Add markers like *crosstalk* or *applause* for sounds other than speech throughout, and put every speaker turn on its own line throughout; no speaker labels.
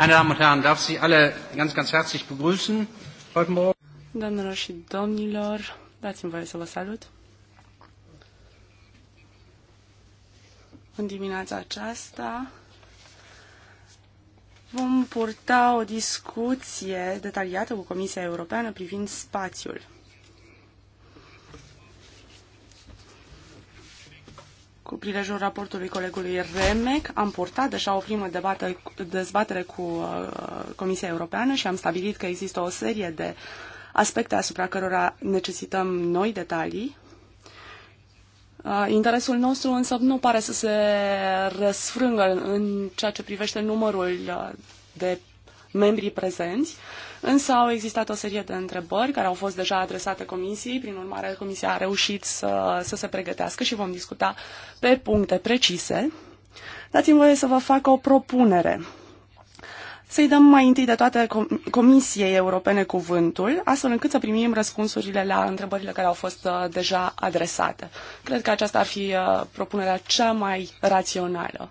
Meine Damen und Herren, darf Sie alle ganz, ganz herzlich begrüßen heute Morgen.
Doamnelor și domnilor, dați-mi voie să vă salut. În dimineața aceasta vom purta o discuție detaliată cu Comisia Europeană privind spațiul. cu prilejul raportului colegului Remec am purtat deja o primă debată, dezbatere cu uh, Comisia Europeană și am stabilit că există o serie de aspecte asupra cărora necesităm noi detalii. Uh, interesul nostru însă nu pare să se răsfrângă în ceea ce privește numărul uh, de membrii prezenți. Uh, Însă au existat o serie de întrebări care au fost deja adresate comisiei, prin urmare comisia a reușit să, să se pregătească și vom discuta pe puncte precise. Dați-mi voie să vă fac o propunere să-i dăm mai întâi de toate Comisiei Europene cuvântul, astfel încât să primim răspunsurile la întrebările care au fost uh, deja adresate. Cred că aceasta ar fi uh, propunerea cea mai rațională.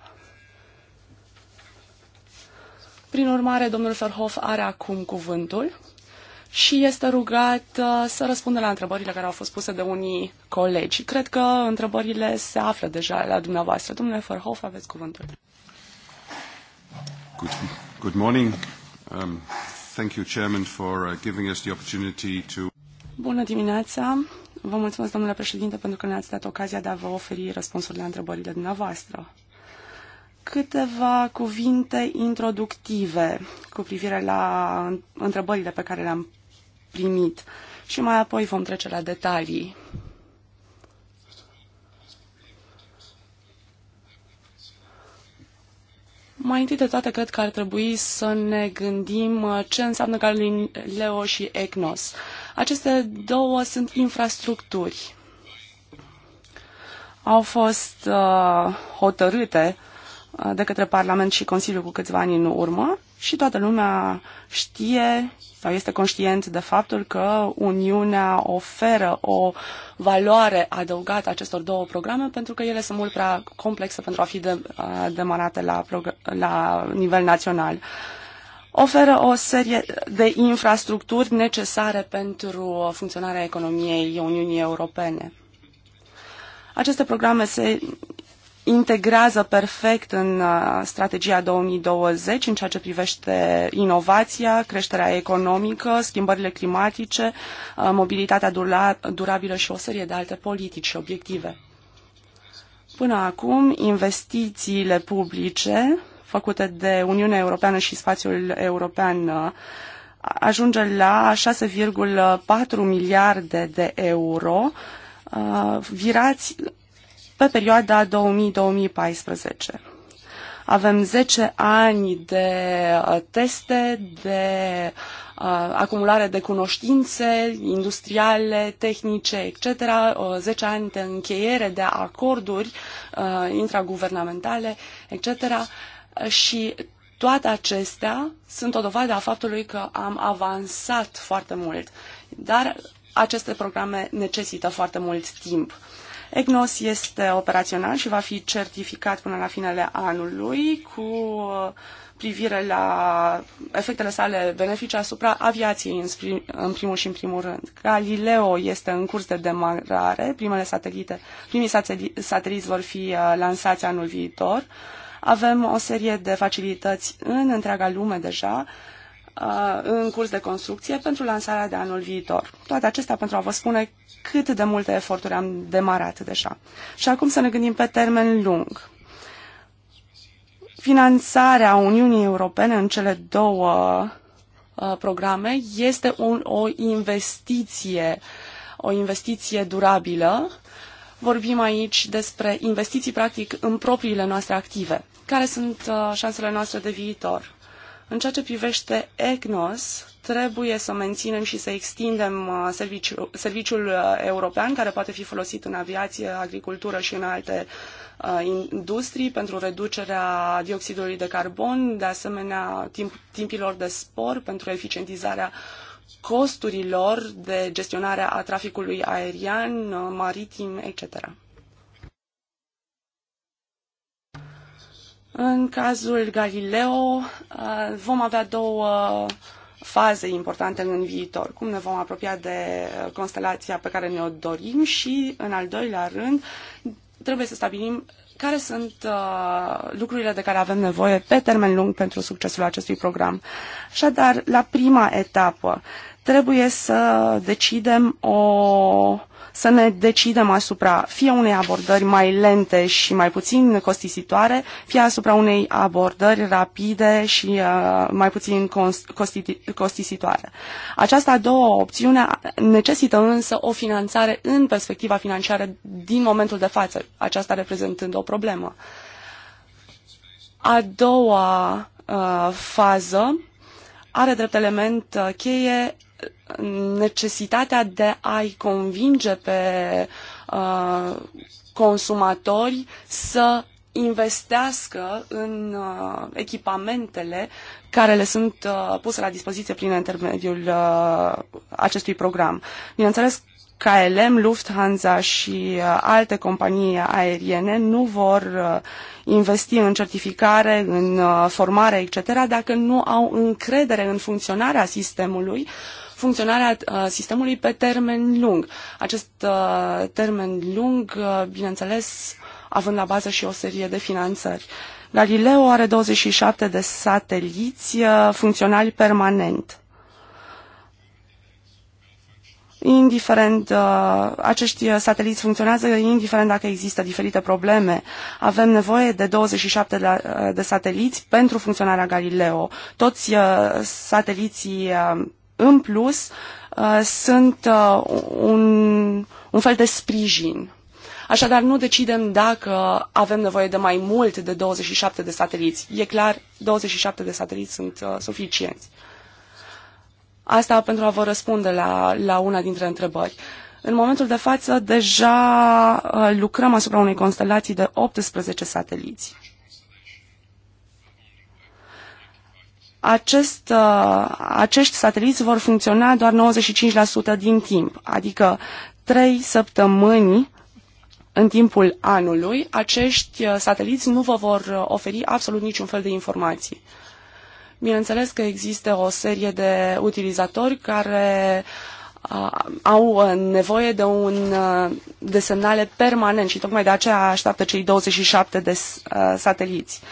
Prin urmare, domnul Ferhof are acum cuvântul și este rugat uh, să răspundă la întrebările care au fost puse de unii colegi. Cred că întrebările se află deja la dumneavoastră. Domnule Ferhof, aveți cuvântul. Good, good morning. Um, thank you, Chairman, for uh, giving us the opportunity to... Bună dimineața. Vă mulțumesc, domnule președinte, pentru că ne-ați dat ocazia de a vă oferi răspunsuri la întrebările dumneavoastră câteva cuvinte introductive cu privire la întrebările pe care le-am primit și mai apoi vom trece la detalii. Mai întâi de toate, cred că ar trebui să ne gândim uh, ce înseamnă Galileo și EGNOS. Aceste două sunt infrastructuri. Au fost uh, hotărâte uh, de către Parlament și Consiliu cu câțiva ani în urmă și toată lumea știe sau este conștient de faptul că Uniunea oferă o valoare adăugată acestor două programe pentru că ele sunt mult prea complexe pentru a fi de, demarate la, la nivel național. Oferă o serie de infrastructuri necesare pentru funcționarea economiei Uniunii Europene. Aceste programe se integrează perfect în uh, strategia 2020 în ceea ce privește inovația, creșterea economică, schimbările climatice, uh, mobilitatea durabilă și o serie de alte politici și obiective. Până acum, investițiile publice făcute de Uniunea Europeană și spațiul european uh, ajunge la 6,4 miliarde de euro, virați pe perioada 2000-2014. Avem 10 ani de uh, teste, de uh, acumulare de cunoștințe industriale, tehnice, etc., 10 uh, ani de încheiere de acorduri intraguvernamentale, etc. Și toate acestea sunt o dovadă a faptului că am avansat foarte mult, dar aceste programe necesită foarte mult timp. EGNOS este operațional și va fi certificat până la finele anului cu privire la efectele sale benefice asupra aviației în, primul și în primul rând. Galileo este în curs de demarare, primele satelite, primii sateliți vor fi uh, lansați anul viitor. Avem o serie de facilități în întreaga lume deja, Uh, în curs de construcție pentru lansarea de anul viitor. Toate acestea pentru a vă spune cât de multe eforturi am demarat deja. Și acum să ne gândim pe termen lung. Finanțarea Uniunii Europene în cele două uh, programe este un, o investiție, o investiție durabilă. Vorbim aici despre investiții practic în propriile noastre active. Care sunt uh, șansele noastre de viitor? În ceea ce privește EGNOS, trebuie să menținem și să extindem uh, serviciul, serviciul uh, european, care poate fi folosit în aviație, agricultură și în alte uh, industrii pentru reducerea dioxidului de carbon, de asemenea timp, timpilor de spor pentru eficientizarea costurilor de gestionare a traficului aerian, maritim, etc. În cazul Galileo uh, vom avea două faze importante în viitor, cum ne vom apropia de uh, constelația pe care ne-o dorim și, în al doilea rând, trebuie să stabilim care sunt uh, lucrurile de care avem nevoie pe termen lung pentru succesul acestui program. Așadar, la prima etapă trebuie să decidem o să ne decidem asupra fie unei abordări mai lente și mai puțin costisitoare, fie asupra unei abordări rapide și uh, mai puțin costisitoare. Această a doua opțiune necesită însă o finanțare în perspectiva financiară din momentul de față, aceasta reprezentând o problemă. A doua uh, fază are drept element uh, cheie necesitatea de a-i convinge pe uh, consumatori să investească în uh, echipamentele care le sunt uh, puse la dispoziție prin intermediul uh, acestui program. Bineînțeles, KLM, Lufthansa și uh, alte companii aeriene nu vor uh, investi în certificare, în uh, formare, etc., dacă nu au încredere în funcționarea sistemului uh, funcționarea uh, sistemului pe termen lung. Acest uh, termen lung, uh, bineînțeles, având la bază și o serie de finanțări. Galileo are 27 de sateliți funcționali permanent. Indiferent, acești sateliți funcționează indiferent dacă există diferite probleme. Avem nevoie de 27 de, de sateliți pentru funcționarea Galileo. Toți sateliții în plus, uh, sunt uh, un, un fel de sprijin. Așadar, nu decidem dacă avem nevoie de mai mult de 27 de sateliți. E clar, 27 de sateliți sunt uh, suficienți. Asta pentru a vă răspunde la, la una dintre întrebări. În momentul de față, deja uh, lucrăm asupra unei constelații de 18 sateliți. acest, uh, acești sateliți vor funcționa doar 95% din timp, adică 3 săptămâni în timpul anului, acești uh, sateliți nu vă vor uh, oferi absolut niciun fel de informații. Bineînțeles că există o serie de utilizatori care uh, au nevoie de, un, de semnale permanent și tocmai de aceea așteaptă cei 27 de uh, sateliți. Uh,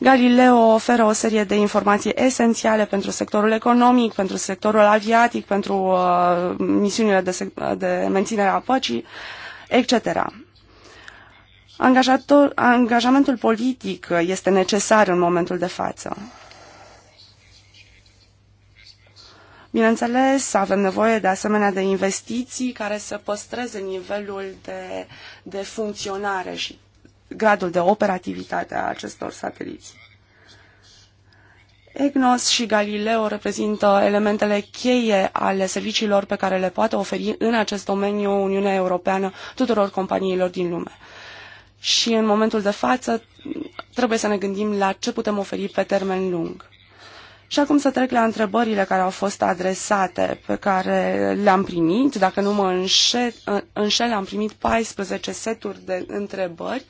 Galileo oferă o serie de informații esențiale pentru sectorul economic, pentru sectorul aviatic, pentru uh, misiunile de, de menținere a păcii, etc. Angajator, angajamentul politic este necesar în momentul de față. Bineînțeles, avem nevoie de asemenea de investiții care să păstreze nivelul de, de funcționare și gradul de operativitate a acestor sateliți. EGNOS și Galileo reprezintă elementele cheie ale serviciilor pe care le poate oferi în acest domeniu Uniunea Europeană tuturor companiilor din lume. Și în momentul de față trebuie să ne gândim la ce putem oferi pe termen lung. Și acum să trec la întrebările care au fost adresate, pe care le-am primit. Dacă nu mă înșel, înșel, am primit 14 seturi de întrebări.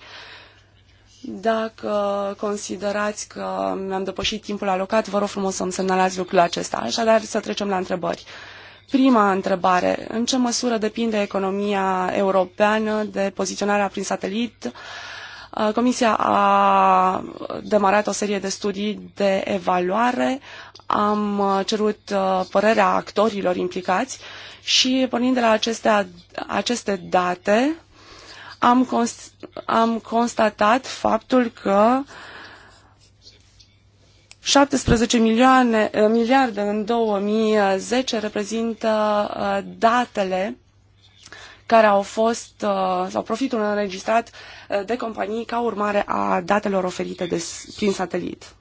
Dacă considerați că mi-am depășit timpul alocat, vă rog frumos să-mi semnalați lucrul acesta. Așadar, să trecem la întrebări. Prima întrebare. În ce măsură depinde economia europeană de poziționarea prin satelit uh, Uh, Comisia a demarat o serie de studii de evaluare, am uh, cerut uh, părerea actorilor implicați și pornind de la aceste, aceste date, am, const, am constatat faptul că 17 milioane, miliarde în 2010 reprezintă datele care au fost uh, sau profitul înregistrat uh, de companii ca urmare a datelor oferite de, prin satelit.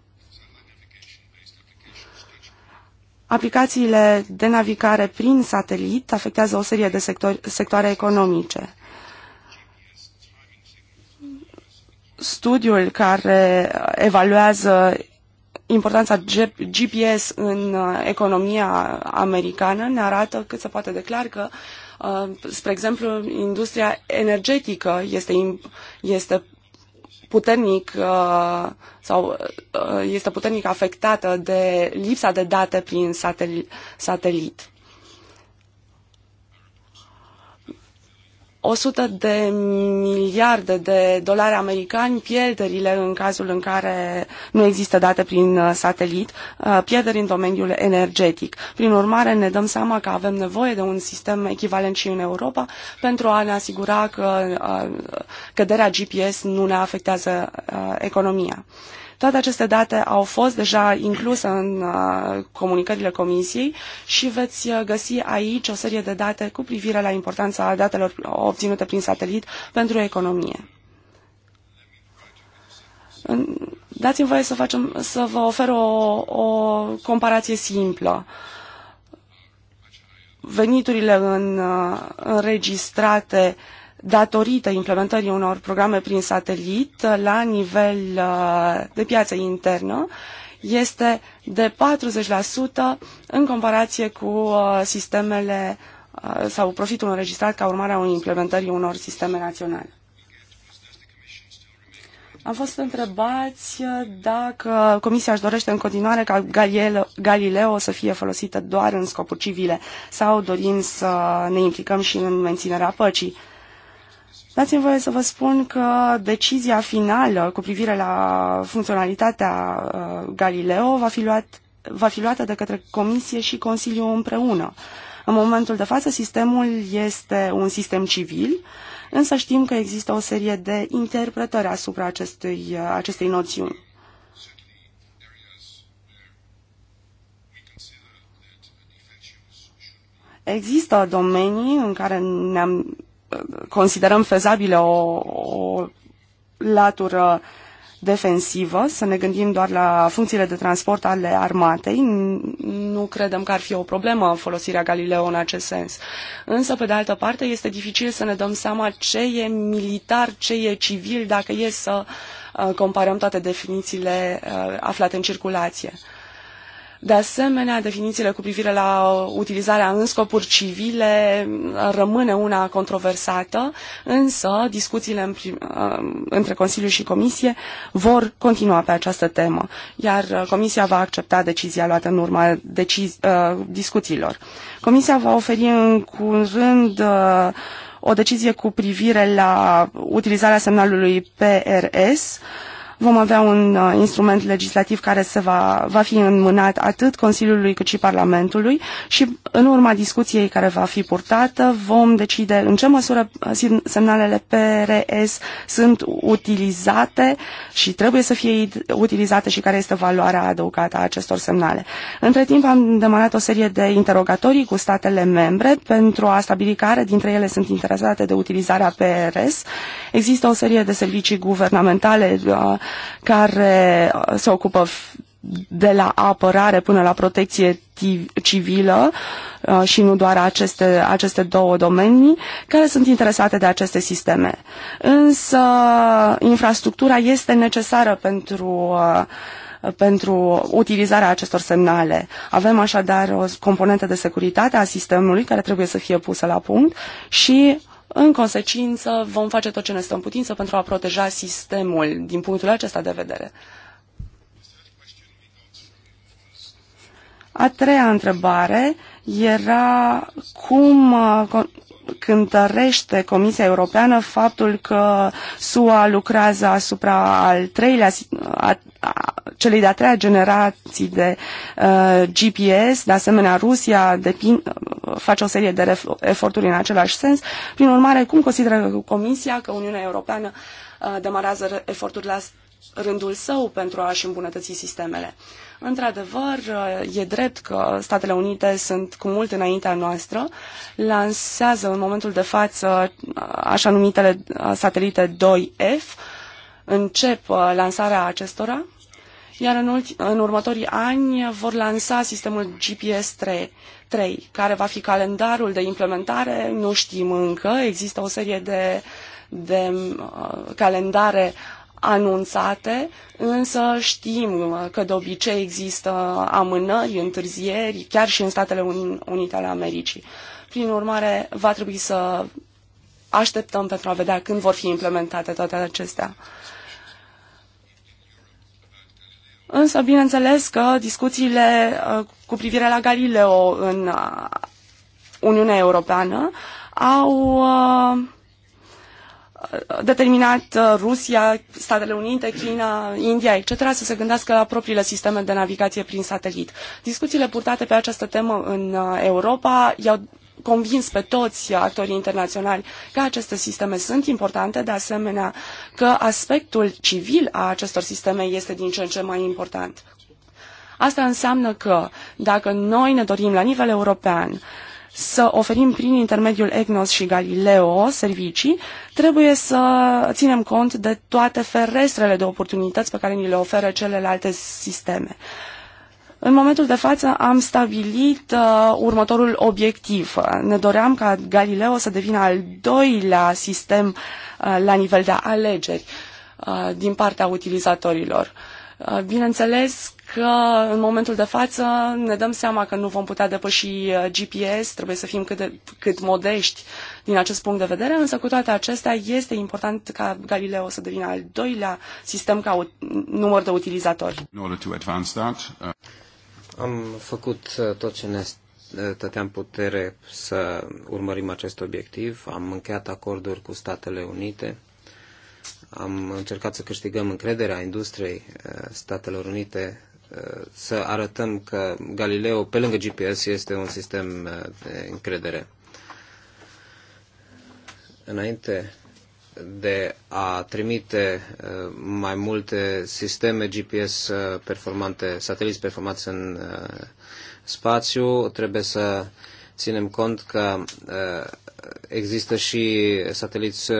Aplicațiile de navigare prin satelit afectează o serie de sector, sectoare economice. Studiul care uh, evaluează importanța GPS în economia americană ne arată cât se poate declar că că Uh, spre exemplu, industria energetică este, este puternic uh, sau uh, este puternic afectată de lipsa de date prin satelit. 100 de miliarde de dolari americani pierderile în cazul în care nu există date prin uh, satelit, uh, pierderi în domeniul energetic. Prin urmare, ne dăm seama că avem nevoie de un sistem echivalent și în Europa pentru a ne asigura că uh, căderea GPS nu ne afectează economia. Toate aceste date au fost deja incluse în uh, comunicările Comisiei și veți uh, găsi aici o serie de date cu privire la importanța datelor obținute prin satelit pentru economie. Dați-mi voie să, facem, să vă ofer o, o comparație simplă. Veniturile în, uh, înregistrate uh, datorită implementării unor programe prin satelit la nivel uh, de piață internă este de 40% în comparație cu uh, sistemele uh, sau profitul înregistrat ca urmare a unei implementării unor sisteme naționale. Am fost întrebați dacă Comisia își dorește în continuare ca Galileo să fie folosită doar în scopuri civile sau dorim să ne implicăm și în menținerea păcii. Dați-mi voie să vă spun că decizia finală cu privire la funcționalitatea uh, Galileo va fi, luat, va fi luată de către Comisie și Consiliu împreună. În momentul de față, sistemul este un sistem civil, însă știm că există o serie de interpretări asupra acestui, uh, acestei noțiuni. Există domenii în care ne-am considerăm fezabile o, o latură defensivă, să ne gândim doar la funcțiile de transport ale armatei. Nu credem că ar fi o problemă folosirea Galileo în acest sens. Însă, pe de altă parte, este dificil să ne dăm seama ce e militar, ce e civil, dacă e să uh, comparăm toate definițiile uh, aflate în circulație. De asemenea, definițiile cu privire la uh, utilizarea în scopuri civile uh, rămâne una controversată, însă discuțiile în prim, uh, între Consiliu și Comisie vor continua pe această temă, iar Comisia va accepta decizia luată în urma decizi, discuțiilor. Comisia va oferi în curând o decizie cu privire la utilizarea semnalului PRS, Vom avea un uh, instrument legislativ care se va, va fi înmânat atât Consiliului cât și Parlamentului și în urma discuției care va fi purtată vom decide în ce măsură uh, semnalele PRS sunt utilizate și trebuie să fie utilizate și care este valoarea adăugată a acestor semnale. Între timp am demarat o serie de interogatorii cu statele membre pentru a stabili care dintre ele sunt interesate de utilizarea PRS. Există o serie de servicii guvernamentale uh, care se ocupă de la apărare până la protecție civilă uh, și nu doar aceste, aceste două domenii care sunt interesate de aceste sisteme. Însă infrastructura este necesară pentru uh, pentru utilizarea acestor semnale. Avem așadar o componentă de securitate a sistemului care trebuie să fie pusă la punct și în consecință, vom face tot ce ne stă în putință pentru a proteja sistemul din punctul acesta de vedere. A treia întrebare era cum uh, cântărește Comisia Europeană faptul că SUA lucrează asupra al treilea, a, a, celei de-a treia generații de uh, GPS, de asemenea Rusia depin, uh, face o serie de eforturi în același sens. Prin urmare, cum consideră Comisia că Uniunea Europeană uh, demarează eforturi la rândul său pentru a-și îmbunătăți sistemele? Uh, Într-adevăr, e drept că Statele Unite sunt cu mult înaintea noastră, lansează în momentul de față uh, așa numitele uh, satelite 2F, încep uh, lansarea acestora, iar în, în următorii ani vor lansa sistemul GPS 3, 3, care va fi calendarul de implementare, nu știm încă, există o serie de, de uh, calendare anunțate, însă știm că de obicei există amânări, întârzieri, chiar și în Statele Unite ale Americii. Prin urmare, va trebui să așteptăm pentru a vedea când vor fi implementate toate acestea. Însă, bineînțeles că discuțiile uh, cu privire la Galileo în uh, Uniunea Europeană au uh, determinat uh, Rusia, Statele Unite, China, India, etc., să se gândească la propriile sisteme de navigație prin satelit. Discuțiile purtate pe această temă în uh, Europa i-au convins pe toți actorii internaționali că aceste sisteme sunt importante, de asemenea că aspectul civil a acestor sisteme este din ce în ce mai important. Asta înseamnă că dacă noi ne dorim la nivel european să oferim prin intermediul EGNOS și Galileo servicii, trebuie să ținem cont de toate ferestrele de oportunități pe care ni le oferă celelalte sisteme. În momentul de față am stabilit uh, următorul obiectiv. Ne doream ca Galileo să devină al doilea sistem uh, la nivel de alegeri uh, din partea utilizatorilor. Uh, Uh, bineînțeles că în momentul de față ne dăm seama că nu vom putea depăși uh, GPS, trebuie să fim cât, de, cât modești din acest punct de vedere, însă cu toate acestea este important ca Galileo să devină al doilea sistem ca număr de utilizatori. Uh,
Am făcut tot ce ne stătea putere să urmărim acest obiectiv. Am încheiat acorduri cu Statele Unite am încercat să câștigăm încrederea industriei uh, Statelor Unite, uh, să arătăm că Galileo, pe lângă GPS, este un sistem uh, de încredere. Înainte de a trimite mai multe sisteme GPS performante, sateliți performanți în spațiu, trebuie să ținem cont că uh, există și sateliți uh,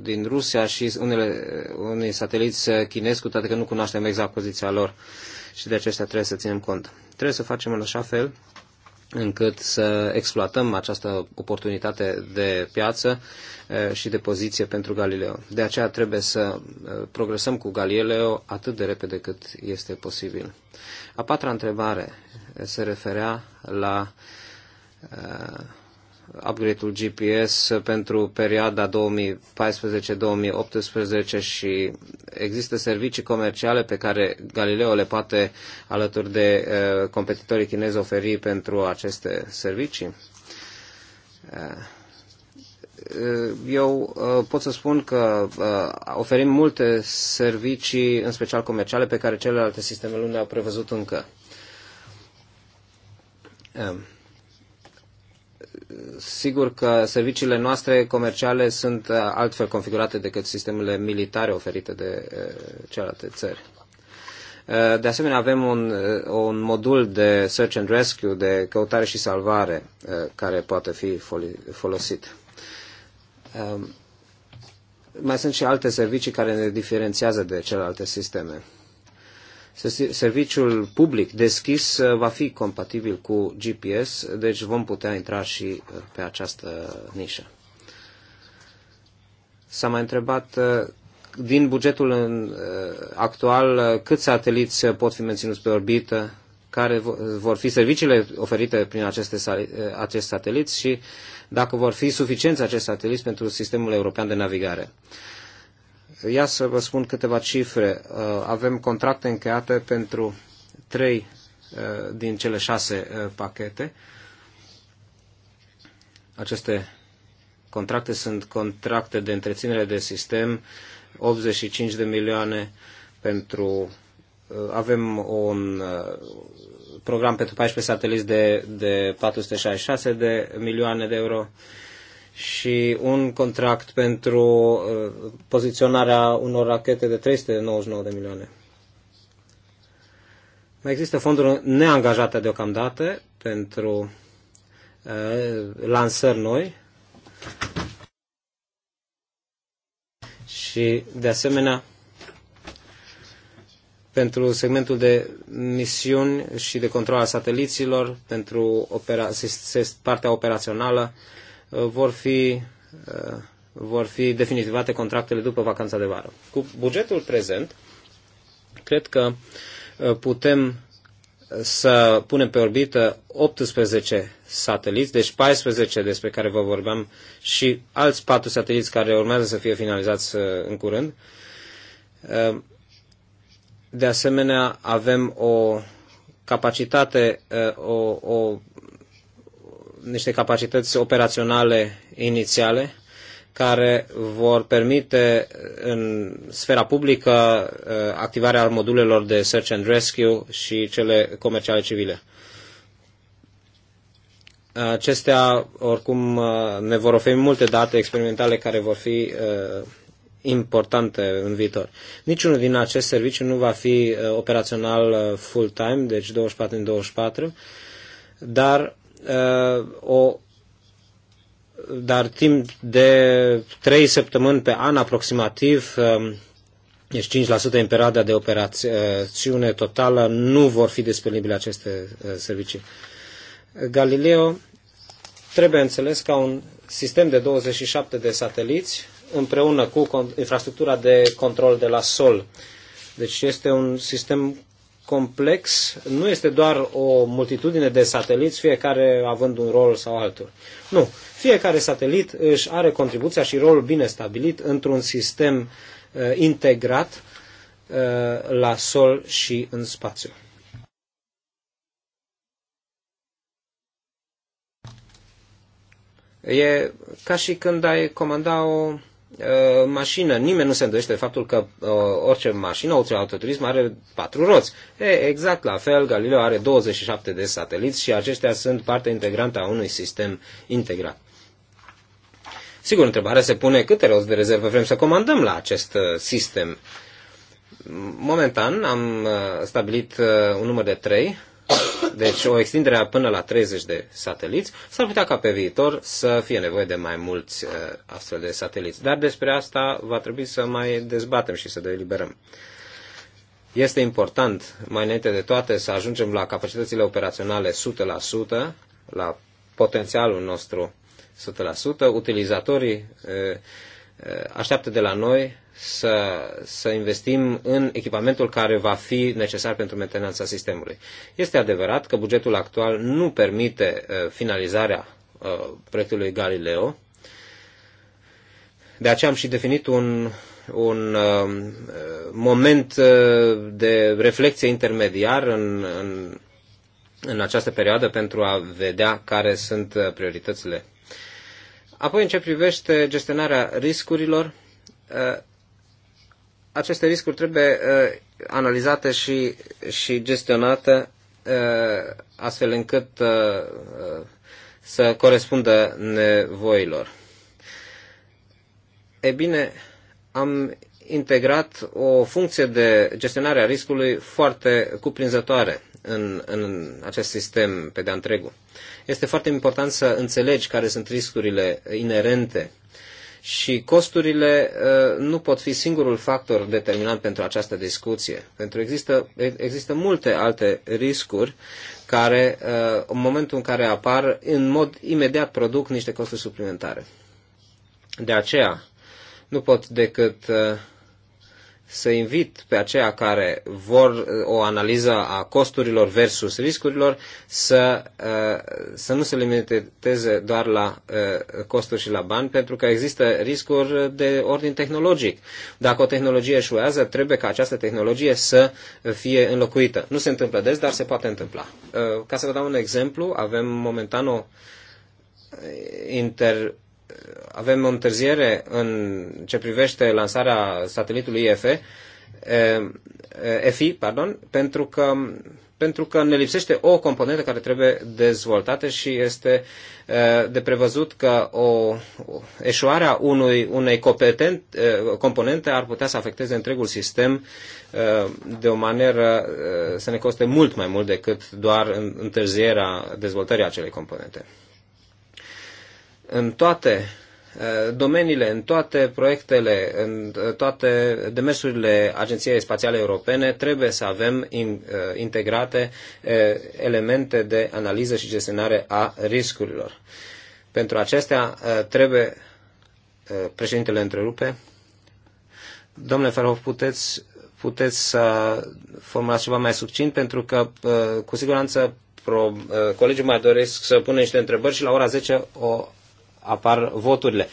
din Rusia și unele, unii sateliți chinezi, cu toate că nu cunoaștem exact poziția lor și de aceștia trebuie să ținem cont. Trebuie să facem în așa fel încât să exploatăm această oportunitate de piață uh, și de poziție pentru Galileo. De aceea trebuie să progresăm cu Galileo atât de repede cât este posibil. A patra întrebare se referea la uh, Uh, upgrade-ul GPS pentru perioada 2014-2018 și există servicii comerciale pe care Galileo le poate alături de uh, competitorii chinezi oferi pentru aceste servicii? Uh, eu uh, pot să spun că oferim multe servicii, în special comerciale, pe care celelalte sisteme nu le-au prevăzut încă sigur că serviciile noastre comerciale sunt uh, altfel configurate decât sistemele militare oferite de uh, celelalte țări. Uh, de asemenea, avem un, un modul de search and rescue, de căutare și salvare, care poate fi folosit. Um, mai sunt și alte servicii care ne diferențiază de celelalte sisteme serviciul public deschis uh, va fi compatibil cu GPS, deci vom putea intra și uh, pe această nișă. S-a mai întrebat uh, din bugetul actual câți sateliți pot fi menținuți pe orbită, care vor fi serviciile oferite prin aceste, acest satelit și dacă vor fi suficienți acest sateliți pentru sistemul european de navigare. Ia să vă spun câteva cifre. Uh, avem contracte încheiate pentru trei uh, din cele șase uh, pachete. Aceste contracte sunt contracte de întreținere de sistem, 85 de milioane pentru. Avem un program pentru 14 sateliți de, de 466 de milioane de euro și un contract pentru uh, poziționarea unor rachete de 399 de milioane. Mai există fonduri neangajate deocamdată pentru uh, lansări noi și, de asemenea, pentru segmentul de misiuni și de control al sateliților, pentru opera- partea operațională, uh, vor fi, uh, vor fi definitivate contractele după vacanța de vară. Cu bugetul prezent, cred că uh, putem uh, să punem pe orbită 18 sateliți, deci 14 despre care vă vorbeam și alți 4 sateliți care urmează să fie finalizați în curând. De asemenea, avem o capacitate, o, o niște capacități operaționale inițiale care vor permite în sfera publică uh, activarea modulelor de search and rescue și cele comerciale civile. Acestea, oricum, uh, ne vor oferi multe date experimentale care vor fi uh, importante în viitor. Niciunul din acest serviciu nu va fi operațional full-time, deci 24 în 24, dar Uh, o, dar timp de trei săptămâni pe an aproximativ, um, deci 5% în perioada de operațiune totală, nu vor fi disponibile aceste uh, servicii. Galileo trebuie înțeles ca un sistem de 27 de sateliți împreună cu infrastructura de control de la sol. Deci este un sistem complex nu este doar o multitudine de sateliți, fiecare având un rol sau altul. Nu. Fiecare satelit își are contribuția și rolul bine stabilit într-un sistem uh, integrat uh, la sol și în spațiu. E ca și când ai comanda o Uh, mașină, nimeni nu se îndoiește de faptul că uh, orice mașină, orice autoturism are patru roți. E, exact la fel, Galileo are 27 de sateliți și aceștia sunt parte integrantă a unui sistem integrat. Sigur, întrebarea se pune câte roți de rezervă vrem să comandăm la acest uh, sistem. Momentan am stabilit un număr de 3 deci o extindere până la 30 de sateliți, s-ar putea ca pe viitor să fie nevoie de mai mulți uh, astfel de sateliți. Dar despre asta va trebui să mai dezbatem și să deliberăm. Este important, mai înainte de toate, să ajungem la capacitățile operaționale 100%, la potențialul nostru 100%. Utilizatorii uh, uh, așteaptă de la noi să, să investim în echipamentul care va fi necesar pentru mentenanța sistemului. Este adevărat că bugetul actual nu permite uh, finalizarea uh, proiectului Galileo, de aceea am și definit un, un uh, moment uh, de reflexie intermediar în, în, în această perioadă pentru a vedea care sunt prioritățile. Apoi, în ce privește gestionarea riscurilor, uh, aceste riscuri trebuie uh, analizate și, și gestionate uh, astfel încât uh, uh, să corespundă nevoilor. E bine, am integrat o funcție de gestionare a riscului foarte cuprinzătoare în, în acest sistem pe de-a întregul. Este foarte important să înțelegi care sunt riscurile inerente și costurile uh, nu pot fi singurul factor determinant pentru această discuție. Pentru că există, există multe alte riscuri care, uh, în momentul în care apar, în mod imediat produc niște costuri suplimentare. De aceea, nu pot decât uh, să invit pe aceia care vor uh, o analiză a costurilor versus riscurilor să, uh, să nu se limiteze doar la uh, costuri și la bani, pentru că există riscuri de ordin tehnologic. Dacă o tehnologie eșuează, trebuie ca această tehnologie să fie înlocuită. Nu se întâmplă des, dar se poate întâmpla. Ca să vă dau un exemplu, avem momentan o inter avem o întârziere în ce privește lansarea satelitului EFE, EFI, eh, eh, pardon, pentru că, pentru că ne lipsește o componentă care trebuie dezvoltată și este eh, de prevăzut că o eșuarea unui, unei competent, componente ar putea să afecteze întregul sistem de o manieră să ne coste mult mai mult decât doar întârzierea dezvoltării acelei componente în toate uh, domeniile, în toate proiectele, în uh, toate demersurile Agenției Spațiale Europene, trebuie să avem uh, integrate elemente de analiză și gestionare a riscurilor. Pentru acestea trebuie, președintele întrerupe, domnule Ferhof, puteți, puteți să formulați ceva mai subțint, pentru că cu siguranță pro, colegii mai doresc să pună niște întrebări și la ora 10 o apar voturile.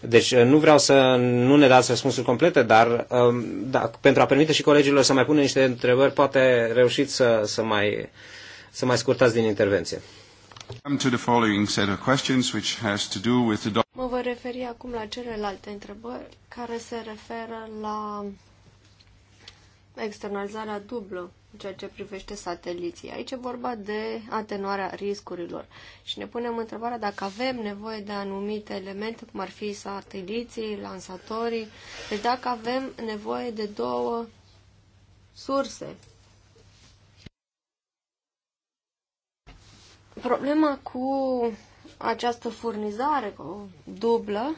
Deci nu vreau să nu ne dați răspunsuri complete, dar um, da, pentru a permite și colegilor să mai pună niște întrebări, poate reușiți să, să, mai, să mai scurtați din intervenție.
Mă voi referi acum la celelalte întrebări care se referă la externalizarea dublă în ceea ce privește sateliții. Aici e vorba de atenuarea riscurilor și ne punem întrebarea dacă avem nevoie de anumite elemente, cum ar fi sateliții, lansatorii, deci dacă avem nevoie de două surse. Problema cu această furnizare cu dublă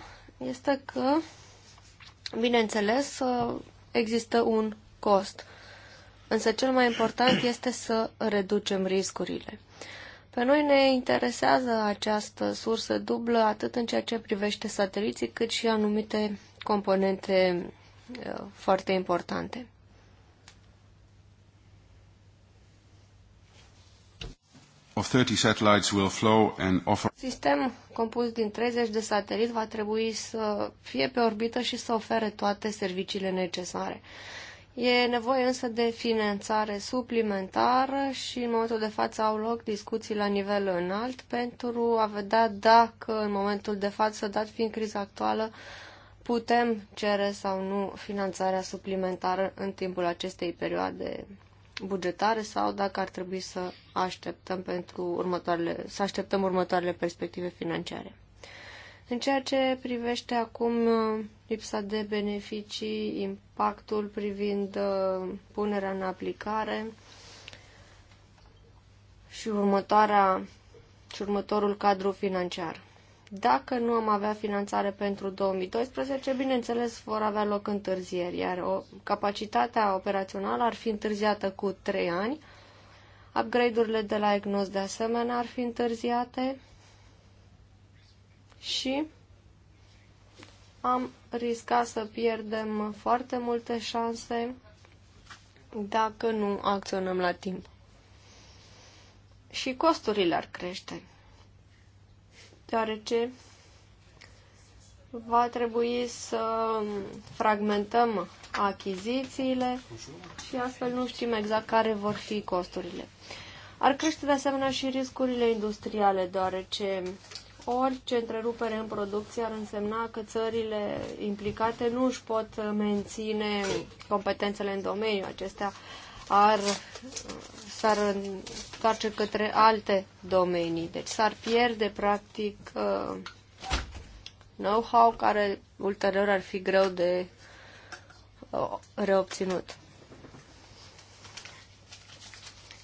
este că, bineînțeles, există un cost. Însă cel mai important este să reducem riscurile. Pe noi ne interesează această sursă dublă atât în ceea ce privește sateliții, cât și anumite componente uh, foarte importante.
Of 30 satellites will flow and offer...
Sistem compus din 30 de sateliți va trebui să fie pe orbită și să ofere toate serviciile necesare. E nevoie însă de finanțare suplimentară și în momentul de față au loc discuții la nivel înalt pentru a vedea dacă în momentul de față, dat fiind criza actuală, putem cere sau nu finanțarea suplimentară în timpul acestei perioade bugetare sau dacă ar trebui să așteptăm pentru următoarele, să așteptăm următoarele perspective financiare. În ceea ce privește acum uh, lipsa de beneficii, impactul privind uh, punerea în aplicare și, următoarea, și următorul cadru financiar. Dacă nu am avea finanțare pentru 2012, bineînțeles vor avea loc întârzieri, iar o, capacitatea operațională ar fi întârziată cu 3 ani, upgrade-urile de la EGNOS de asemenea ar fi întârziate, și am riscat să pierdem foarte multe șanse dacă nu acționăm la timp. Și costurile ar crește, deoarece va trebui să fragmentăm achizițiile și astfel nu știm exact care vor fi costurile. Ar crește de asemenea și riscurile industriale, deoarece Orice întrerupere în producție ar însemna că țările implicate nu își pot menține competențele în domeniu. Acestea ar, s-ar întoarce către alte domenii. Deci s-ar pierde, practic, uh, know-how care ulterior ar fi greu de uh, reobținut.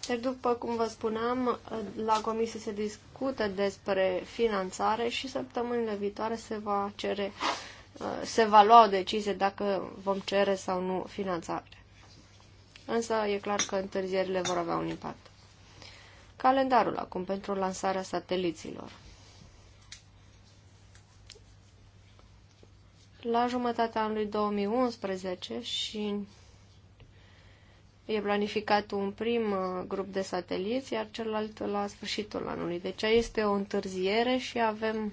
Deci, după cum vă spuneam, la comisie se discută despre finanțare și săptămânile viitoare se va cere, uh, se va lua o decizie dacă vom cere sau nu finanțare. Însă e clar că întârzierile vor avea un impact. Calendarul acum pentru lansarea sateliților. La jumătatea anului 2011 și E planificat un prim uh, grup de sateliți, iar celălalt la sfârșitul anului. Deci este o întârziere și avem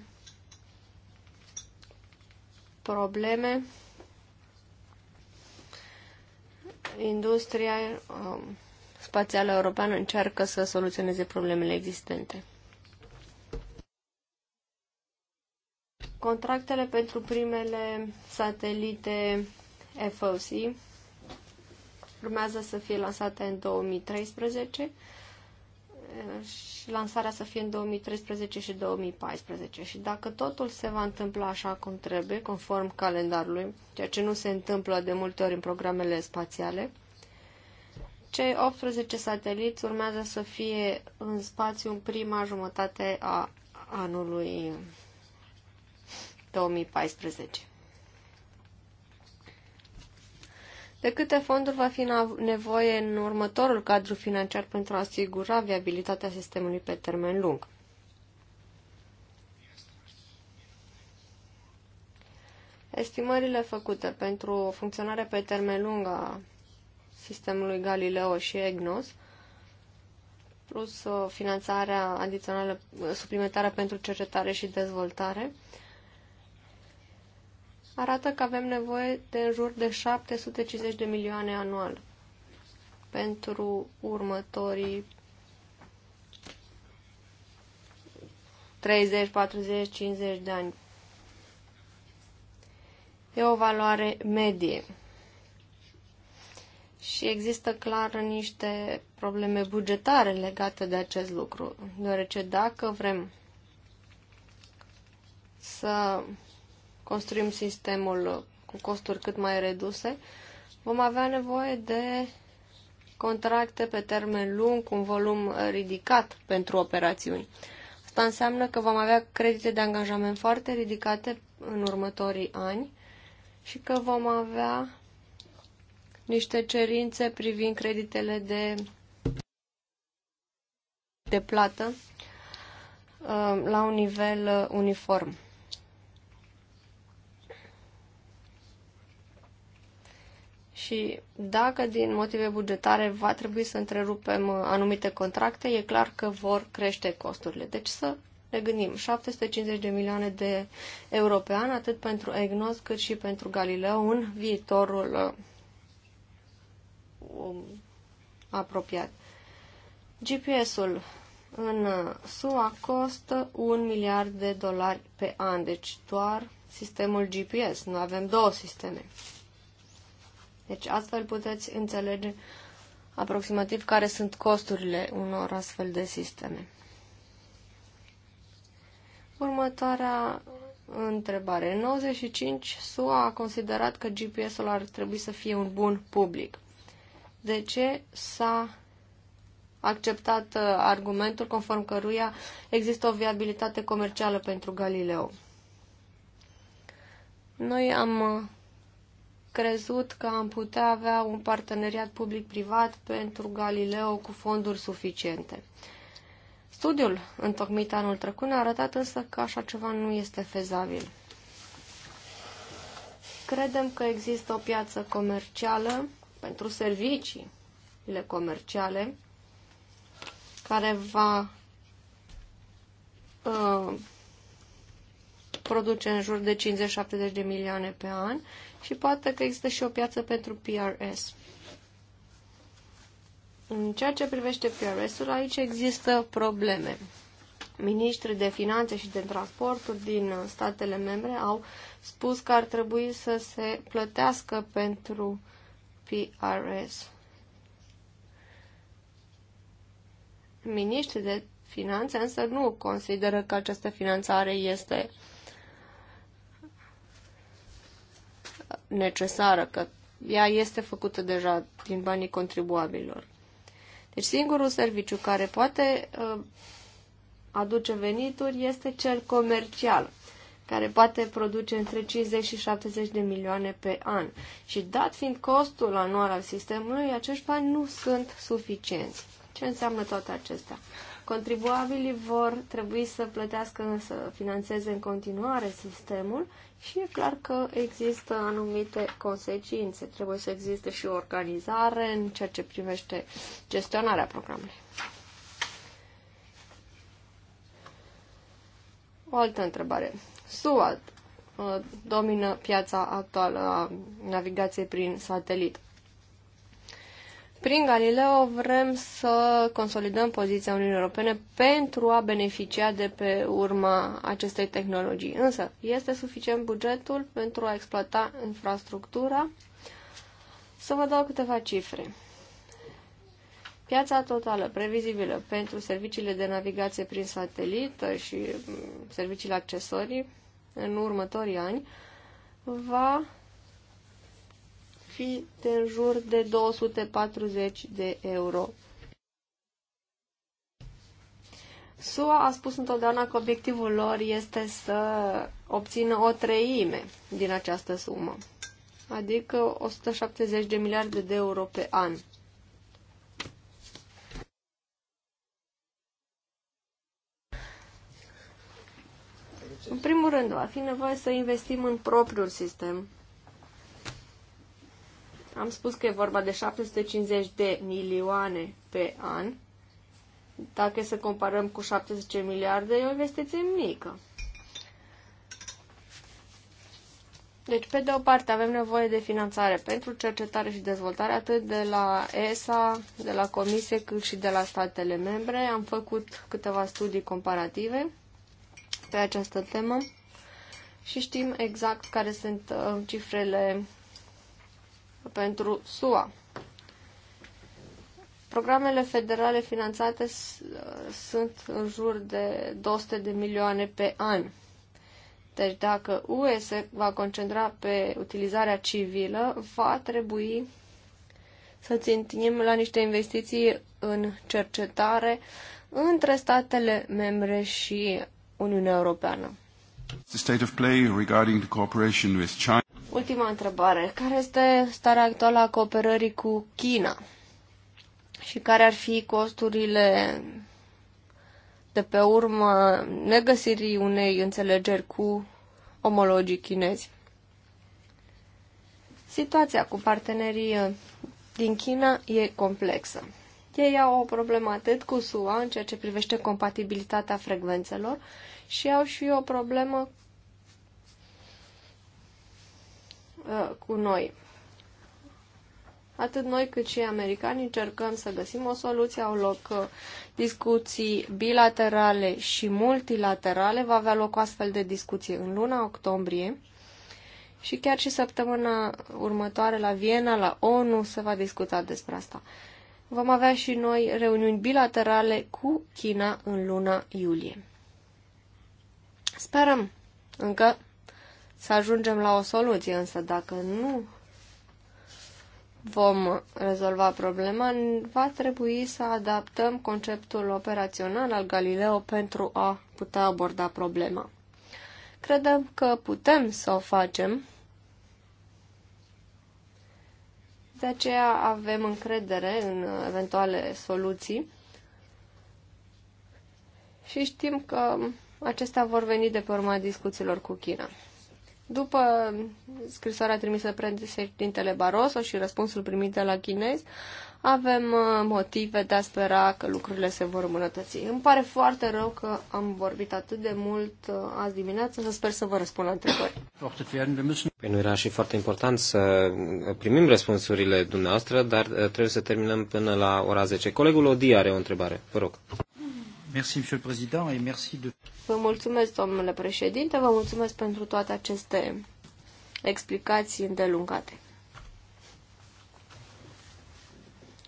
probleme. Industria um, spațială europeană încearcă să soluționeze problemele existente. Contractele pentru primele satelite FOC urmează să fie lansate în 2013 eh, și lansarea să fie în 2013 și 2014. Și dacă totul se va întâmpla așa cum trebuie, conform calendarului, ceea ce nu se întâmplă de multe ori în programele spațiale, cei 18 sateliți urmează să fie în spațiu în prima jumătate a anului 2014. De câte fonduri va fi nevoie în următorul cadru financiar pentru a asigura viabilitatea sistemului pe termen lung? Estimările făcute pentru o funcționare pe termen lung a sistemului Galileo și EGNOS, plus uh, finanțarea adițională uh, suplimentară pentru cercetare și dezvoltare, arată că avem nevoie de în jur de 750 de milioane anual pentru următorii 30, 40, 50 de ani. E o valoare medie. Și există clar niște probleme bugetare legate de acest lucru, deoarece dacă vrem să construim sistemul cu costuri cât mai reduse, vom avea nevoie de contracte pe termen lung cu un volum ridicat pentru operațiuni. Asta înseamnă că vom avea credite de angajament foarte ridicate în următorii ani și că vom avea niște cerințe privind creditele de, de plată uh, la un nivel uh, uniform. și dacă din motive bugetare va trebui să întrerupem uh, anumite contracte, e clar că vor crește costurile. Deci să ne gândim, 750 de milioane de euro pe an, atât pentru EGNOS cât și pentru Galileo în viitorul uh, um, apropiat. GPS-ul în uh, SUA costă 1 miliard de dolari pe an, deci doar sistemul GPS, nu avem două sisteme. Deci astfel puteți înțelege aproximativ care sunt costurile unor astfel de sisteme. Următoarea întrebare. În 95, SUA a considerat că GPS-ul ar trebui să fie un bun public. De ce s-a acceptat uh, argumentul conform căruia există o viabilitate comercială pentru Galileo? Noi am uh, crezut că am putea avea un parteneriat public-privat pentru Galileo cu fonduri suficiente. Studiul întocmit anul trecut ne-a arătat însă că așa ceva nu este fezabil. Credem că există o piață comercială pentru serviciile comerciale care va uh, produce în jur de 50-70 de milioane pe an și poate că există și o piață pentru PRS. În ceea ce privește PRS-ul, aici există probleme. Ministrii de finanțe și de transporturi din statele membre au spus că ar trebui să se plătească pentru PRS. Ministrii de finanțe însă nu consideră că această finanțare este necesară, că ea este făcută deja din banii contribuabililor. Deci singurul serviciu care poate uh, aduce venituri este cel comercial, care poate produce între 50 și 70 de milioane pe an. Și dat fiind costul anual al sistemului, acești bani nu sunt suficienți. Ce înseamnă toate acestea? Contribuabilii vor trebui să plătească, să financeze în continuare sistemul și e clar că există anumite consecințe. Trebuie să existe și o organizare în ceea ce privește gestionarea programului. O altă întrebare. SUAT uh, domină piața actuală a navigației prin satelit. Prin Galileo vrem să consolidăm poziția Uniunii Europene pentru a beneficia de pe urma acestei tehnologii. Însă, este suficient bugetul pentru a exploata infrastructura? Să vă dau câteva cifre. Piața totală previzibilă pentru serviciile de navigație prin satelită și mm, serviciile accesorii în următorii ani va fi de în jur de 240 de euro. SUA a spus întotdeauna că obiectivul lor este să obțină o treime din această sumă, adică 170 de miliarde de euro pe an. În primul rând, va fi nevoie să investim în propriul sistem am spus că e vorba de 750 de milioane pe an. Dacă să comparăm cu 17 miliarde, e o investiție mică. Deci, pe de o parte, avem nevoie de finanțare pentru cercetare și dezvoltare, atât de la ESA, de la Comisie, cât și de la statele membre. Am făcut câteva studii comparative pe această temă și știm exact care sunt uh, cifrele pentru SUA. Programele federale finanțate uh, sunt în jur de 200 de milioane pe an. Deci dacă UE se va concentra pe utilizarea civilă, va trebui să țintim la niște investiții în cercetare între statele membre și Uniunea Europeană.
The state of play regarding the cooperation with China.
Ultima întrebare. Care este starea actuală a cooperării cu China? Și care ar fi costurile de pe urmă negăsirii unei înțelegeri cu omologii chinezi? Situația cu partenerii din China e complexă. Ei au o problemă atât cu SUA în ceea ce privește compatibilitatea frecvențelor, și au și o problemă uh, cu noi. Atât noi cât și americani încercăm să găsim o soluție, au loc uh, discuții bilaterale și multilaterale, va avea loc o astfel de discuție în luna octombrie și chiar și săptămâna următoare la Viena, la ONU, se va discuta despre asta. Vom avea și noi reuniuni bilaterale cu China în luna iulie. Sperăm încă să ajungem la o soluție, însă dacă nu vom rezolva problema, va trebui să adaptăm conceptul operațional al Galileo pentru a putea aborda problema. Credem că putem să o facem, de aceea avem încredere în eventuale soluții și știm că acestea vor veni de pe urma discuțiilor cu China. După scrisoarea trimisă președintele Barroso și răspunsul primit de la chinez, avem uh, motive de a spera că lucrurile se vor îmbunătăți. Îmi pare foarte rău că am vorbit atât de mult uh, azi dimineață, să sper să vă răspund la întrebări.
Păi nu era și foarte important să uh, primim răspunsurile dumneavoastră, dar trebuie să terminăm până la ora 10. Colegul Odi are o întrebare, vă rog. Merci, Monsieur le Président, et merci de...
Vă mulțumesc, domnule președinte, vă mulțumesc pentru toate aceste explicații îndelungate.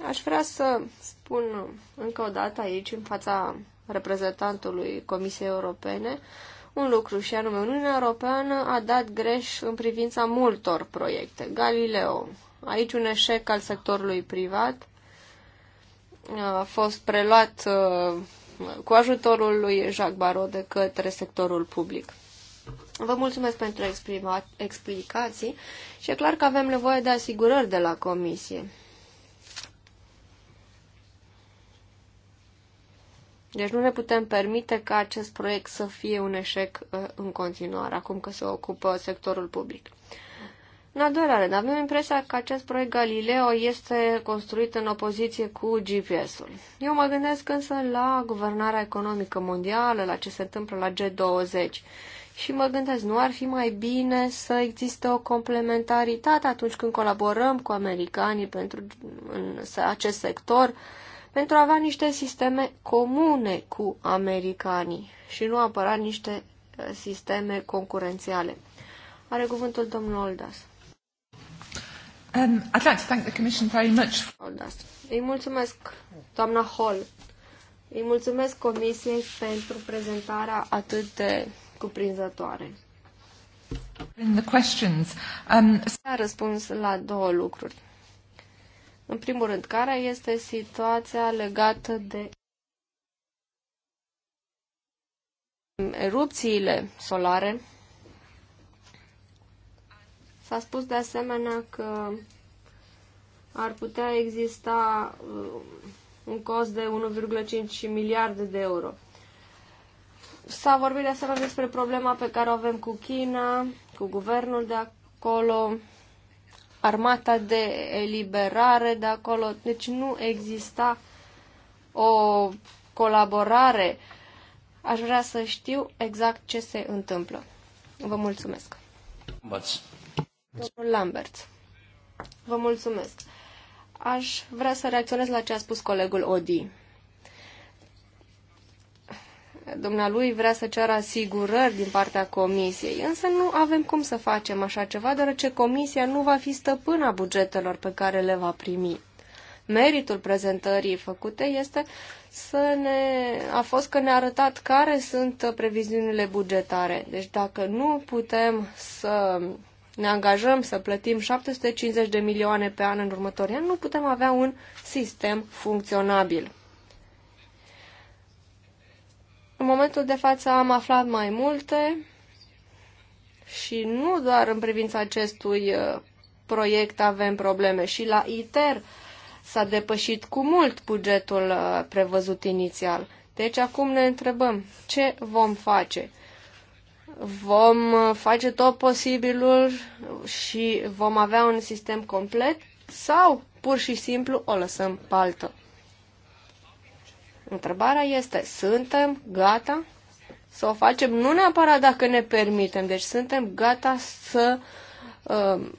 Aș vrea să spun încă o dată aici, în fața reprezentantului Comisiei Europene, un lucru și anume Uniunea Europeană a dat greș în privința multor proiecte. Galileo, aici un eșec al sectorului privat, a fost preluat uh, cu ajutorul lui Jacques Barot de către sectorul public. Vă mulțumesc pentru explicații și e clar că avem nevoie de asigurări de la comisie. Deci nu ne putem permite ca acest proiect să fie un eșec uh, în continuare, acum că se ocupă sectorul public. În al doilea rând, avem impresia că acest proiect Galileo este construit în opoziție cu GPS-ul. Eu mă gândesc însă la guvernarea economică mondială, la ce se întâmplă la G20 și mă gândesc, nu ar fi mai bine să existe o complementaritate atunci când colaborăm cu americanii pentru în acest sector, pentru a avea niște sisteme comune cu americanii și nu apărat niște eh, sisteme concurențiale. Are cuvântul domnul Oldas. Um, I'd like to thank the Commission very much. Îi mulțumesc, doamna Hall. Îi mulțumesc Comisiei pentru prezentarea atât de cuprinzătoare.
In the questions, um...
S-a răspuns la două lucruri. În primul rând, care este situația legată de erupțiile solare S-a spus de asemenea că ar putea exista uh, un cost de 1,5 miliarde de euro. S-a vorbit de asemenea despre problema pe care o avem cu China, cu guvernul de acolo, armata de eliberare de acolo. Deci nu exista o colaborare. Aș vrea să știu exact ce se întâmplă. Vă mulțumesc. Domnul Lambert, vă mulțumesc. Aș vrea să reacționez la ce a spus colegul Odi. Dumnealui vrea să ceară asigurări din partea comisiei, însă nu avem cum să facem așa ceva, deoarece comisia nu va fi stăpâna bugetelor pe care le va primi meritul prezentării făcute este să ne, a fost că ne-a arătat care sunt previziunile bugetare. Deci dacă nu putem să ne angajăm să plătim 750 de milioane pe an în următorii ani, nu putem avea un sistem funcționabil. În momentul de față am aflat mai multe și nu doar în privința acestui uh, proiect avem probleme. Și la ITER s-a depășit cu mult bugetul uh, prevăzut inițial. Deci acum ne întrebăm ce vom face vom uh, face tot posibilul și vom avea un sistem complet sau pur și simplu o lăsăm paltă. Întrebarea este, suntem gata să o facem nu neapărat dacă ne permitem, deci suntem gata să uh,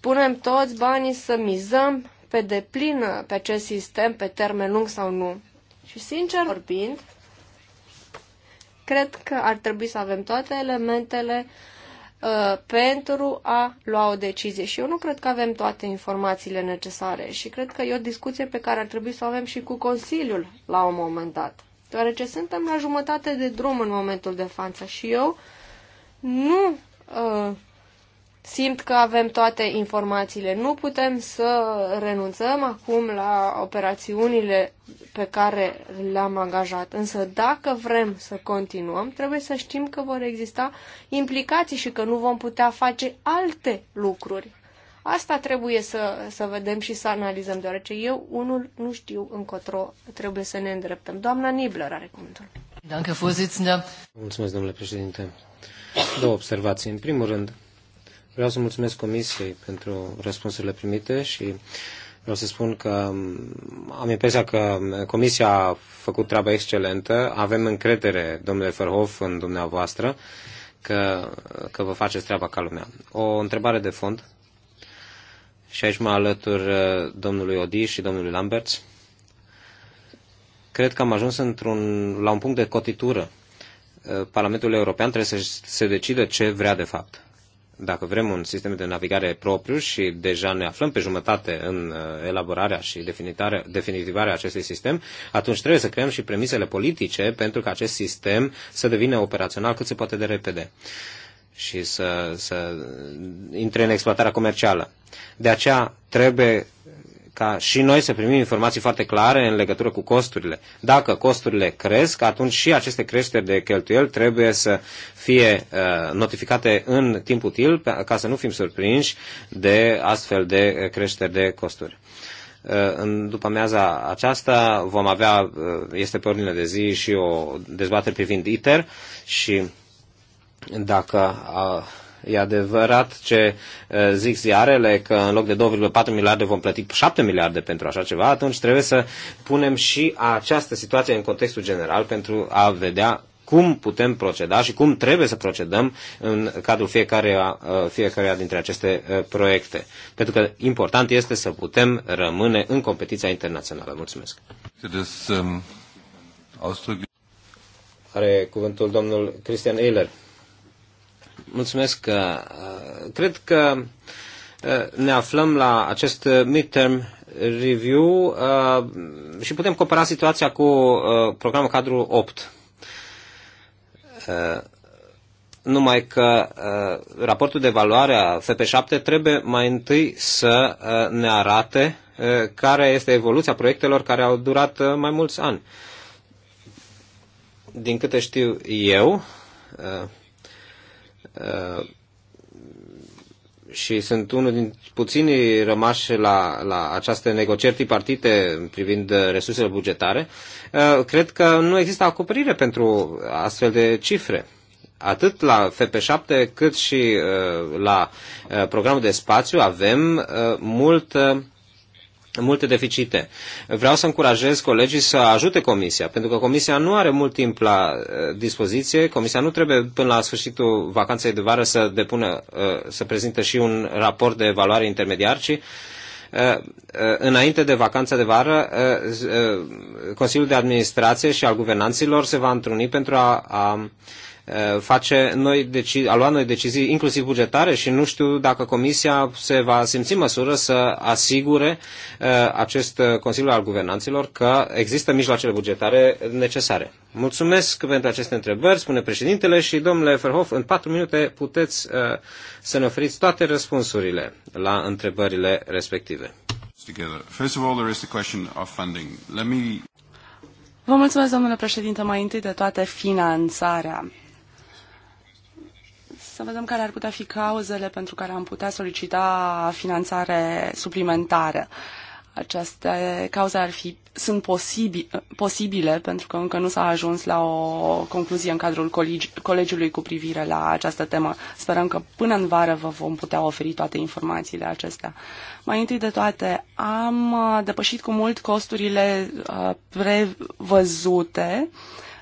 punem toți banii să mizăm pe deplin pe acest sistem pe termen lung sau nu. Și sincer vorbind, Cred că ar trebui să avem toate elementele uh, pentru a lua o decizie. Și eu nu cred că avem toate informațiile necesare și cred că e o discuție pe care ar trebui să o avem și cu Consiliul la un moment dat. Deoarece suntem la jumătate de drum în momentul de față și eu nu uh, simt că avem toate informațiile. Nu putem să renunțăm acum la operațiunile pe care le-am angajat. Însă dacă vrem să continuăm, trebuie să știm că vor exista implicații și că nu vom putea face alte lucruri. Asta trebuie să, să vedem și să analizăm, deoarece eu, unul, nu știu încotro trebuie să ne îndreptăm. Doamna Nibler are cuvântul.
Mulțumesc, domnule președinte. Două observații. În primul rând, Vreau să mulțumesc Comisiei pentru răspunsurile primite și vreau să spun că mm, am impresia că Comisia a făcut treaba excelentă. Avem încredere, domnule Ferhof, în dumneavoastră că, că vă faceți treaba ca lumea. O întrebare de fond și aici mă alătur uh, domnului Odi și domnului Lamberts. Cred că am ajuns într-un, la un punct de cotitură. Uh, Parlamentul European trebuie să se decide ce vrea de fapt dacă vrem un sistem de navigare propriu și deja ne aflăm pe jumătate în uh, elaborarea și definitivarea acestui sistem, atunci trebuie să creăm și premisele politice pentru ca acest sistem să devină operațional cât se poate de repede și să, să intre în exploatarea comercială. De aceea trebuie ca și noi să primim informații foarte clare în legătură cu costurile. Dacă costurile cresc, atunci și aceste creșteri de cheltuieli trebuie să fie uh, notificate în timp util ca să nu fim surprinși de astfel de creșteri de costuri. Uh, în după amiaza aceasta vom avea, uh, este pe ordine de zi și o dezbatere privind ITER și dacă uh, E adevărat ce zic ziarele că în loc de 2,4 miliarde vom plăti 7 miliarde pentru așa ceva, atunci trebuie să punem și această situație în contextul general pentru a vedea cum putem proceda și cum trebuie să procedăm în cadrul fiecarea, fiecarea dintre aceste proiecte. Pentru că important este să putem rămâne în competiția internațională. Mulțumesc. Um, Are cuvântul domnul Cristian Eiler. Mulțumesc. Uh, cred că uh, ne aflăm la acest midterm review uh, și putem compara situația cu programul cadru 8. Numai că raportul de valoare a FP7 trebuie mai întâi să ne arate care este evoluția proiectelor care au durat mai mulți ani. Din câte știu eu, Uh, și sunt unul din puținii rămași la, la această negocieri tripartite privind resursele bugetare, uh, cred că nu există acoperire pentru astfel de cifre. Atât la FP7 cât și uh, la programul de spațiu avem mult multe deficite. Vreau să încurajez colegii să ajute Comisia, pentru că Comisia nu are mult timp la uh, dispoziție. Comisia nu trebuie până la sfârșitul vacanței de vară să depună, uh, să prezinte și un raport de evaluare intermediar, ci uh, înainte de vacanța de vară, Consiliul de Administrație și al Guvernanților se va întruni pentru a, a Uh, face noi deci, a luat noi decizii inclusiv bugetare și nu știu dacă Comisia se va simți măsură să asigure uh, acest uh, Consiliu al Guvernanților că există mijloacele bugetare necesare. Mulțumesc pentru aceste întrebări, spune președintele și domnule Ferhof, în patru minute puteți să ne oferiți toate răspunsurile la întrebările respective.
Vă mulțumesc, domnule președinte, mai întâi de toate finanțarea. Să vedem care ar putea fi cauzele pentru care am putea solicita finanțare suplimentară. Aceste cauze ar fi, sunt posibi, posibile pentru că încă nu s-a ajuns la o concluzie în cadrul colegi, colegiului cu privire la această temă. Sperăm că până în vară vă vom putea oferi toate informațiile acestea. Mai întâi de toate, am depășit cu mult costurile uh, prevăzute uh,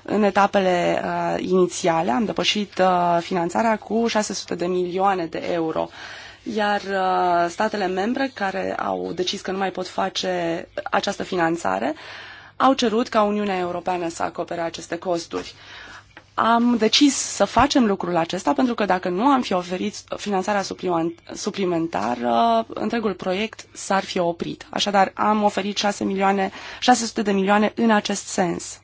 în etapele uh, inițiale am depășit uh, finanțarea cu 600 de milioane de euro. Iar uh, statele membre care au decis că nu mai pot face această finanțare au cerut ca Uniunea Europeană să acopere aceste costuri. Am decis să facem lucrul acesta pentru că dacă nu am fi oferit finanțarea suplimentară, întregul proiect s-ar fi oprit. Așadar, am oferit 6 milioane, 600 de milioane în acest sens.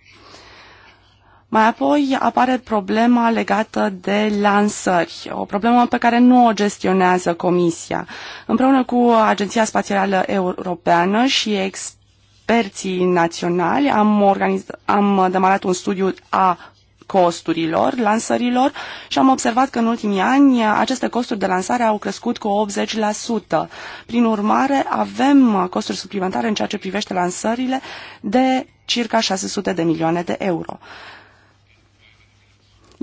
Mai apoi apare problema legată de lansări, o problemă pe care nu o gestionează Comisia. Împreună cu Agenția Spațială Europeană și experții naționali am, am demarat un studiu a costurilor, lansărilor și am observat că în ultimii ani aceste costuri de lansare au crescut cu 80%. Prin urmare, avem costuri suplimentare în ceea ce privește lansările de circa 600 de milioane de euro.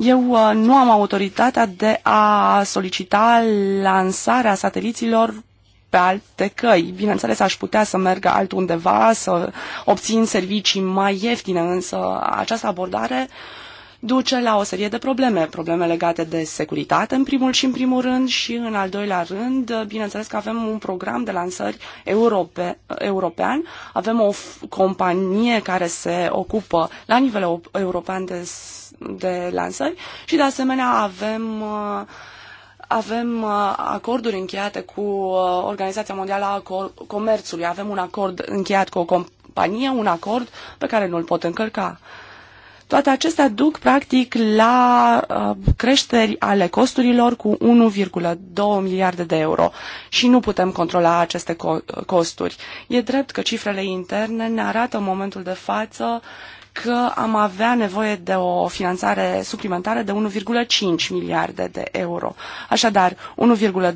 Eu uh, nu am autoritatea de a solicita lansarea sateliților pe alte căi. Bineînțeles, aș putea să merg altundeva, să obțin servicii mai ieftine, însă această abordare duce la o serie de probleme. Probleme legate de securitate, în primul și în primul rând, și în al doilea rând, bineînțeles că avem un program de lansări europe, european, avem o companie care se ocupă la nivel european de de lansări și de asemenea avem uh, avem uh, acorduri încheiate cu uh, Organizația Mondială a Comerțului, avem un acord încheiat cu o companie, un acord pe care nu-l pot încărca. Toate acestea duc practic la creșteri ale costurilor cu 1,2 miliarde de euro și nu putem controla aceste costuri. E drept că cifrele interne ne arată în momentul de față că am avea nevoie de o finanțare suplimentară de 1,5 miliarde de euro. Așadar, 1,2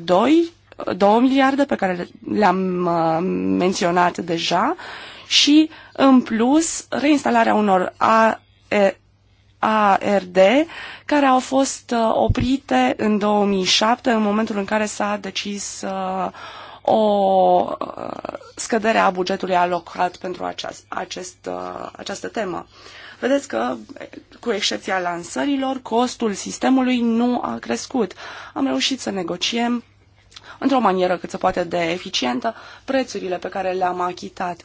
2 miliarde pe care le-am uh, menționat deja și, în plus, reinstalarea unor ARD care au fost uh, oprite în 2007 în momentul în care s-a decis uh, o uh, scădere a bugetului alocat pentru aceast, acest, uh, această temă. Vedeți că, cu excepția lansărilor, costul sistemului nu a crescut. Am reușit să negociem într-o manieră cât se poate de eficientă prețurile pe care le-am achitat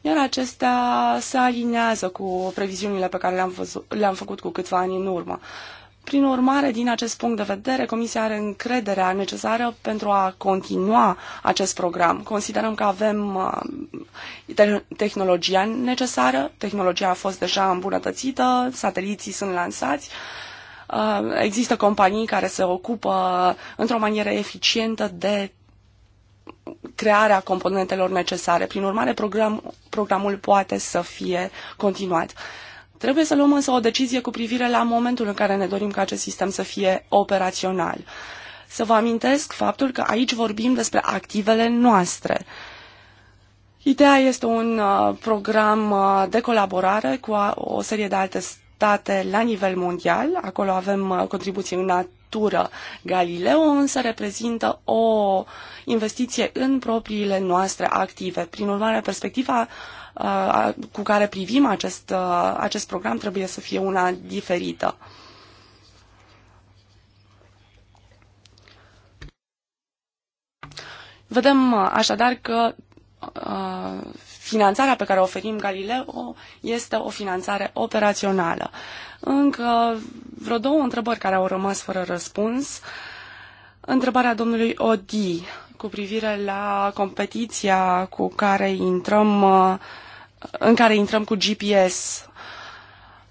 iar acestea se alinează cu previziunile pe care le-am, le, -am văzut, le -am făcut cu câțiva ani în urmă. Prin urmare, din acest punct de vedere, Comisia are încrederea necesară pentru a continua acest program. Considerăm că avem uh, tehnologia necesară, tehnologia a fost deja îmbunătățită, sateliții sunt lansați, uh, există companii care se ocupă într-o manieră eficientă de crearea componentelor necesare. Prin urmare, program, programul poate să fie continuat. Trebuie să luăm însă o decizie cu privire la momentul în care ne dorim ca acest sistem să fie operațional. Să vă amintesc faptul că aici vorbim despre activele noastre. Ideea este un uh, program uh, de colaborare cu o serie de alte state la nivel mondial. Acolo avem uh, contribuții în natură. Galileo însă reprezintă o investiție în propriile noastre active. Prin urmare, perspectiva Uh, cu care privim acest, uh, acest program trebuie să fie una diferită. Vedem uh, așadar că finanțarea pe care o oferim Galileo este o finanțare operațională. Încă vreo două întrebări care au rămas fără răspuns. Întrebarea domnului Odi cu privire la competiția cu care intrăm în care intrăm cu GPS.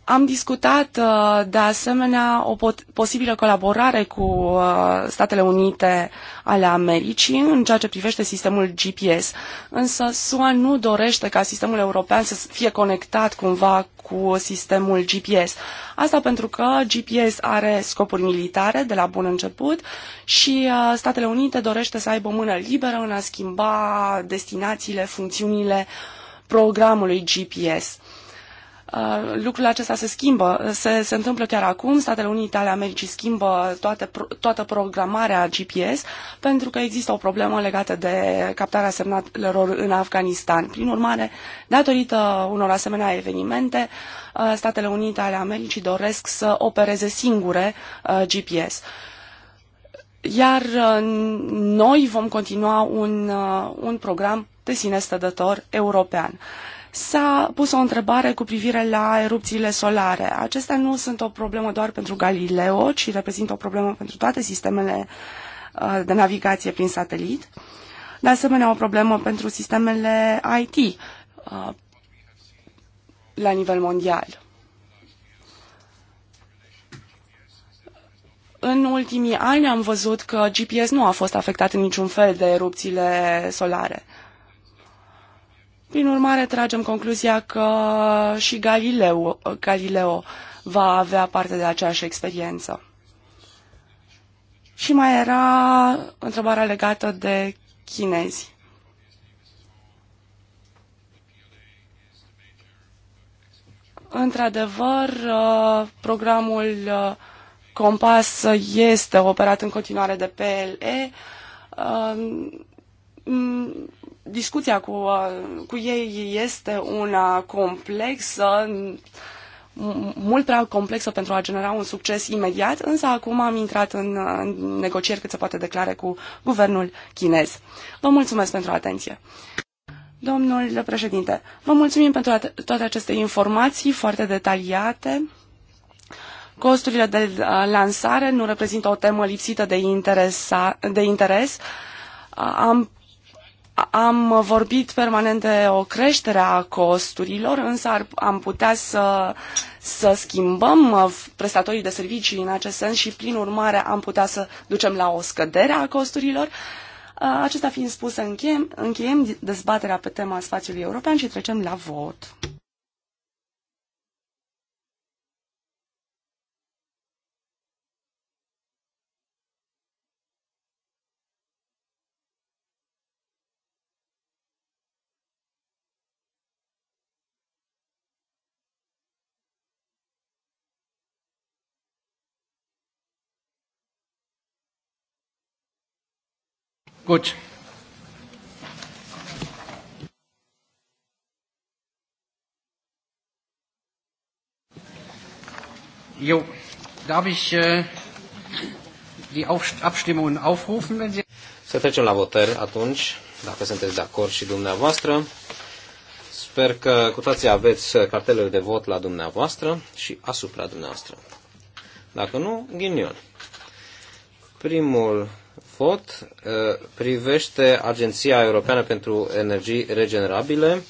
Am discutat uh, de asemenea o posibilă colaborare cu uh, Statele Unite ale Americii în ceea ce privește sistemul GPS, însă SUA nu dorește ca sistemul european să fie conectat cumva cu sistemul GPS. Asta pentru că GPS are scopuri militare de la bun început și uh, Statele Unite dorește să aibă mână liberă în a schimba destinațiile, funcțiunile uh, programului GPS. Uh, lucrul acesta se schimbă, se, se întâmplă chiar acum. Statele Unite ale Americii schimbă toate, toată programarea GPS pentru că există o problemă legată de captarea semnalelor în Afganistan. Prin urmare, datorită unor asemenea evenimente, uh, Statele Unite ale Americii doresc să opereze singure uh, GPS iar uh, noi vom continua un, uh, un program de sine stădător european. S-a pus o întrebare cu privire la erupțiile solare. Acestea nu sunt o problemă doar pentru Galileo, ci reprezintă o problemă pentru toate sistemele uh, de navigație prin satelit. De asemenea, o problemă pentru sistemele IT la nivel mondial. În ultimii ani am văzut că GPS nu a fost afectat în niciun fel de erupțiile solare. Prin urmare, tragem concluzia că și Galileo, Galileo va avea parte de aceeași experiență. Și mai era întrebarea legată de chinezi. Într-adevăr, programul Compas este operat în continuare de PLE. Um, discuția cu, uh, cu ei este una complexă, mult prea complexă pentru a genera un succes imediat, însă acum am intrat în, uh, negocieri cât se poate declare cu guvernul chinez. Vă mulțumesc pentru atenție. Domnul președinte, vă mulțumim pentru toate aceste informații foarte detaliate. Costurile de uh, lansare nu reprezintă o temă lipsită de, de interes. Uh, am, am vorbit permanent de o creștere a costurilor, însă ar, am putea să, să schimbăm uh, prestatorii de servicii în acest sens și, prin urmare, am putea să ducem la o scădere a costurilor. Acesta fiind spus, încheiem, încheiem dezbaterea pe tema spațiului european și trecem la vot. Gut.
Jo, darf ich äh, die Auf Abstimmungen aufrufen, wenn Sie... Să trecem la votări atunci, dacă sunteți de acord și dumneavoastră. Sper că cu toții aveți uh, cartelele de vot la dumneavoastră și asupra dumneavoastră. Dacă nu, ghinion. Primul vot uh, privește Agenția Europeană pentru Energii Regenerabile.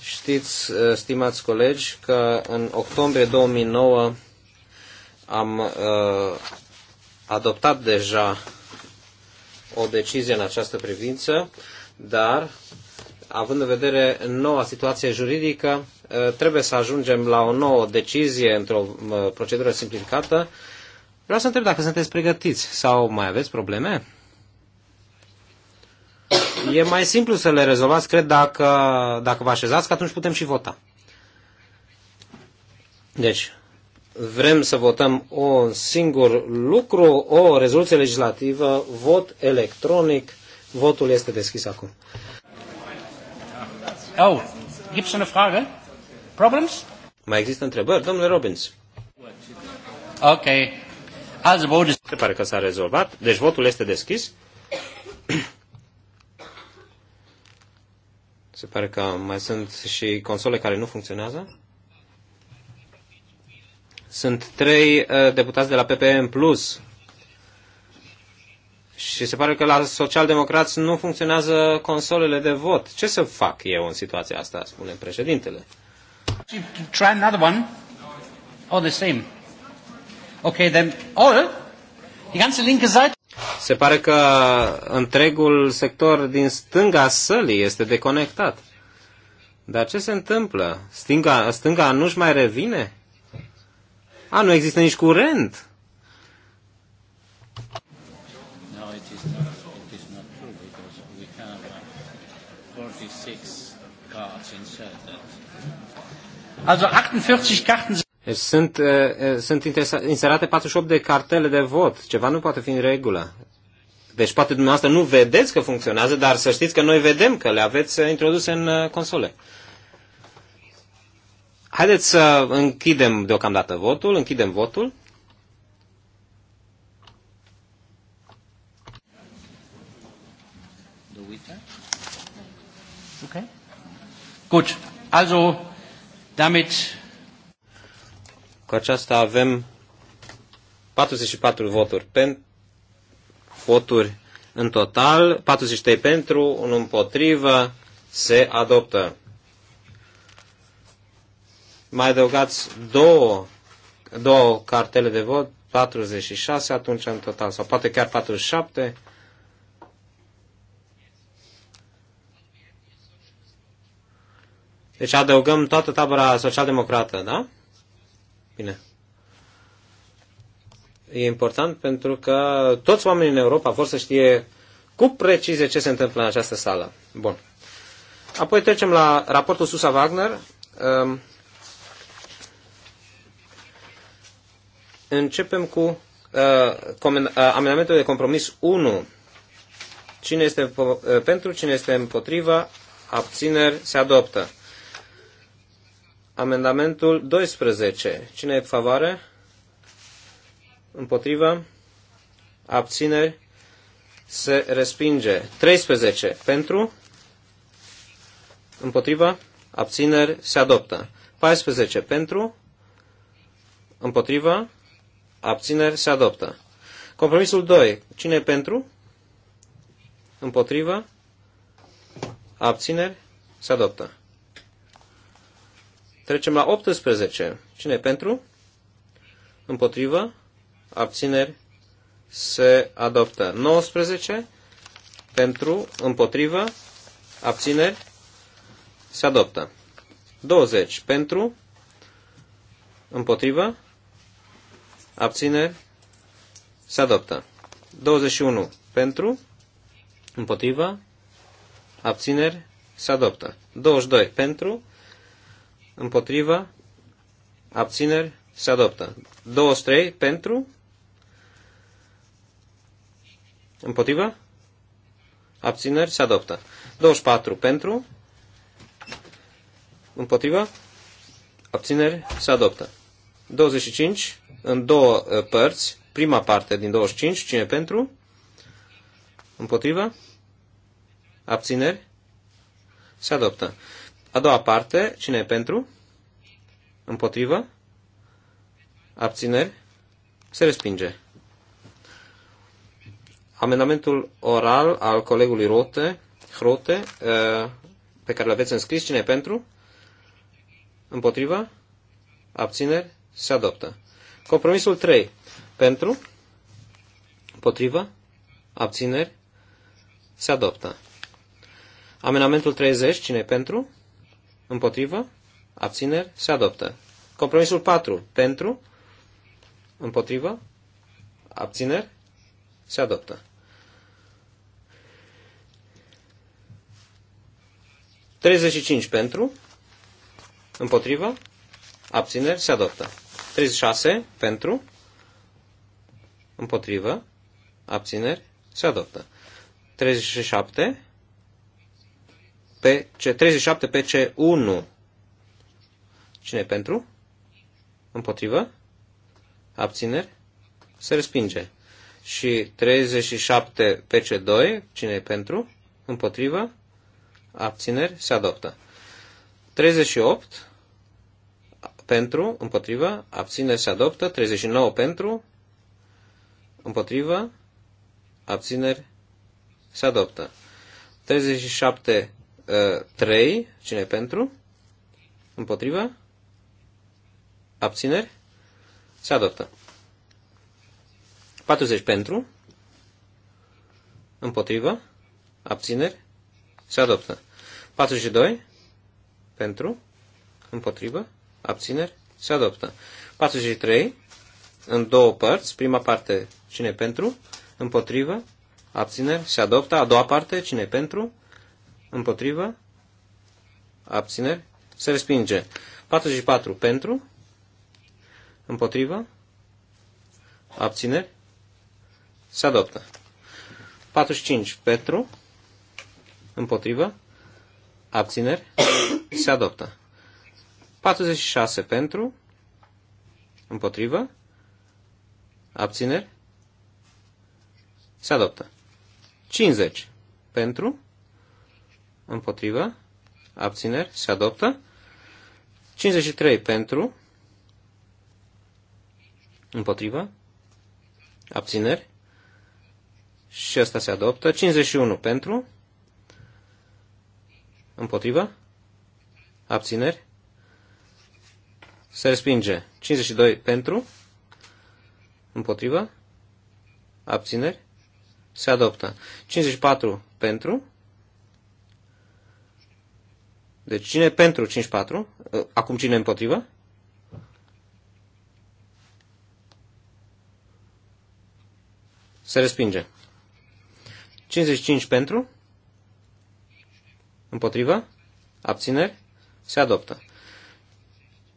Știți, uh, stimați colegi, că în octombrie 2009 am uh, adoptat deja o decizie în această privință, dar având în vedere noua situație juridică, trebuie să ajungem la o nouă decizie într-o procedură simplificată Vreau să întreb dacă sunteți pregătiți sau mai aveți probleme? E mai simplu să le rezolvați, cred, dacă, dacă vă așezați, că atunci putem și vota. Deci, vrem să votăm un singur lucru, o rezoluție legislativă, vot electronic. Votul este deschis acum. Oh, gibt's eine Frage? Problems? Mai există întrebări, domnule Robbins? Ok, Azi votul... Se pare că s-a rezolvat, deci votul este deschis. Se pare că mai sunt și console care nu funcționează. Sunt trei uh, deputați de la PPM Plus și se pare că la socialdemocrați nu funcționează consolele de vot. Ce să fac eu în situația asta, spune președintele? Try another one. the same. Okay, then all. Oh, eh? Die ganze linke Seite. Se pare că întregul sector din stânga sălii este deconectat. Dar ce se întâmplă? Stânga, stânga nu-și mai revine? A, nu există nici curent. Uh, also 48 Karten deci sunt, sunt inserate 48 de cartele de vot. Ceva nu poate fi în regulă. Deci poate dumneavoastră nu vedeți că funcționează, dar să știți că noi vedem că le aveți introduse în console. Haideți să închidem deocamdată votul, închidem votul. Okay. Gut, also damit cu aceasta avem 44 voturi, pentru voturi în total, 43 pentru, un împotrivă, se adoptă. Mai adăugați două, două cartele de vot, 46 atunci în total, sau poate chiar 47. Deci adăugăm toată tabăra social-democrată, da? Bine. E important pentru că toți oamenii în Europa vor să știe cu precizie ce se întâmplă în această sală. Bun. Apoi trecem la raportul Susa Wagner. Ehm, începem cu uh, uh, amendamentul de compromis 1. Cine este uh, pentru, cine este împotriva, abțineri, se adoptă. Amendamentul 12. Cine e favoare? Împotrivă? Abțineri? Se respinge. 13. Pentru? Împotrivă? Abțineri? Se adoptă. 14. Pentru? Împotrivă? Abțineri? Se adoptă. Compromisul 2. Cine e pentru? Împotrivă? Abțineri? Se adoptă. Trecem la 18. Cine pentru? Împotrivă? Abțineri? Se adoptă. 19. Pentru? Împotrivă? Abțineri? Se adoptă. 20. Pentru? Împotrivă? Abțineri? Se adoptă. 21. Pentru? Împotrivă? Abțineri? Se adoptă. 22. Pentru? împotrivă, abțineri, se adoptă. 23 pentru, împotrivă, abțineri, se adoptă. 24 pentru, împotrivă, abțineri, se adoptă. 25 în două uh, părți, prima parte din 25, cine pentru, împotrivă, abțineri, se adoptă. A doua parte, cine e pentru? Împotrivă? Abțineri? Se respinge. Amendamentul oral al colegului Rote, Hrote, uh, pe care l-aveți înscris, cine e pentru? Împotrivă? Abțineri? Se adoptă. Compromisul 3. Pentru? Împotrivă? Abțineri? Se adoptă. Amendamentul 30. Cine e pentru? Împotrivă? Abțineri? Se adoptă. Compromisul 4. Pentru? Împotrivă? Abțineri? Se adoptă. 35 pentru, împotrivă, abțineri, se adoptă. 36 pentru, împotrivă, abțineri, se adoptă. 37 PC, 37 PC1. Cine pentru? Împotrivă? Abțineri? Se respinge. Și 37 PC2. Cine e pentru? Împotrivă? Abțineri? Se adoptă. 38 pentru, împotrivă, abțineri se adoptă, 39 pentru, împotrivă, abțineri se adoptă. 37 3. Cine pentru? Împotrivă? Abțineri? Se adoptă. 40 pentru? Împotrivă? Abțineri? Se adoptă. 42 pentru? Împotrivă? Abțineri? Se adoptă. 43 în două părți. Prima parte, cine pentru? Împotrivă? Abțineri? Se adoptă. A doua parte, cine pentru? Împotrivă. Abțineri. Se respinge. 44 pentru. Împotrivă. Abțineri. Se adoptă. 45 pentru. Împotrivă. Abțineri. Se adoptă. 46 pentru. Împotrivă. Abțineri. Se adoptă. 50 pentru împotrivă, abțineri, se adoptă. 53 pentru, împotrivă, abțineri, și asta se adoptă. 51 pentru, împotrivă, abțineri, se respinge. 52 pentru, împotrivă, abțineri, se adoptă. 54 pentru, deci cine pentru 5-4? Uh, acum cine împotrivă? Se respinge. 55 pentru? Împotrivă? Abțineri? Se adoptă.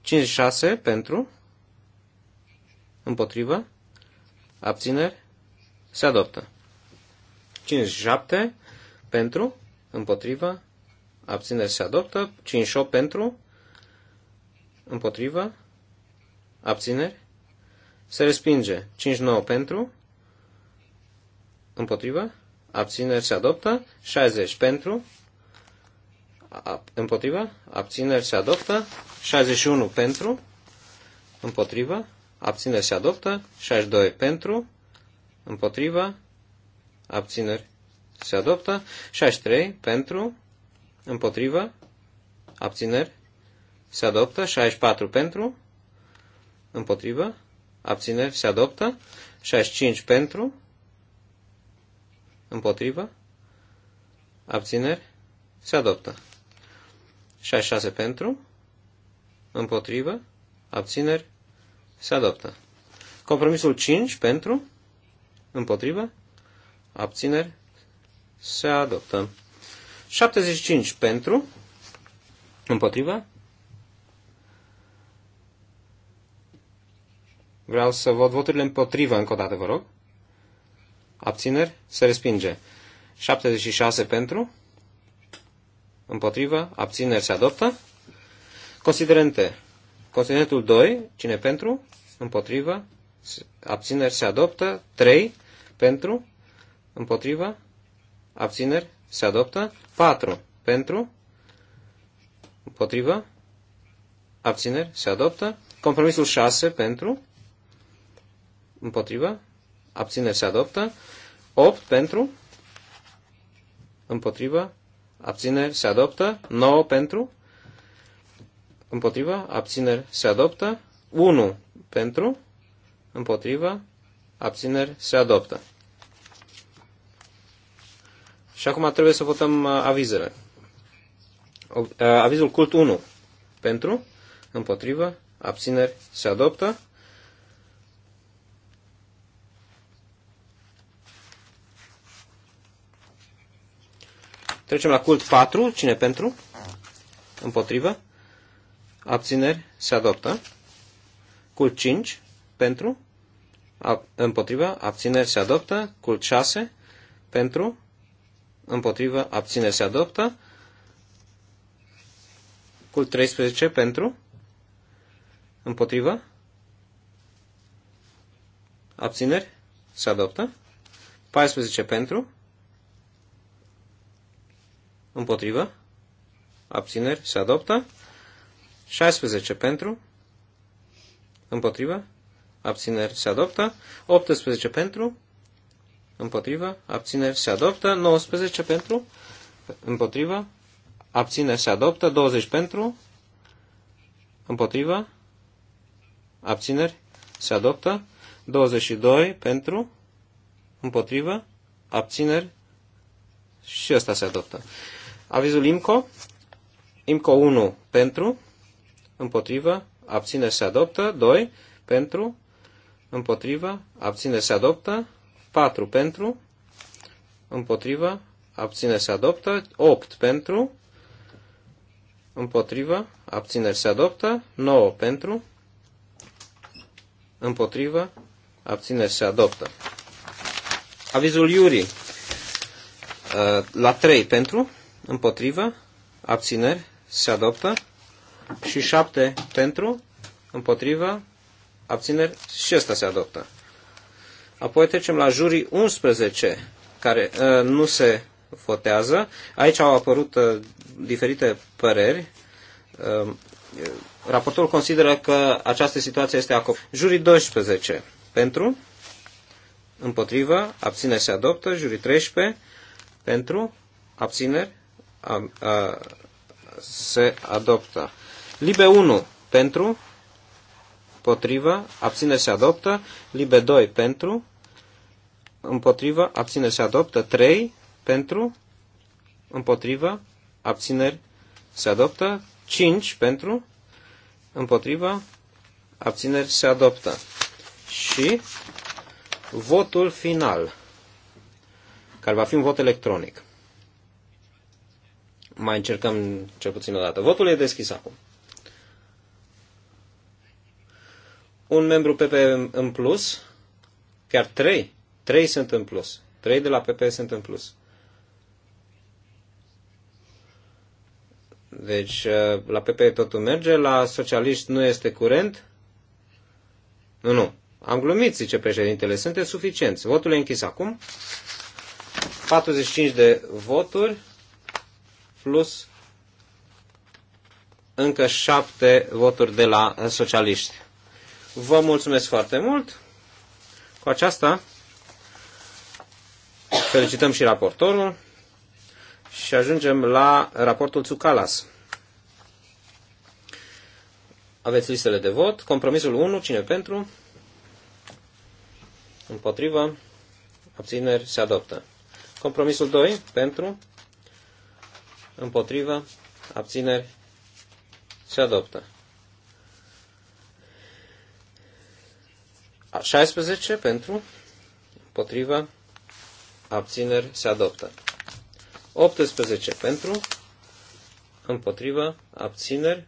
56 pentru? Împotrivă? Abțineri? Se adoptă. 57 pentru? Împotrivă? abțineri se adoptă, 58 pentru, împotrivă, abțineri, se respinge, 59 pentru, împotrivă, abțineri se adoptă, 60 pentru, împotrivă, abțineri se adoptă, 61 pentru, împotrivă, abțineri se adoptă, 62 pentru, împotrivă, abțineri se adoptă, 63 pentru, împotrivă, abțineri, se adoptă, 64 pentru, împotrivă, abțineri, se adoptă, 65 pentru, împotrivă, abțineri, se adoptă. 66 pentru, împotrivă, abțineri, se adoptă. Compromisul 5 pentru, împotrivă, abțineri, se adoptă. 75 pentru, împotriva. Vreau să văd voturile împotriva încă o dată, vă rog. Abțineri, se respinge. 76 pentru, împotriva, abțineri se adoptă. Considerente. Considerentul 2, cine pentru, împotriva, abțineri se adoptă. 3, pentru, împotriva, abțineri se adoptă. 4 pentru, împotrivă, abțineri, se adoptă. Compromisul 6 pentru, împotrivă, abțineri, se adoptă. 8 pentru, împotrivă, abțineri, se adoptă. 9 pentru, împotrivă, abțineri, se adoptă. 1 pentru, împotrivă, abțineri, se adoptă. Și acum trebuie să votăm uh, avizele. Uh, avizul cult 1. Pentru, împotrivă, abțineri, se adoptă. Trecem la cult 4. Cine pentru? Împotrivă. Abțineri. Se adoptă. Cult 5. Pentru. împotrivă. Abțineri. Se adoptă. Cult 6. Pentru împotrivă, abțineri se adoptă. Cult 13 pentru, împotrivă, abțineri se adoptă. 14 pentru, împotrivă, abțineri se adoptă. 16 pentru, împotrivă, abțineri se adoptă. 18 pentru, împotrivă, abțineri se adoptă, 19 pentru, împotrivă, abțineri se adoptă, 20 pentru, împotrivă, abțineri se adoptă, 22 pentru, împotrivă, abțineri și ăsta se adoptă. Avizul IMCO, IMCO 1 pentru, împotrivă, abțineri se adoptă, 2 pentru, împotrivă, abțineri se adoptă, 4 pentru, împotrivă, abține se adoptă, 8 pentru, împotrivă, abțineri se adoptă, 9 pentru, împotrivă, abțineri se adoptă. Avizul Iuri uh, la 3 pentru, împotrivă, abțineri se adoptă și 7 pentru, împotrivă, abțineri și ăsta se adoptă. Apoi trecem la jurii 11, care uh, nu se votează. Aici au apărut uh, diferite păreri. Uh, raportorul consideră că această situație este acoperită. Jurii 12, pentru, împotrivă, abține, se adoptă. Jurii 13, pentru, abțineri, a, a, uh, se adoptă. Libe 1, pentru, potrivă, abține, se adoptă, libe 2 pentru, împotrivă, abțineri se adoptă. 3 pentru, împotrivă, abțineri se adoptă. 5 pentru, împotrivă, abțineri se adoptă. Și votul final, care va fi un vot electronic. Mai încercăm cel puțin o dată. Votul e deschis acum. Un membru PP în plus, chiar trei Trei sunt în plus. Trei de la PP sunt în plus. Deci uh, la PP totul merge, la socialiști nu este curent. Nu, nu. Am glumit, zice președintele, sunteți suficienți. Votul e închis acum. 45 de voturi plus încă 7 voturi de la socialiști. Vă mulțumesc foarte mult. Cu aceasta Felicităm și raportorul și ajungem la raportul Tsukalas. Aveți listele de vot. Compromisul 1, cine pentru? Împotrivă. Abțineri se adoptă. Compromisul 2, pentru? Împotrivă. Abțineri se adoptă. 16 pentru, Împotrivă abțineri, se adoptă. 18 pentru, împotrivă, abțineri,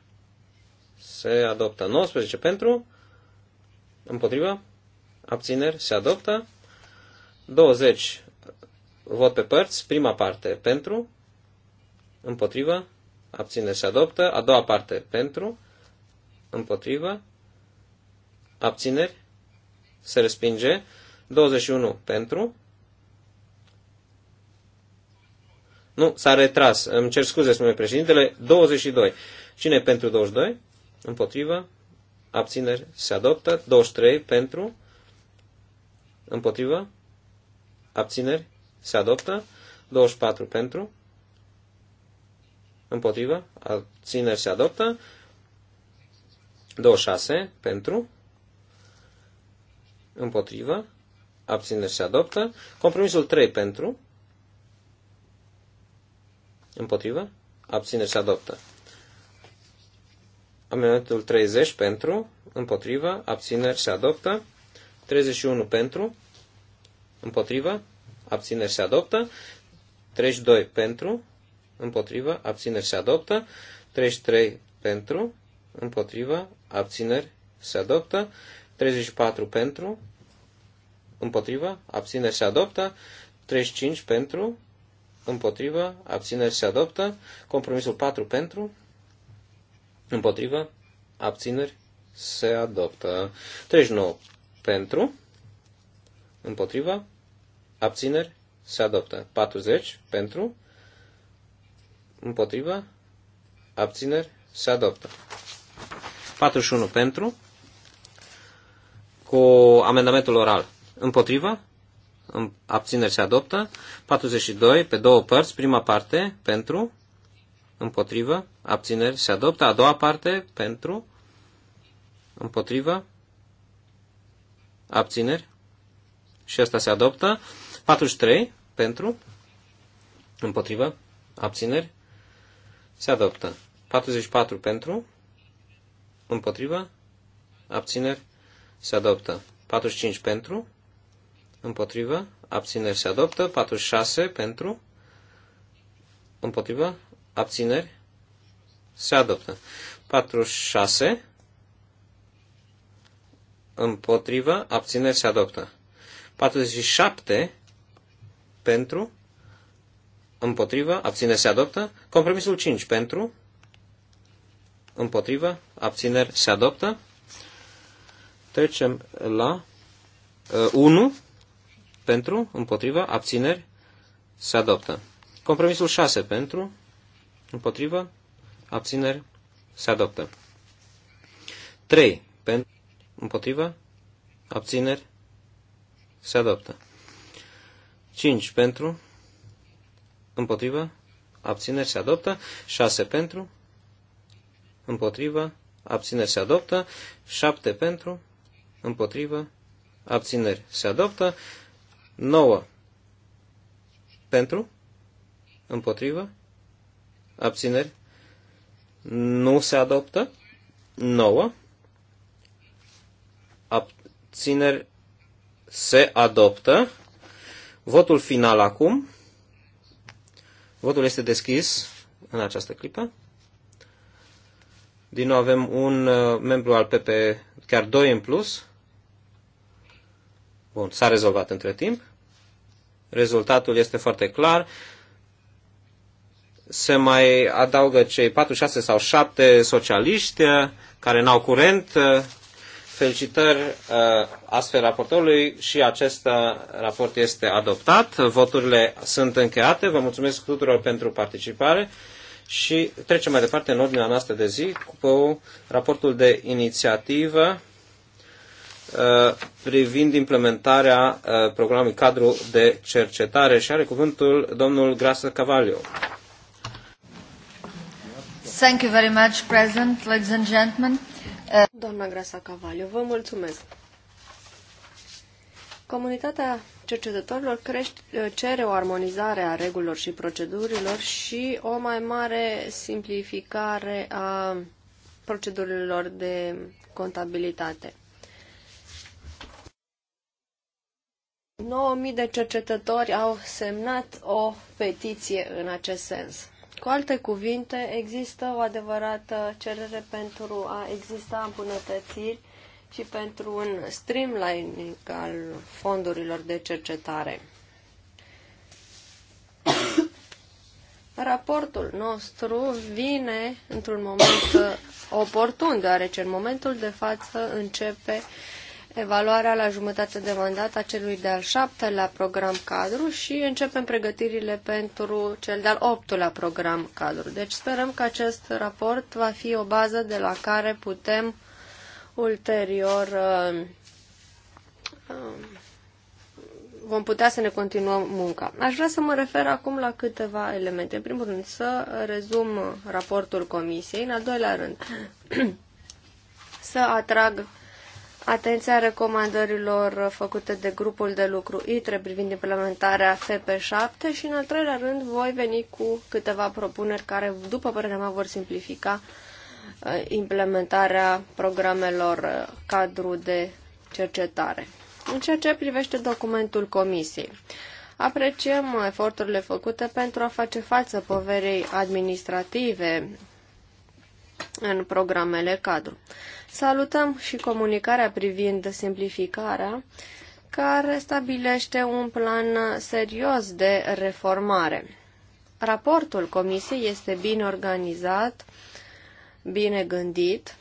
se adoptă. 19 pentru, împotrivă, abțineri, se adoptă. 20 vot pe părți, prima parte pentru, împotrivă, abțineri, se adoptă. A doua parte pentru, împotrivă, abțineri, se respinge. 21 pentru, Nu, s-a retras. Îmi cer scuze, spune președintele. 22. Cine pentru 22? Împotrivă. Abțineri se adoptă. 23 pentru. Împotrivă. Abțineri se adoptă. 24 pentru. Împotrivă. Abțineri se adoptă. 26 pentru. Împotrivă. Abțineri se adoptă. Compromisul 3 pentru. Împotrivă? Abține se adoptă. Amendamentul 30 pentru, împotrivă, abțineri se adoptă. 31 pentru, împotrivă, abțineri se adoptă. 32 pentru, împotrivă, abțineri se adoptă. 33 pentru, împotrivă, abțineri se adoptă. 34 pentru, împotrivă, abțineri se adoptă. 35 pentru, împotrivă, abțineri se adoptă, compromisul 4 pentru, împotrivă, abțineri se adoptă, 39 pentru, împotrivă, abțineri se adoptă, 40 pentru, împotrivă, abțineri se adoptă, 41 pentru, cu amendamentul oral, împotrivă, abțineri se adoptă. 42 pe două părți, prima parte pentru, împotrivă, abțineri se adoptă. A doua parte pentru, împotrivă, abțineri și asta se adoptă. 43 pentru, împotrivă, abțineri se adoptă. 44 pentru, împotrivă, abțineri se adoptă. 45 pentru, împotrivă, abțineri se adoptă, 46 pentru, împotrivă, abțineri se adoptă. 46 împotrivă, abțineri se adoptă. 47 pentru, împotrivă, abțineri se adoptă. Compromisul 5 pentru, împotrivă, abțineri se adoptă. Trecem la uh, 1 pentru, împotrivă, abțineri, se adoptă. Compromisul 6 pentru, împotrivă, abțineri, se adoptă. 3 pentru, împotrivă, abțineri, se adoptă. 5 pentru, împotrivă, abțineri, se adoptă. 6 pentru, împotrivă, abțineri, se adoptă. 7 pentru, împotrivă, abțineri, se adoptă. 9 pentru, împotrivă, abțineri, nu se adoptă, 9, abțineri, se adoptă, votul final acum, votul este deschis în această clipă, din nou avem un uh, membru al PP, chiar doi în plus, Bun, s-a rezolvat între timp. Rezultatul este foarte clar. Se mai adaugă cei 4, 6 sau 7 socialiști uh, care n-au curent. Uh, Felicitări uh, astfel raportorului și acest raport este adoptat. Voturile sunt încheiate. Vă mulțumesc tuturor pentru participare și trecem mai departe în ordinea noastră de zi cu raportul de inițiativă Uh, privind implementarea uh, programului cadru de cercetare și are cuvântul domnul Grasa Cavaliu.
Thank you very much, President, ladies and gentlemen. Uh, Doamna Grasa Cavaliu, vă mulțumesc. Comunitatea cercetătorilor crește, cere o armonizare a regulilor și procedurilor și o mai mare simplificare a procedurilor de contabilitate. 9.000 de cercetători au semnat o petiție în acest sens. Cu alte cuvinte, există o adevărată cerere pentru a exista îmbunătățiri și pentru un streamlining al fondurilor de cercetare. *coughs* Raportul nostru vine într-un moment *coughs* oportun, deoarece în momentul de față începe uh, evaluarea la jumătate de mandat a celui de-al șaptelea program cadru și începem pregătirile pentru cel de-al optulea program cadru. Deci sperăm că acest raport va fi o bază de la care putem ulterior uh, uh, vom putea să ne continuăm munca. Aș vrea să mă refer acum la câteva elemente. În primul rând, să rezum raportul comisiei. În al doilea rând, *clears throat* să atrag atenția recomandărilor făcute de grupul de lucru ITRE privind implementarea FP7 și, în al treilea rând, voi veni cu câteva propuneri care, după părerea mea, vor simplifica uh, implementarea programelor uh, cadru de cercetare. În ceea ce privește documentul Comisiei, apreciem eforturile făcute pentru a face față poverei administrative în programele cadru. Salutăm și comunicarea privind simplificarea, care stabilește un plan serios de reformare. Raportul comisiei este bine organizat, bine gândit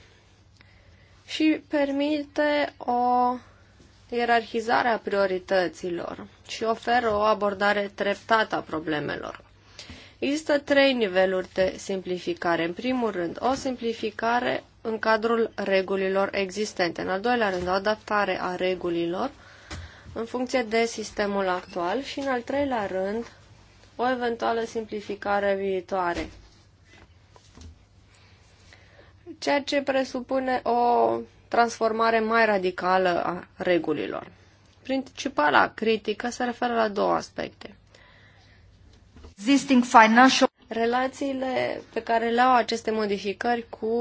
și permite o ierarhizare a priorităților și oferă o abordare treptată a problemelor. Există trei niveluri de simplificare. În primul rând, o simplificare în cadrul regulilor existente. În al doilea rând, o adaptare a regulilor în funcție de sistemul actual și, în al treilea rând, o eventuală simplificare viitoare. Ceea ce presupune o transformare mai radicală a regulilor. Principala critică se referă la două aspecte. Relațiile pe care le au aceste modificări cu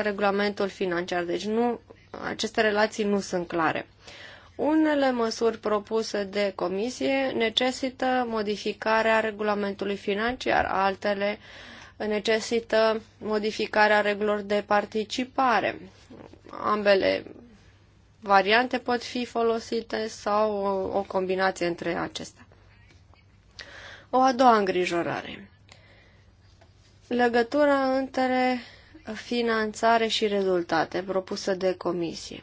regulamentul financiar, deci nu, aceste relații nu sunt clare. Unele măsuri propuse de comisie necesită modificarea regulamentului financiar, altele necesită modificarea regulilor de participare. Ambele variante pot fi folosite sau o, o combinație între acestea. O a doua îngrijorare. Legătura între finanțare și rezultate propusă de comisie.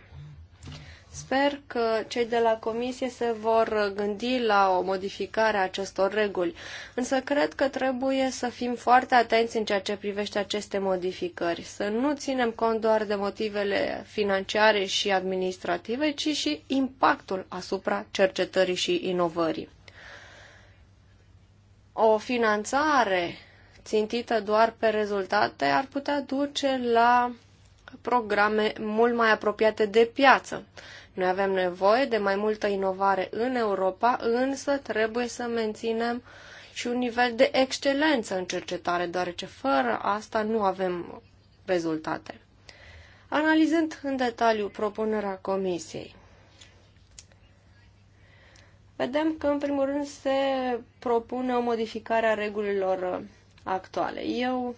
Sper că cei de la comisie se vor gândi la o modificare a acestor reguli, însă cred că trebuie să fim foarte atenți în ceea ce privește aceste modificări, să nu ținem cont doar de motivele financiare și administrative, ci și impactul asupra cercetării și inovării. O finanțare țintită doar pe rezultate ar putea duce la programe mult mai apropiate de piață. Noi avem nevoie de mai multă inovare în Europa, însă trebuie să menținem și un nivel de excelență în cercetare, deoarece fără asta nu avem rezultate. Analizând în detaliu propunerea Comisiei, vedem că, în primul rând, se propune o modificare a regulilor actuale. Eu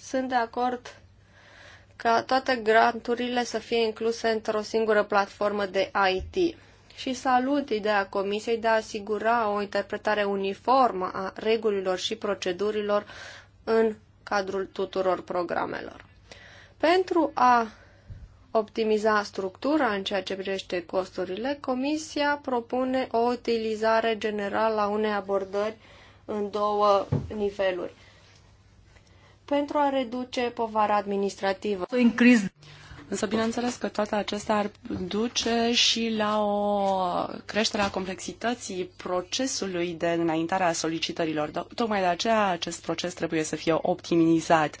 sunt de acord ca toate granturile să fie incluse într-o singură platformă de IT și salut ideea Comisiei de a asigura o interpretare uniformă a regulilor și procedurilor în cadrul tuturor programelor. Pentru a optimiza structura în ceea ce privește costurile, Comisia propune o utilizare generală a unei abordări în două niveluri pentru a reduce povara administrativă.
Însă, bineînțeles că toate acestea ar duce și la o creștere a complexității procesului de înaintare a solicitărilor. Tocmai de aceea acest proces trebuie să fie optimizat.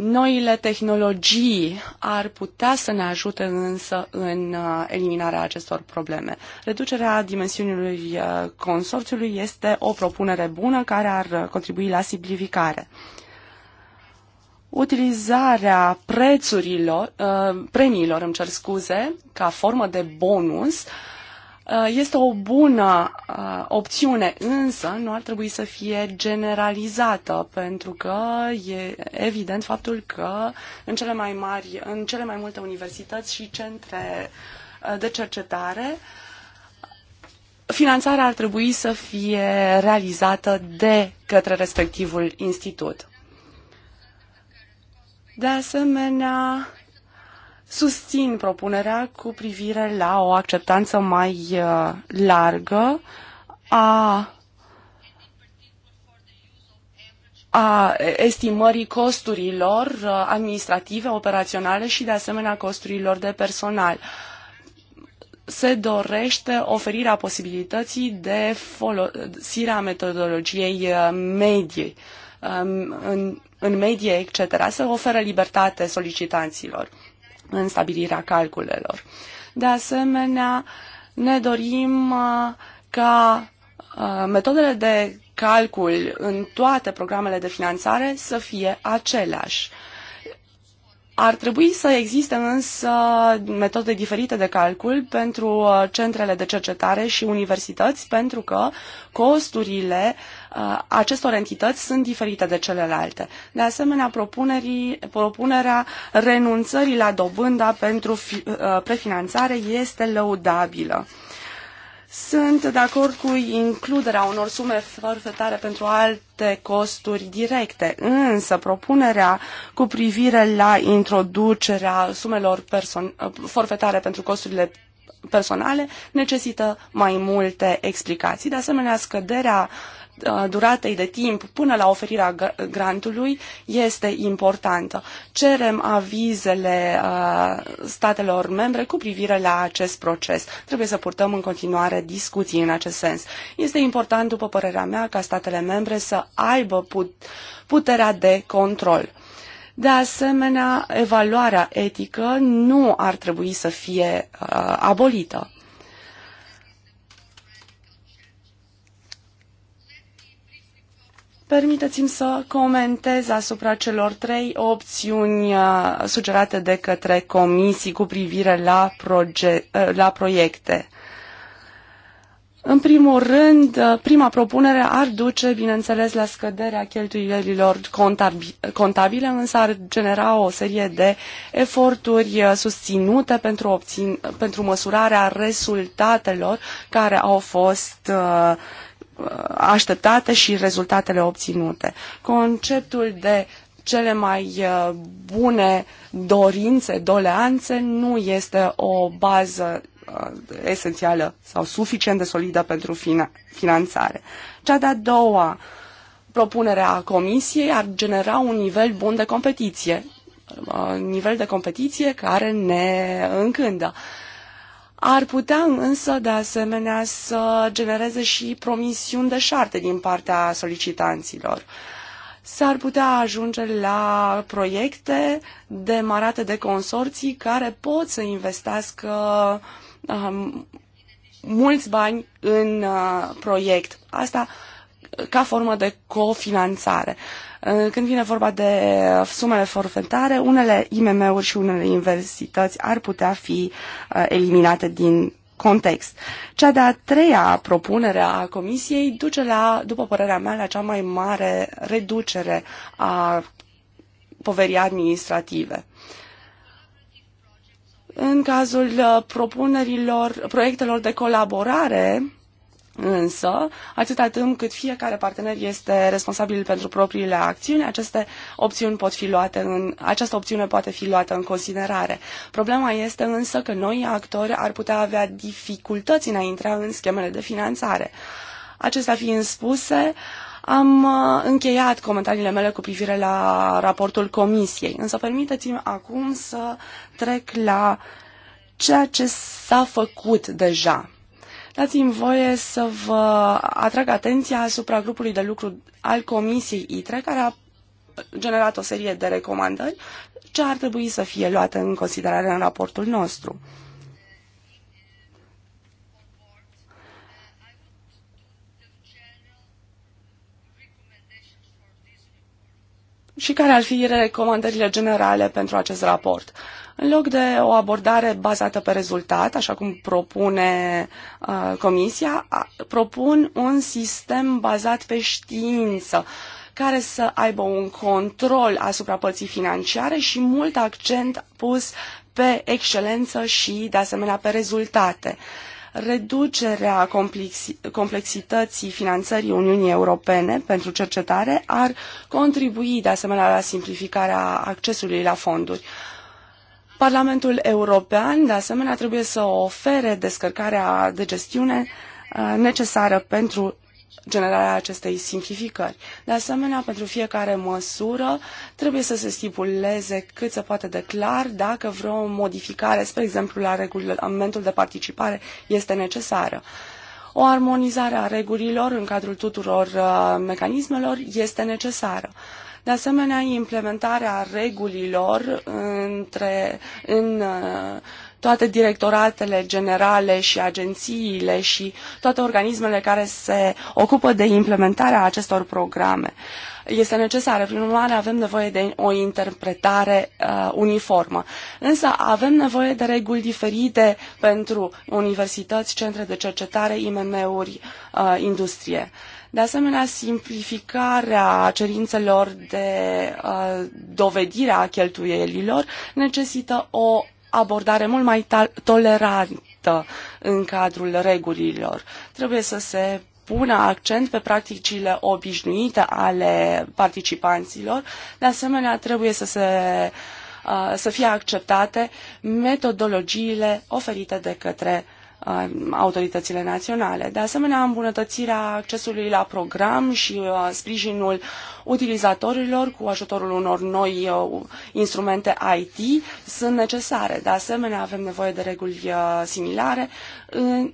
Noile tehnologii ar putea să ne ajute însă în uh, eliminarea acestor probleme. Reducerea dimensiunii uh, consorțiului este o propunere bună care ar uh, contribui la simplificare. Utilizarea prețurilor, premiilor, îmi cer scuze, ca formă de bonus Uh, este o bună uh, opțiune, însă nu ar trebui să fie generalizată, pentru că e evident faptul că în cele mai mari, în cele mai multe universități și centre uh, de cercetare, finanțarea ar trebui să fie realizată de către respectivul institut. De asemenea, susțin propunerea cu privire la o acceptanță mai uh, largă a a estimării costurilor uh, administrative, operaționale și de asemenea costurilor de personal. Se dorește oferirea posibilității de folosire a metodologiei uh, medie, um, în, în medie, etc. să oferă libertate solicitanților în stabilirea calculelor. De asemenea, ne dorim uh, ca uh, metodele de calcul în toate programele de finanțare să fie aceleași. Ar trebui să existe însă metode diferite de calcul pentru uh, centrele de cercetare și universități, pentru că costurile uh, Uh, acestor entități sunt diferite de celelalte. De asemenea, propunerea renunțării la dobânda pentru uh, prefinanțare este lăudabilă. Sunt de acord cu includerea unor sume forfetare pentru alte costuri directe, însă propunerea cu privire la introducerea sumelor uh, forfetare pentru costurile personale necesită mai multe explicații. De asemenea, scăderea uh, duratei de timp până la oferirea grantului este importantă. Cerem avizele statelor membre cu privire la acest proces. Trebuie să purtăm în continuare discuții în acest sens. Este important, după părerea mea, ca statele membre să aibă puterea de control. De asemenea, evaluarea etică nu ar trebui să fie uh, abolită. Permiteți-mi să comentez asupra celor trei opțiuni uh, sugerate de către comisii cu privire la, uh, la proiecte. În primul rând, uh, prima propunere ar duce, bineînțeles, la scăderea cheltuielilor contabile, însă ar genera o serie de eforturi susținute pentru, obțin, pentru măsurarea rezultatelor care au fost uh, Uh, așteptate și rezultatele obținute. Conceptul de cele mai uh, bune dorințe, doleanțe, nu este o bază uh, esențială sau suficient de solidă pentru finanțare. Cea de-a doua propunere a Comisiei ar genera un nivel bun de competiție, un nivel de competiție care ne încândă ar putea însă de asemenea să genereze și promisiuni deșarte din partea solicitanților. S-ar putea ajunge la proiecte demarate de consorții care pot să investească um, mulți bani în uh, proiect. Asta ca formă de cofinanțare. Uh, când vine vorba de uh, sumele forfetare, unele IMM-uri și unele universități ar putea fi uh, eliminate din context. Cea de-a treia propunere a Comisiei duce la, după părerea mea, la cea mai mare reducere a poverii administrative. În cazul propunerilor, proiectelor de colaborare, Însă, atâta timp cât fiecare partener este responsabil pentru propriile acțiuni, aceste opțiuni pot fi luate în, această opțiune poate fi luată în considerare. Problema este însă că noi actori ar putea avea dificultăți în a intra în schemele de finanțare. Acestea fiind spuse, am uh, încheiat comentariile mele cu privire la raportul comisiei, însă permiteți-mi acum să trec la ceea ce s-a făcut deja dați-mi voie să vă atrag atenția asupra grupului de lucru al Comisiei ITRE, care a generat o serie de recomandări ce ar trebui să fie luate în considerare în raportul nostru. Și care ar fi recomandările generale pentru acest raport? Uh, în loc de o abordare bazată pe rezultat, așa cum propune uh, Comisia, a, propun un sistem bazat pe știință care să aibă un control asupra părții financiare și mult accent pus pe excelență și, de asemenea, pe rezultate. Reducerea complexi complexității finanțării Uniunii Europene pentru cercetare ar contribui, de asemenea, la simplificarea accesului la fonduri. Uh, Parlamentul European, de asemenea, trebuie să ofere descărcarea de gestiune uh, necesară pentru generarea acestei simplificări. De asemenea, pentru fiecare măsură trebuie să se stipuleze cât se poate de clar dacă vreo modificare, spre exemplu, la regulamentul de participare este necesară. O armonizare a regulilor în cadrul tuturor uh, mecanismelor este necesară. De asemenea, implementarea regulilor între, în uh, toate directoratele generale și agențiile și toate organismele care se ocupă de implementarea acestor programe este necesară. Prin urmare, avem nevoie de o interpretare uh, uniformă. Însă avem nevoie de reguli diferite pentru universități, centre de cercetare, IMM-uri, uh, industrie. Uh, de asemenea, simplificarea cerințelor de uh, dovedire a cheltuielilor necesită o abordare mult mai tolerantă în cadrul regulilor. Trebuie să se pună accent pe practicile obișnuite ale participanților. De asemenea, trebuie să, se, uh, să fie acceptate metodologiile oferite de către Uh, autoritățile naționale. De asemenea, îmbunătățirea accesului la program și uh, sprijinul utilizatorilor cu ajutorul unor noi uh, instrumente IT sunt necesare. De asemenea, avem nevoie de reguli similare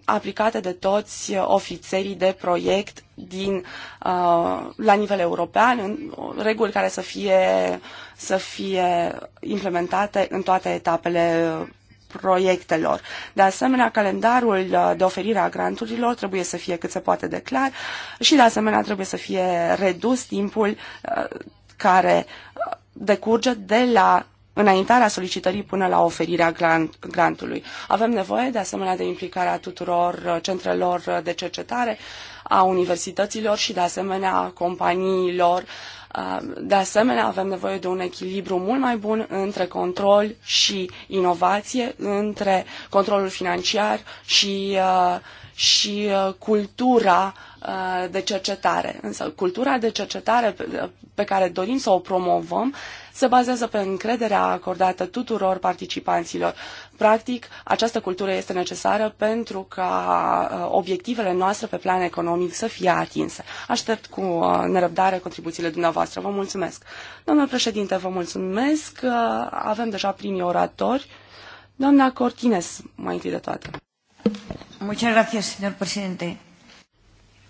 aplicate de toți ofițerii de proiect din, la nivel european, în reguli care să fie, să fie implementate în toate etapele proiectelor. De asemenea, calendarul uh, de oferire a granturilor trebuie să fie cât se poate de clar și, de asemenea, trebuie să fie redus timpul uh, care uh, decurge de la înaintarea solicitării până la oferirea grant, grantului. Avem nevoie, de asemenea, de implicarea tuturor centrelor de cercetare, a universităților și, de asemenea, a companiilor uh, Uh, de asemenea, avem nevoie de un echilibru mult mai bun între control și inovație, între controlul financiar și uh, și uh, cultura uh, de cercetare. Însă cultura de cercetare uh, pe care dorim să o promovăm se bazează pe încrederea acordată tuturor participanților. Practic, această cultură este necesară pentru ca obiectivele noastre pe plan economic să fie atinse. Aștept cu nerăbdare contribuțiile dumneavoastră. Vă mulțumesc. Domnul președinte, vă mulțumesc. Avem deja primii oratori. Doamna Cortines, mai întâi de toate.
Muchas gracias, señor presidente.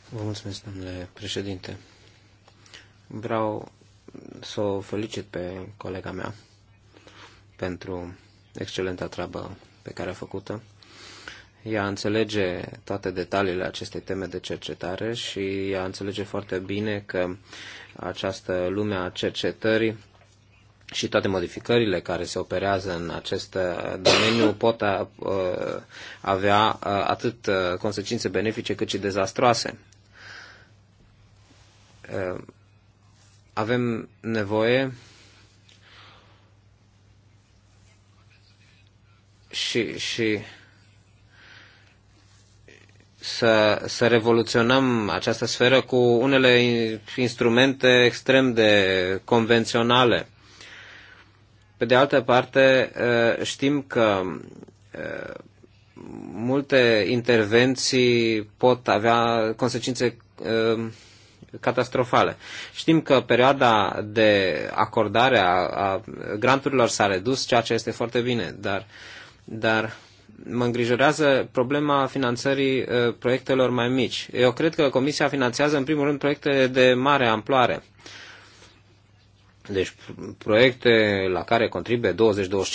Vă mulțumesc, domnule președinte. Vreau să o felicit pe colega mea pentru excelenta treabă pe care a făcut-o. Ea înțelege toate detaliile acestei teme de cercetare și ea înțelege foarte bine că această lume a cercetării și toate modificările care se operează în acest uh, domeniu pot uh, avea uh, atât consecințe benefice cât și dezastroase. Avem nevoie și, și să, să revoluționăm această sferă cu unele instrumente extrem de convenționale pe de altă parte, eh, știm că eh, multe intervenții pot avea consecințe eh, catastrofale. Știm că perioada de acordare a, granturilor s-a redus, ceea ce este foarte bine, dar, dar mă îngrijorează problema finanțării proiectelor mai mici. Eu cred că Comisia finanțează, în primul rând, proiecte de mare amploare. Deci proiecte la care contribuie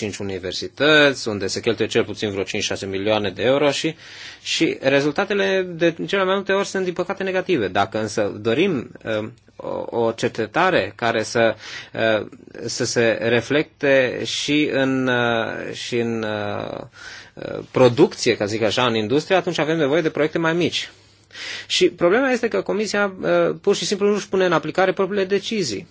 20-25 universități, unde se cheltuie cel puțin vreo 5-6 milioane de euro și, și rezultatele de cele mai multe ori sunt din păcate negative. Dacă însă dorim uh, o cercetare care să, uh, să se reflecte și în, uh, și în uh, uh producție, ca zic așa, în industrie, atunci avem nevoie de proiecte mai mici. Și problema este că Comisia uh, pur și simplu nu își pune în aplicare propriile decizii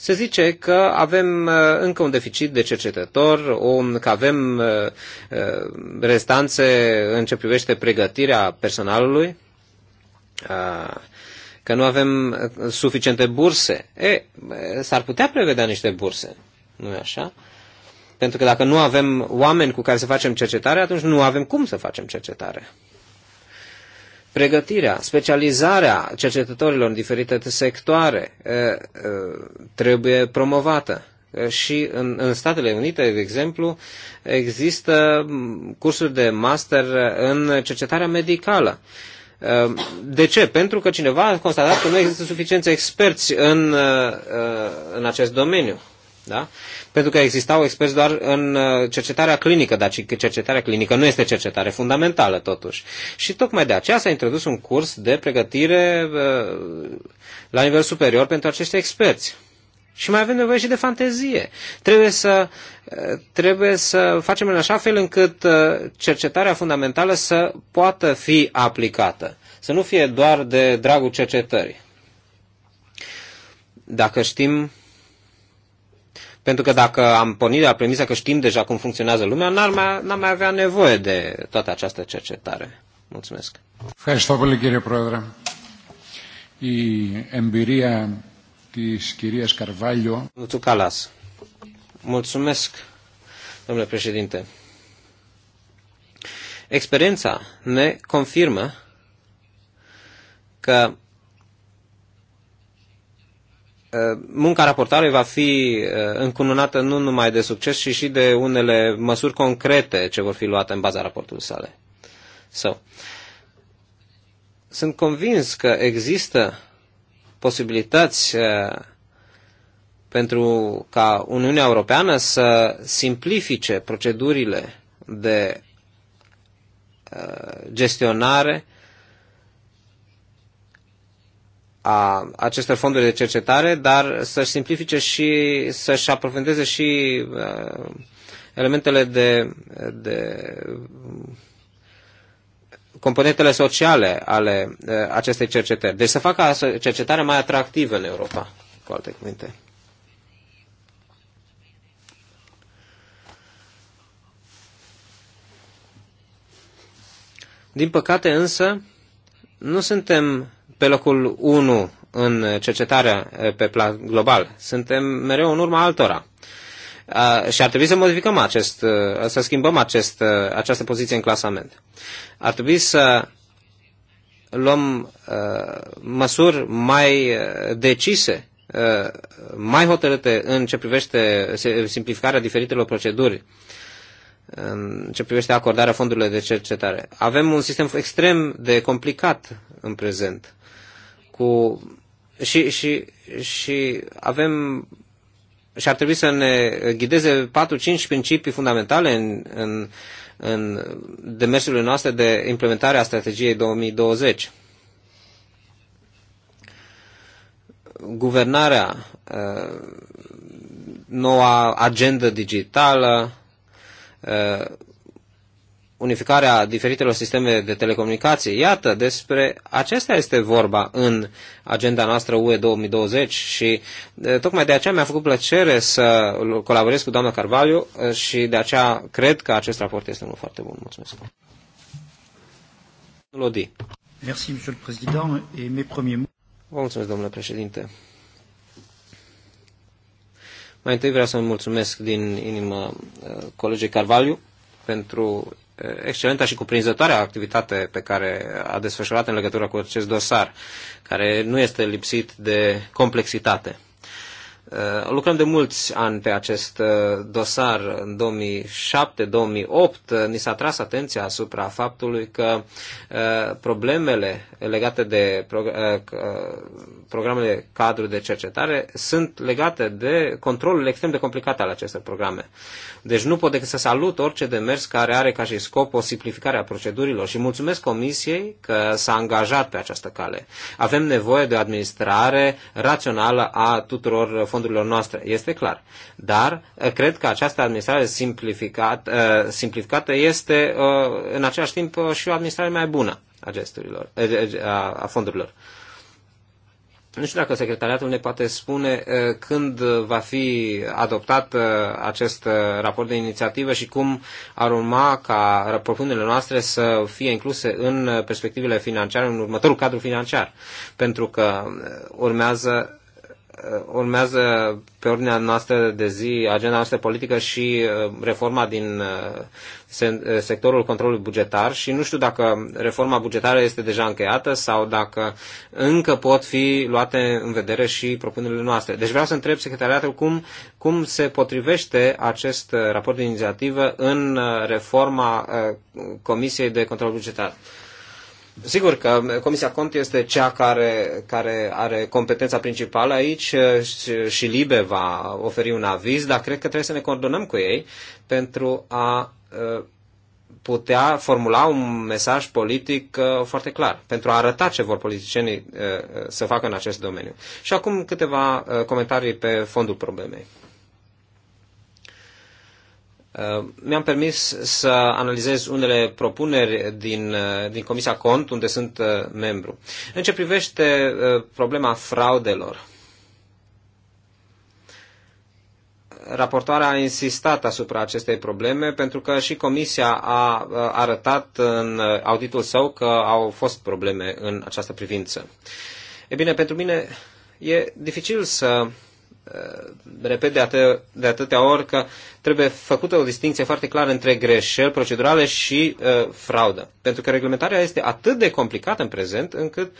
se zice că avem uh, încă un deficit de cercetător, un, că avem uh, uh, restanțe în ce privește pregătirea personalului, că nu avem suficiente burse. E, s-ar putea prevedea niște burse, nu-i așa? Pentru că dacă nu avem oameni cu care să facem cercetare, atunci nu avem cum să facem cercetare. Pregătirea, specializarea cercetătorilor în diferite sectoare trebuie promovată. Și în, în Statele Unite, de exemplu, există cursuri de master în cercetarea medicală. De ce? Pentru că cineva a constatat că nu există suficienți experți în, în acest domeniu. Da? Pentru că existau experți doar în uh, cercetarea clinică, dar cercetarea clinică nu este cercetare fundamentală totuși. Și tocmai de aceea s-a introdus un curs de pregătire uh, la nivel superior pentru acești experți. Și mai avem nevoie și de fantezie. Trebuie să, uh, trebuie să facem în așa fel încât cercetarea fundamentală să poată fi aplicată. Să nu fie doar de dragul cercetării. Dacă știm pentru că dacă am pornit de la premisa că știm deja cum funcționează lumea, n-ar mai, n-am mai avea nevoie de toată această cercetare. Mulțumesc.
Ευχαριστώ πολύ κύριε Πρόεδρε. Η εμπειρία της
Mulțumesc, domnule președinte. Experiența ne confirmă că Uh, munca raportarei va fi uh, încununată nu numai de succes, ci și de unele măsuri concrete ce vor fi luate în baza raportului sale. So, sunt convins că există posibilități uh, pentru ca Uniunea Europeană să simplifice procedurile de gestionare a acestor fonduri de cercetare, dar să-și simplifice și să-și aprofundeze și uh, elementele de, de componentele sociale ale uh, acestei cercetări. Deci să facă cercetarea mai atractivă în Europa, cu alte cuvinte. Din păcate însă, nu suntem pe locul 1 în cercetarea pe plan global. Suntem mereu în urma altora. Și ar trebui să modificăm acest, să schimbăm acest, această poziție în clasament. Ar trebui să luăm măsuri mai decise, mai hotărâte în ce privește simplificarea diferitelor proceduri în ce privește acordarea fondurilor de cercetare. Avem un sistem extrem de complicat în prezent cu și, și, și avem și ar trebui să ne ghideze 4-5 principii fundamentale în, în, în demersurile noastre de implementare a strategiei 2020. Guvernarea, uh, noua agendă digitală, uh, unificarea diferitelor sisteme de telecomunicații. Iată, despre acesta este vorba în agenda noastră UE 2020 și tocmai de aceea mi-a făcut plăcere să colaborez cu doamna Carvalho și de aceea cred că acest raport este unul foarte bun. Mulțumesc. Lodi. Merci, Monsieur le Président, et mes premiers mots. Vă mulțumesc, domnule președinte. Mai întâi vreau să-mi mulțumesc din inimă colegii Carvalho pentru excelentă și cuprinzătoare activitate pe care a desfășurat în legătură cu acest dosar, care nu este lipsit de complexitate. Uh, lucrăm de mulți ani pe acest uh, dosar. În 2007-2008 uh, ni s-a tras atenția asupra faptului că problemele legate de programele cadru de cercetare sunt legate de controlul extrem de complicat al acestor programe. Deci nu pot decât să salut orice demers care are ca și scop o simplificare a procedurilor și mulțumesc Comisiei că s-a angajat pe această cale. Avem nevoie de o administrare rațională a tuturor fondurilor fondurilor noastre, este clar. Dar eh, cred că această administrare simplificat, eh, simplificată este eh, în același timp și o administrare mai bună a, gesturilor, a fondurilor. Nu știu dacă secretariatul ne poate spune când va fi adoptat acest raport de inițiativă și cum ar urma ca propunerile noastre să fie incluse în perspectivele financiare, în următorul cadru financiar. Pentru că urmează Uh, urmează pe ordinea noastră de zi, agenda noastră politică și uh, reforma din uh, sectorul controlului bugetar și nu știu dacă reforma bugetară este deja încheiată sau dacă încă pot fi luate în vedere și propunerile noastre. Deci vreau să întreb secretariatul cum, cum se potrivește acest raport de inițiativă în reforma Comisiei de Control Bugetar. Sigur că Comisia Cont este cea care, care are competența principală aici eh, și, și LIBE va oferi un aviz, dar cred că trebuie să ne coordonăm cu ei pentru a eh, putea formula un mesaj politic eh, foarte clar, pentru a arăta ce vor politicienii să facă în acest domeniu. Și acum câteva comentarii pe fondul problemei. Uh, mi-am permis să analizez unele propuneri din, uh, din Comisia Cont, unde sunt uh, membru. În ce privește problema fraudelor, raportoarea a insistat asupra acestei probleme pentru că și Comisia a arătat în auditul său că au fost probleme în această privință. E bine, pentru mine e dificil să Eh, repet de, atâ- de atâtea ori că trebuie făcută o distinție foarte clară între greșeli procedurale și uh, fraudă. Pentru că reglementarea este atât de complicată în prezent încât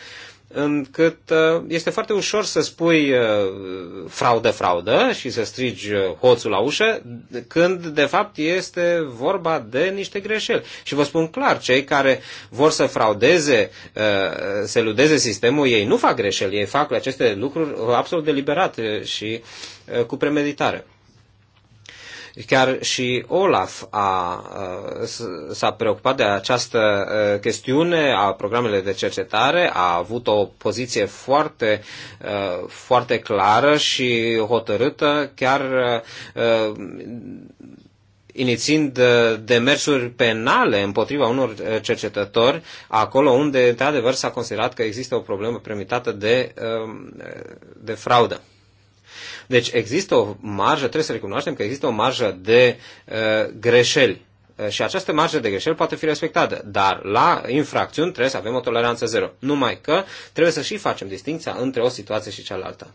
încât uh, este foarte ușor să spui uh, fraudă, fraudă și să strigi uh, hoțul la ușă, când de fapt este vorba de niște greșeli. Și vă spun clar, cei care vor să fraudeze, să ludeze sistemul, ei nu fac greșeli, ei fac aceste lucruri absolut deliberat și cu premeditare. Chiar și Olaf a, uh, s-a preocupat de această uh, chestiune a programele de cercetare, a avut o poziție foarte, uh, foarte clară și hotărâtă, chiar inițiind demersuri penale împotriva unor cercetători, acolo unde, de adevăr s-a considerat că există o problemă premitată de, de fraudă. Deci există o marjă, trebuie să recunoaștem că există o marjă de uh, greșeli uh, și această marjă de greșeli poate fi respectată, dar la infracțiuni trebuie să avem o toleranță zero. Numai că trebuie să și facem distinția între o situație și cealaltă.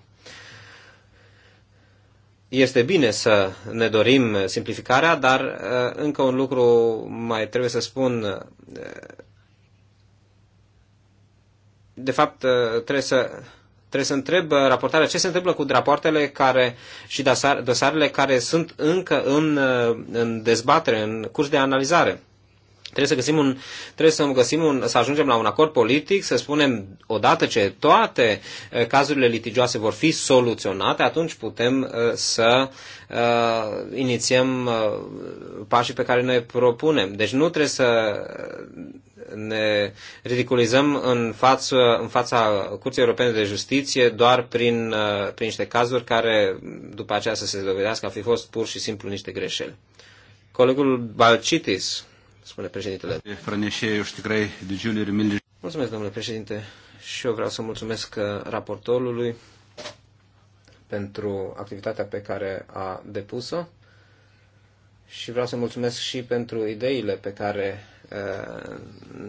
Este bine să ne dorim simplificarea, dar uh, încă un lucru mai trebuie să spun. Uh, de fapt, trebuie să Trebuie să întreb uh, raportarea ce se întâmplă cu rapoartele care, și dosarele care sunt încă în, uh, în dezbatere, în curs de analizare. Trebuie să găsim un, trebuie să găsim un, să ajungem la un acord politic, să spunem odată ce toate eh, cazurile litigioase vor fi soluționate, atunci putem eh, să uh, inițiem pașii pe care noi propunem. Deci nu trebuie să ne ridiculizăm în fața, în fața Curții Europene de Justiție doar prin, prin niște cazuri care după aceea să se dovedească a fi fost pur și simplu niște greșeli. Colegul Balcitis spune președintele. Mulțumesc, domnule președinte, și eu vreau să mulțumesc uh, raportorului pentru activitatea pe care a depus-o și vreau să mulțumesc și pentru ideile pe care uh,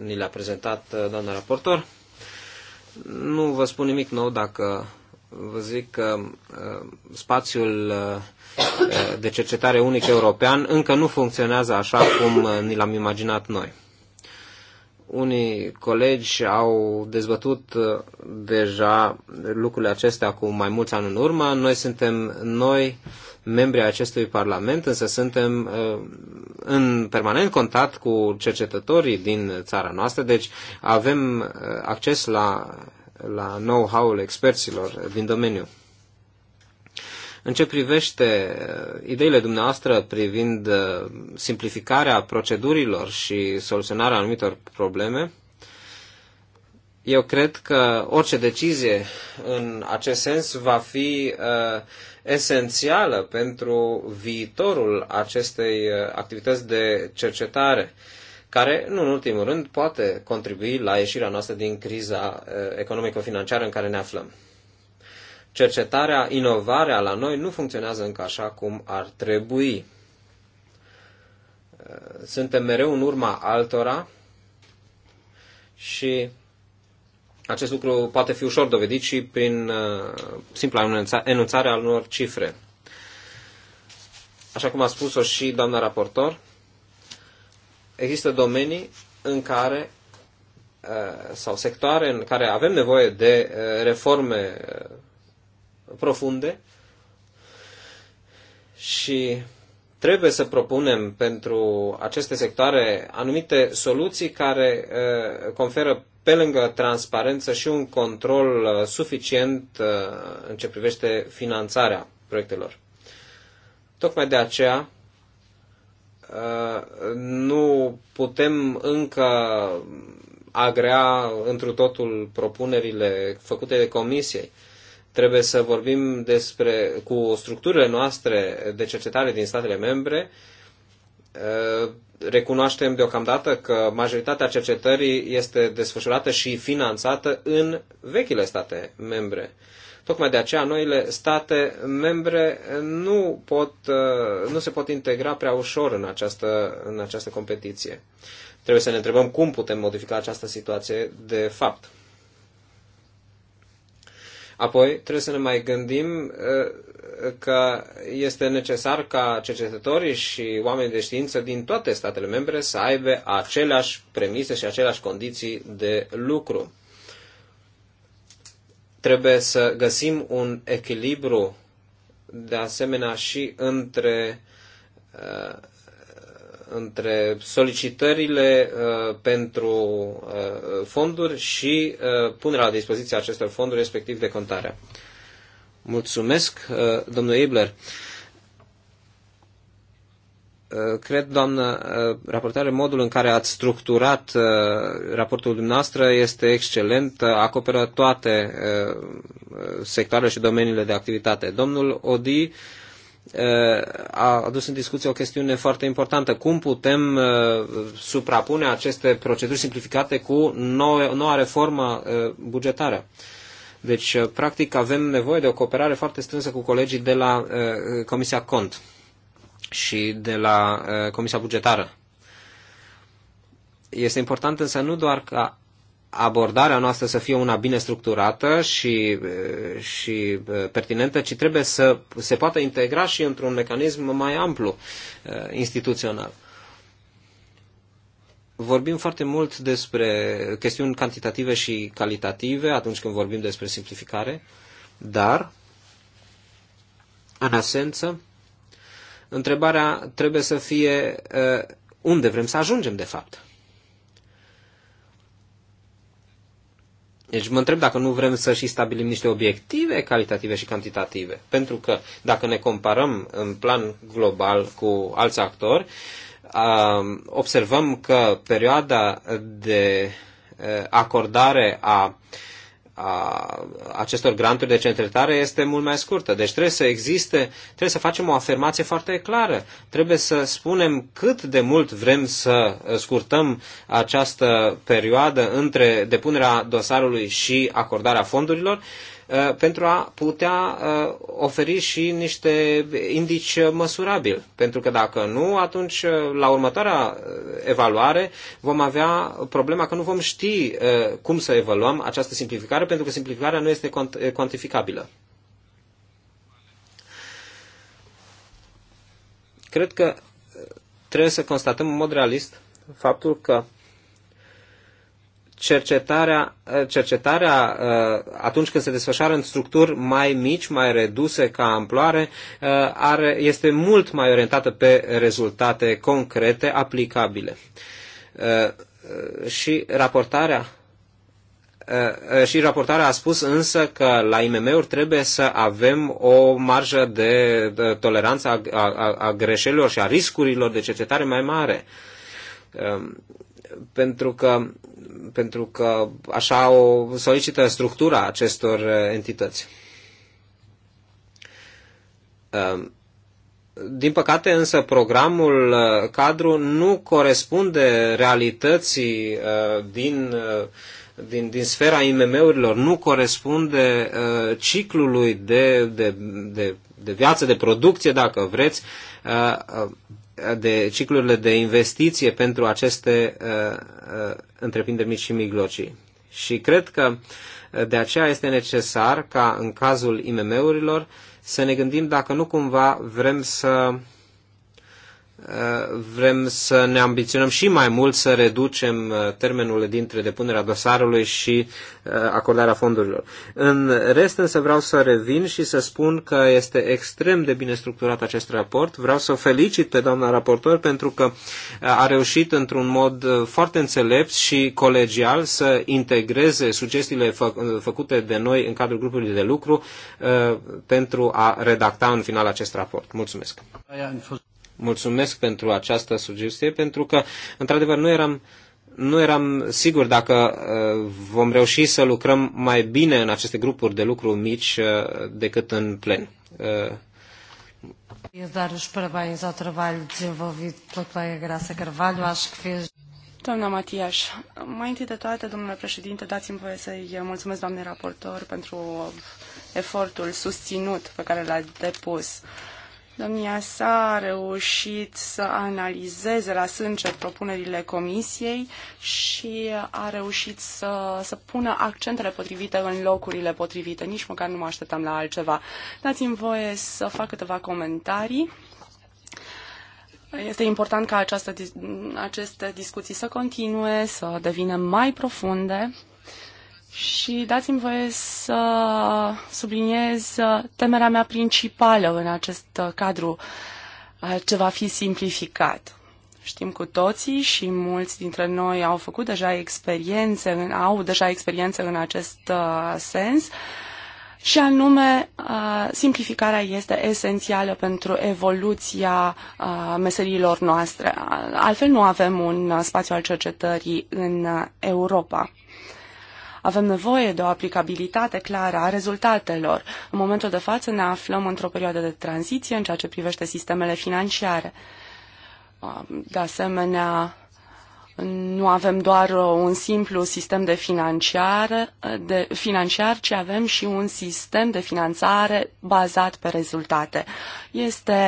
ni le-a prezentat uh, doamna raportor. Nu vă spun nimic nou dacă vă zic că uh, spațiul uh, uh, de cercetare unic european încă nu funcționează așa cum ni l-am imaginat noi. Unii colegi au dezbătut deja lucrurile acestea cu mai mulți ani în urmă. Noi suntem noi membri ai acestui Parlament, însă suntem în permanent contact cu cercetătorii din țara noastră, deci avem acces la la know-how-ul experților din domeniu. În ce privește uh, ideile dumneavoastră privind uh, simplificarea procedurilor și soluționarea anumitor probleme, eu cred că orice decizie în acest sens va fi uh, esențială pentru viitorul acestei uh, activități de cercetare. Uh, care, nu în ultimul rând, poate contribui la ieșirea noastră din criza eh, economico-financiară în care ne aflăm. Cercetarea, inovarea la noi nu funcționează încă așa cum ar trebui. Eh, suntem mereu în urma altora și acest lucru poate fi ușor dovedit și prin eh, simpla enunțare al unor cifre. Așa cum a spus-o și doamna raportor, există domenii în care uh, sau sectoare în care avem nevoie de uh, reforme uh, profunde și trebuie să propunem pentru aceste sectoare anumite soluții care conferă pe lângă transparență și un control suficient în ce privește finanțarea proiectelor. Tocmai de aceea Uh, nu putem încă agrea întru totul propunerile făcute de comisie. Trebuie să vorbim despre, cu structurile noastre de cercetare din statele membre. Uh, recunoaștem deocamdată că majoritatea cercetării este desfășurată și finanțată în vechile state membre. Tocmai de aceea noile state membre nu, pot, uh, nu se pot integra prea ușor în această, în această competiție. Trebuie să ne întrebăm cum putem modifica această situație de fapt. Apoi trebuie să ne mai gândim uh, că este necesar ca cercetătorii și oamenii de știință din toate statele membre să aibă aceleași premise și aceleași condiții de lucru. Trebuie să găsim un echilibru de asemenea și între, uh, între solicitările uh, pentru uh, fonduri și uh, punerea la dispoziție acestor fonduri, respectiv de contare. Mulțumesc, uh, domnule Ibler. Uh, Uh, cred, doamnă uh, raportare, modul în care ați structurat uh, raportul dumneavoastră este excelent, acoperă toate sectoarele și domeniile de activitate. Domnul Odi a adus în discuție o chestiune foarte importantă. Cum putem suprapune aceste proceduri simplificate cu noua, noua reformă bugetară? Deci, practic, avem nevoie de o cooperare foarte strânsă cu colegii de la Comisia Cont și de la uh, Comisia Bugetară. Este important însă nu doar ca abordarea noastră să fie una bine structurată și, uh, și uh, pertinentă, ci trebuie să se poată integra și într-un mecanism mai amplu instituțional. Vorbim foarte mult despre chestiuni cantitative și calitative atunci când vorbim despre simplificare, dar, în esență, întrebarea trebuie să fie uh, unde vrem să ajungem, de fapt. Deci mă întreb dacă nu vrem să și stabilim niște obiective calitative și cantitative. Pentru că dacă ne comparăm în plan global cu alți actori, uh, observăm că perioada de uh, acordare a a acestor granturi de centretare este mult mai scurtă. Deci trebuie să existe, trebuie să facem o afirmație foarte clară. Trebuie să spunem cât de mult vrem să scurtăm această perioadă între depunerea dosarului și acordarea fondurilor Uh, pentru a putea uh, oferi și niște indici măsurabili. Pentru că dacă nu, atunci uh, la următoarea evaluare vom avea problema că nu vom ști cum să evaluăm această simplificare, pentru că simplificarea nu este cuantificabilă. Cred că trebuie să constatăm în mod realist faptul că cercetarea, cercetarea uh, atunci când se desfășoară în structuri mai mici, mai reduse ca amploare, uh, are, este mult mai orientată pe rezultate concrete, aplicabile. Uh, și raportarea și raportarea a spus însă că la IMM-uri trebuie să avem o marjă de toleranță a, a, a greșelilor și a riscurilor de cercetare mai mare um, pentru că, pentru că așa o solicită structura acestor uh, entități. Um, din păcate însă programul uh, cadru nu corespunde realității uh, din, din, din sfera IMM-urilor, nu corespunde ciclului de, de, de, de viață, de producție, dacă vreți, de ciclurile de investiție pentru aceste uh, uh, întreprinderi mici și mijlocii. Și cred că uh, de aceea este necesar ca în cazul IMM-urilor să ne gândim dacă nu cumva vrem să vrem să ne ambiționăm și mai mult să reducem uh, termenul dintre depunerea dosarului și uh, acordarea fondurilor. În rest însă vreau să revin și să spun că este extrem de bine structurat acest raport. Vreau să felicit pe doamna raportor pentru că uh, a reușit într-un mod foarte înțelept și colegial să integreze sugestiile fă făcute de noi în cadrul grupului de lucru pentru a redacta în final acest raport. Mulțumesc! mulțumesc pentru această sugestie, pentru că, într-adevăr, nu eram, nu eram sigur dacă uh, vom reuși să lucrăm mai bine în aceste grupuri de lucru mici uh, decât în plen. Uh,
dar os parabéns ao trabalho desenvolvido pela colega Graça Carvalho. Acho
que fez. Doamna Matias, mai întâi de toate, domnule președinte, dați-mi voie să-i mulțumesc doamnei raportor pentru efortul susținut pe care l-a depus. Uh, Domnia sa a reușit să analizeze la sânge propunerile comisiei și a reușit să, să pună accentele potrivite în locurile potrivite. Nici măcar nu mă așteptam la altceva. Dați-mi voie să fac câteva comentarii. Este important ca această, aceste discuții să continue, să devină mai profunde. Și dați-mi voie să subliniez temerea mea principală în acest cadru ce va fi simplificat. Știm cu toții și mulți dintre noi au făcut deja experiențe, au deja experiențe în acest sens și anume simplificarea este esențială pentru evoluția meseriilor noastre. Altfel nu avem un spațiu al cercetării în Europa. Avem nevoie de o aplicabilitate clară a rezultatelor. În momentul de față ne aflăm într-o perioadă de tranziție în ceea ce privește sistemele financiare. De asemenea, nu avem doar uh, un simplu sistem de, financiar, uh, de financiar, ci avem și un sistem de finanțare bazat pe rezultate. Este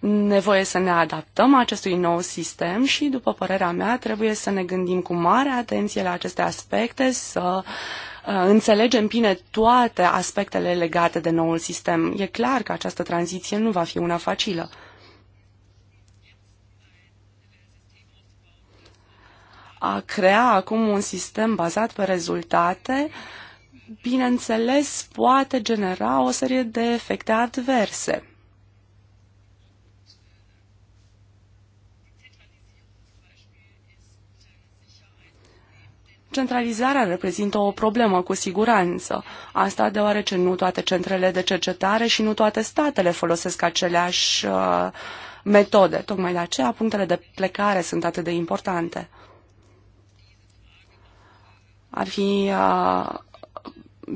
nevoie să ne adaptăm acestui nou sistem și, după părerea mea, trebuie să ne gândim cu mare atenție la aceste aspecte, să uh, înțelegem bine toate aspectele legate de noul sistem. E clar că această tranziție nu va fi una facilă. a crea acum un sistem bazat pe rezultate, bineînțeles, poate genera o serie de efecte adverse. Centralizarea reprezintă o problemă cu siguranță. Asta deoarece nu toate centrele de cercetare și nu toate statele folosesc aceleași uh, metode. Tocmai de aceea punctele de plecare sunt atât de importante. Ar fi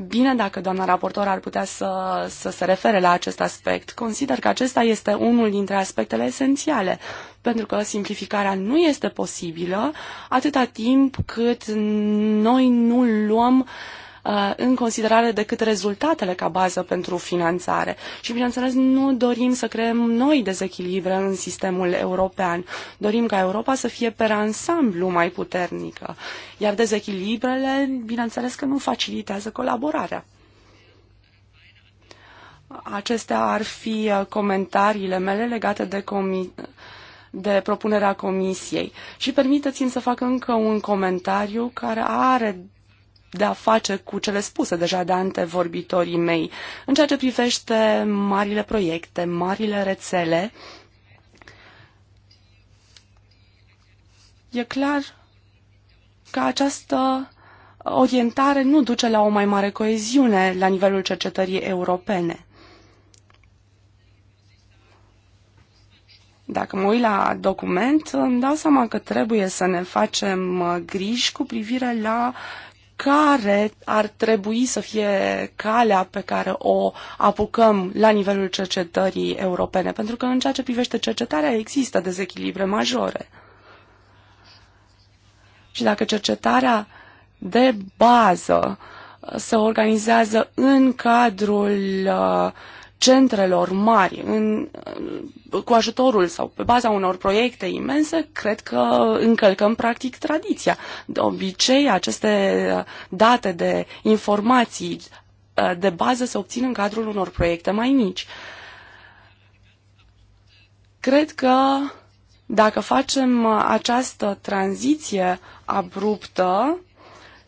bine dacă doamna raportor ar putea să, să se refere la acest aspect. Consider că acesta este unul dintre aspectele esențiale, pentru că simplificarea nu este posibilă atâta timp cât noi nu luăm uh, Uh, în considerare decât rezultatele ca bază pentru finanțare. Și, bineînțeles, nu dorim să creăm noi dezechilibre în sistemul european. Dorim ca Europa să fie pe ansamblu mai puternică. Iar dezechilibrele, bineînțeles că nu facilitează colaborarea. Acestea ar fi uh, comentariile mele legate de comi- de propunerea comisiei. Și permiteți-mi să fac încă un comentariu care are de a face cu cele spuse deja de antevorbitorii mei. În ceea ce privește marile proiecte, marile rețele, e clar că această orientare nu duce la o mai mare coeziune la nivelul cercetării europene. Dacă mă uit la document, îmi dau seama că trebuie să ne facem uh, griji cu privire la uh, care ar trebui să fie calea pe care o apucăm la nivelul cercetării europene, pentru că în ceea ce privește cercetarea există dezechilibre majore. Și dacă cercetarea de bază se organizează în cadrul uh, centrelor mari în, cu ajutorul sau pe baza unor proiecte imense, cred că încălcăm practic tradiția. De obicei, aceste date de informații de bază se obțin în cadrul unor proiecte mai mici. Cred că dacă facem această tranziție abruptă,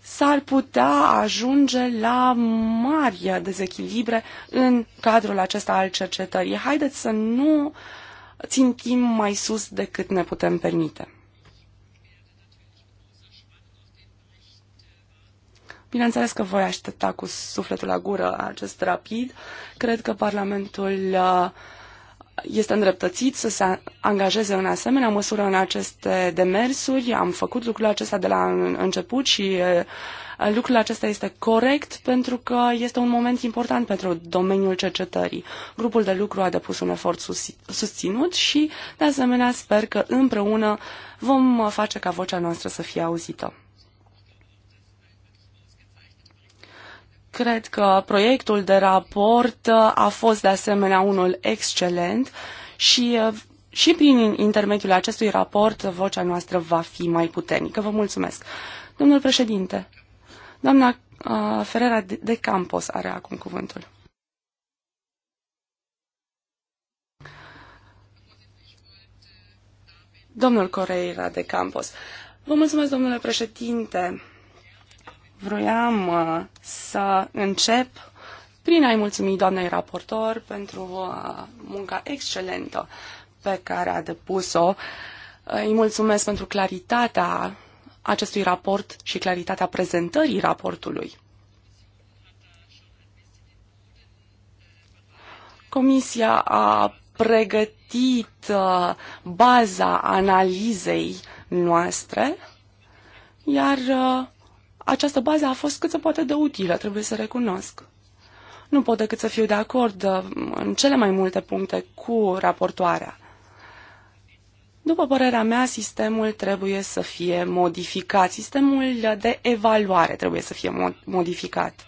s-ar putea ajunge la mari dezechilibre în cadrul acesta al cercetării. Haideți să nu țintim mai sus decât ne putem permite. Bineînțeles că voi aștepta cu sufletul la gură acest rapid. Cred că Parlamentul uh, este îndreptățit să se angajeze în asemenea măsură în aceste demersuri. Am făcut lucrul acesta de la început și lucrul acesta este corect pentru că este un moment important pentru domeniul cercetării. Grupul de lucru a depus un efort susținut și, de asemenea, sper că împreună vom face ca vocea noastră să fie auzită. Cred că proiectul de raport uh, a fost de asemenea unul excelent și uh, și prin intermediul acestui raport vocea noastră va fi mai puternică. Vă mulțumesc. Domnul președinte, doamna uh, Ferrera de Campos are acum cuvântul. Domnul Correira de Campos. Vă mulțumesc, domnule președinte. Vroiam uh, să încep prin a-i mulțumi doamnei raportor pentru uh, munca excelentă pe care a depus-o. Îi mulțumesc pentru claritatea acestui raport și claritatea prezentării raportului. Comisia a pregătit uh, baza analizei noastre, iar această bază a fost cât se poate de utilă, trebuie să recunosc. Nu pot decât să fiu de acord uh, în cele mai multe puncte cu raportoarea. După părerea mea, sistemul trebuie să fie modificat. Sistemul de evaluare trebuie să fie modificat.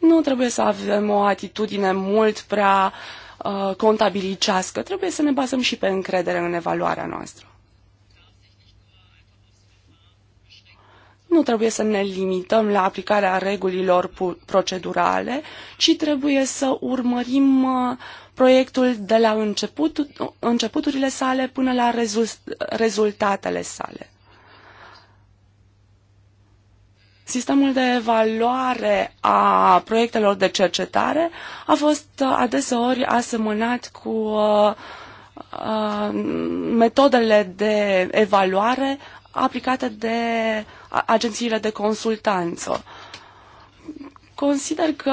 Nu trebuie să avem o atitudine mult prea uh, contabilicească. Trebuie să ne bazăm și pe încredere în evaluarea noastră. nu trebuie să ne limităm la aplicarea regulilor procedurale, ci trebuie să urmărim uh, proiectul de la început, începuturile sale până la rezultatele sale. Sistemul de evaluare a proiectelor de cercetare a fost uh, adeseori asemănat cu uh, uh, metodele de evaluare aplicate de uh, agențiile de consultanță. Consider că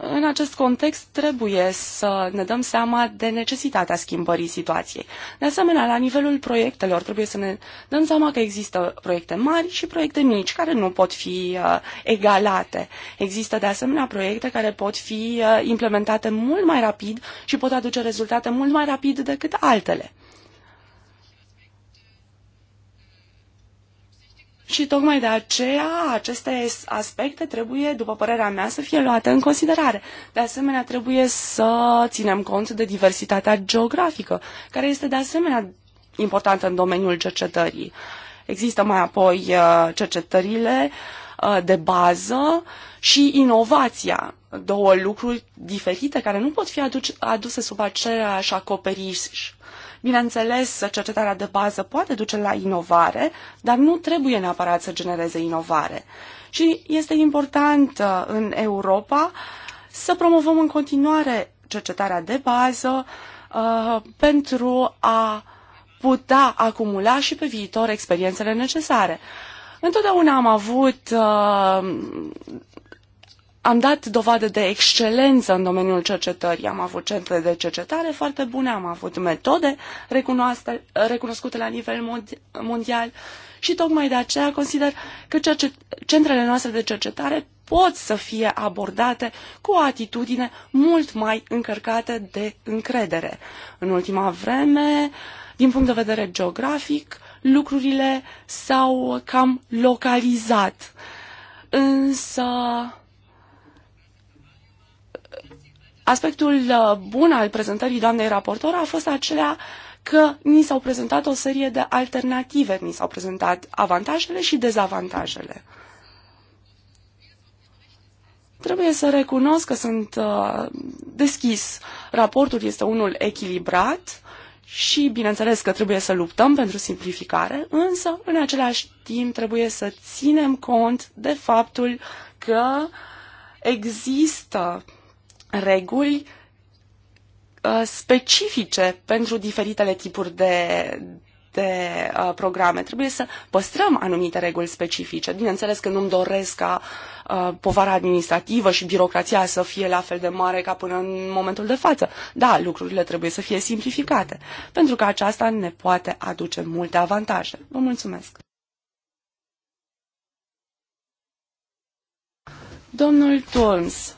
în acest context trebuie să ne dăm seama de necesitatea schimbării situației. De asemenea, la nivelul proiectelor trebuie să ne dăm seama că există proiecte mari și proiecte mici care nu pot fi uh, egalate. Există de asemenea proiecte care pot fi uh, implementate mult mai rapid și pot aduce rezultate mult mai rapid decât altele. Și tocmai de aceea aceste aspecte trebuie, după părerea mea, să fie luate în considerare. De asemenea, trebuie să ținem cont de diversitatea geografică, care este de asemenea importantă în domeniul cercetării. Există mai apoi uh, cercetările uh, de bază și inovația, două lucruri diferite care nu pot fi aduse sub același acoperiș Bineînțeles, cercetarea de bază poate duce la inovare, dar nu trebuie neapărat să genereze inovare. Și este important uh, în Europa să promovăm în continuare cercetarea de bază uh, pentru a putea acumula și pe viitor experiențele necesare. Întotdeauna am avut uh, am dat dovadă de excelență în domeniul cercetării. Am avut centre de cercetare foarte bune, am avut metode recunoscute la nivel mondial și tocmai de aceea consider că centrele noastre de cercetare pot să fie abordate cu o atitudine mult mai încărcată de încredere. În ultima vreme, din punct de vedere geografic, lucrurile s-au cam localizat. Însă, Aspectul uh, bun al prezentării doamnei raportor a fost acela că ni s-au prezentat o serie de alternative, ni s-au prezentat avantajele și dezavantajele. Trebuie să recunosc că sunt uh, deschis. Raportul este unul echilibrat și, bineînțeles, că trebuie să luptăm pentru simplificare, însă, în același timp, trebuie să ținem cont de faptul că există reguli uh, specifice pentru diferitele tipuri de, de uh, programe. Trebuie să păstrăm anumite reguli specifice. Bineînțeles că nu-mi doresc ca uh, povara administrativă și birocrația să fie la fel de mare ca până în momentul de față. Da, lucrurile trebuie să fie simplificate, pentru că aceasta ne poate aduce multe avantaje. Vă mulțumesc! Domnul Turms,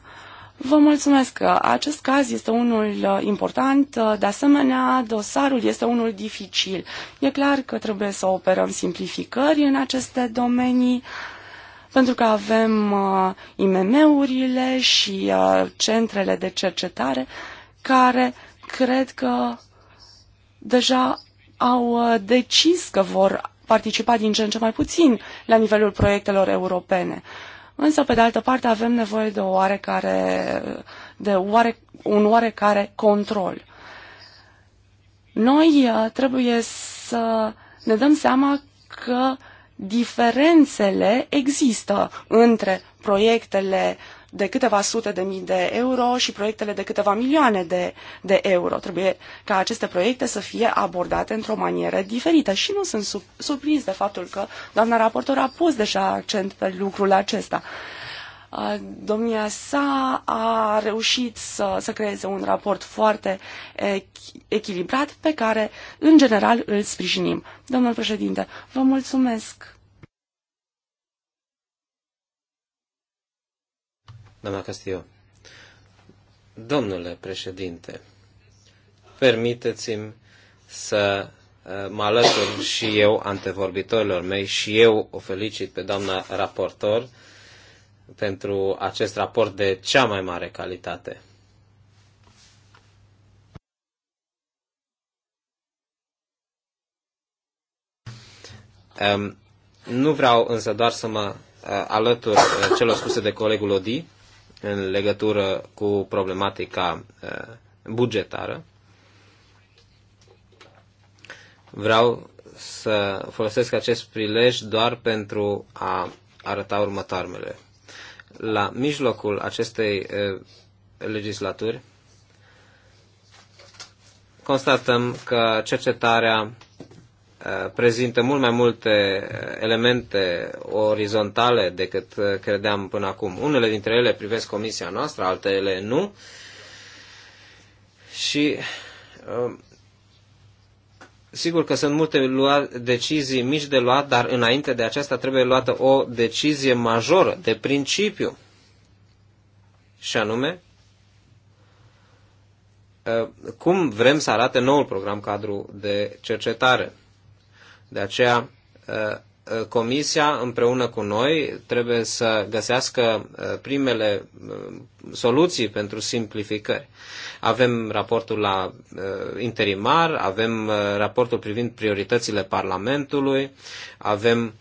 Vă mulțumesc. Acest caz este unul uh, important. Uh, de asemenea, dosarul este unul dificil. E clar că trebuie să operăm simplificări în aceste domenii pentru că avem uh, IMM-urile și uh, centrele de cercetare care cred că deja au uh, decis că vor participa din ce în ce mai puțin la nivelul proiectelor europene. Uh, Însă, pe de altă parte, avem nevoie de, o oarecare, de oare, un oarecare control. Noi uh, trebuie să ne dăm seama că diferențele există între proiectele uh, de câteva sute de mii de euro și proiectele de câteva milioane de, de euro. Trebuie ca aceste proiecte să fie abordate într-o manieră diferită și nu sunt sub, surprins de faptul că doamna raportor a pus deja accent pe lucrul acesta. Domnia sa a reușit să, să creeze un raport foarte echilibrat pe care, în general, îl sprijinim. Domnul președinte, vă mulțumesc!
Doamna Castillo. Domnule președinte, permiteți-mi să uh, mă alătur și eu antevorbitorilor mei și eu o felicit pe doamna raportor pentru acest raport de cea mai mare calitate. Um, nu vreau însă doar să mă uh, alătur uh, celor spuse de colegul Odi, în legătură cu problematica uh, bugetară. Vreau să folosesc acest prilej doar pentru a arăta următoarele. La mijlocul acestei uh, legislaturi constatăm că cercetarea Eh, prezintă mult mai multe eh, elemente orizontale decât eh, credeam până acum. Unele dintre ele privesc comisia noastră, altele nu. Și sigur că sunt multe lua, decizii mici de luat, dar înainte de aceasta trebuie luată o decizie majoră, de principiu. Și anume, cum vrem să arate noul program cadru de cercetare. De aceea, uh, uh, Comisia, împreună cu noi, trebuie să găsească uh, primele soluții pentru simplificări. Avem raportul la interimar, avem raportul privind prioritățile Parlamentului, avem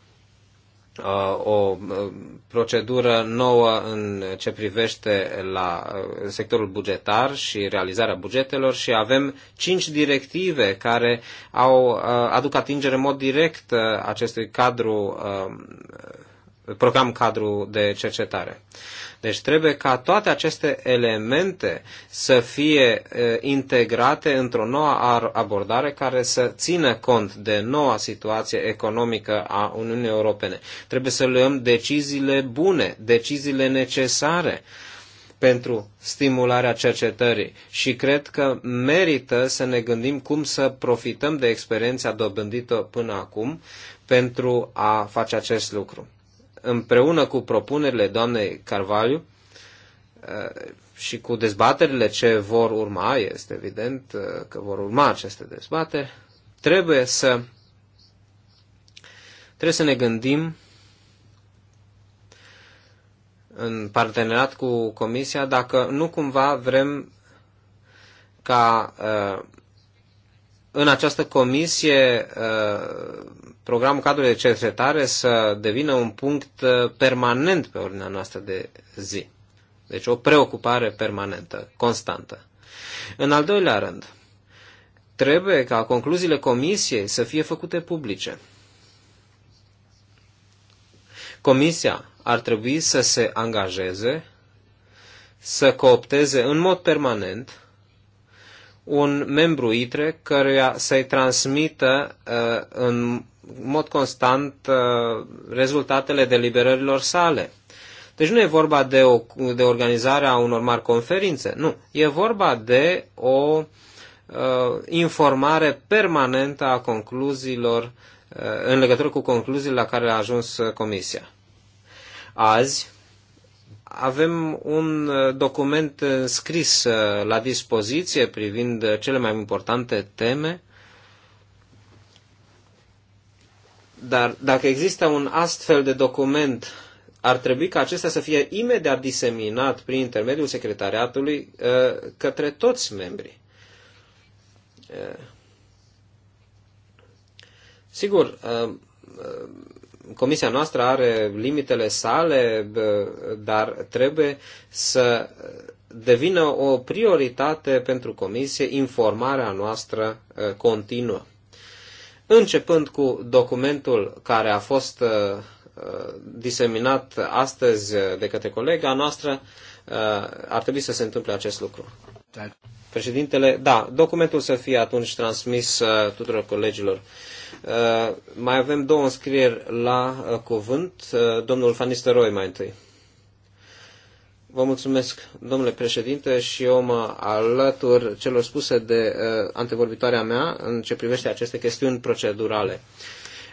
Uh, o uh, procedură nouă în ce privește la uh, sectorul bugetar și realizarea bugetelor și avem cinci directive care au, aduc atingere în mod direct acestui cadru program cadru de cercetare. Deci trebuie ca toate aceste elemente să fie integrate într-o nouă abordare care să țină cont de noua situație economică a Uniunii Europene. Trebuie să luăm deciziile bune, deciziile necesare pentru stimularea cercetării și cred că merită să ne gândim cum să profităm de experiența dobândită până acum pentru a face acest lucru împreună cu propunerile doamnei Carvaliu uh, și cu dezbaterile ce vor urma, este evident uh, că vor urma aceste dezbateri, trebuie să trebuie să ne gândim în parteneriat cu Comisia dacă nu cumva vrem ca uh, în această comisie uh, programul cadrului de cercetare să devină un punct uh, permanent pe ordinea noastră de zi. Deci o preocupare permanentă, constantă. În al doilea rând, trebuie ca concluziile comisiei să fie făcute publice. Comisia ar trebui să se angajeze, să coopteze în mod permanent un membru ITRE căruia să-i transmită uh, în mod constant uh, rezultatele deliberărilor sale. Deci nu e vorba de, o, de organizarea unor mari conferințe, nu. E vorba de o uh, informare permanentă a concluziilor uh, în legătură cu concluziile la care a ajuns uh, comisia. Azi, avem un uh, document uh, scris uh, la dispoziție privind cele mai importante teme, dar dacă există un astfel de document, ar trebui ca acesta să fie imediat diseminat prin intermediul secretariatului către toți membrii. Sigur, comisia noastră are limitele sale, dar trebuie să devină o prioritate pentru comisie informarea noastră ă, continuă. Începând cu documentul care a fost ă, ă, diseminat astăzi de către colega noastră, ar trebui să se întâmple acest lucru. Da. Președintele, da, documentul să fie atunci transmis tuturor colegilor. Uh, mai avem două înscrieri la uh, cuvânt. Uh, domnul Fanistă Roy mai întâi. Vă mulțumesc, domnule președinte, și eu mă alătur celor spuse de uh, antevorbitoarea mea în ce privește aceste chestiuni procedurale.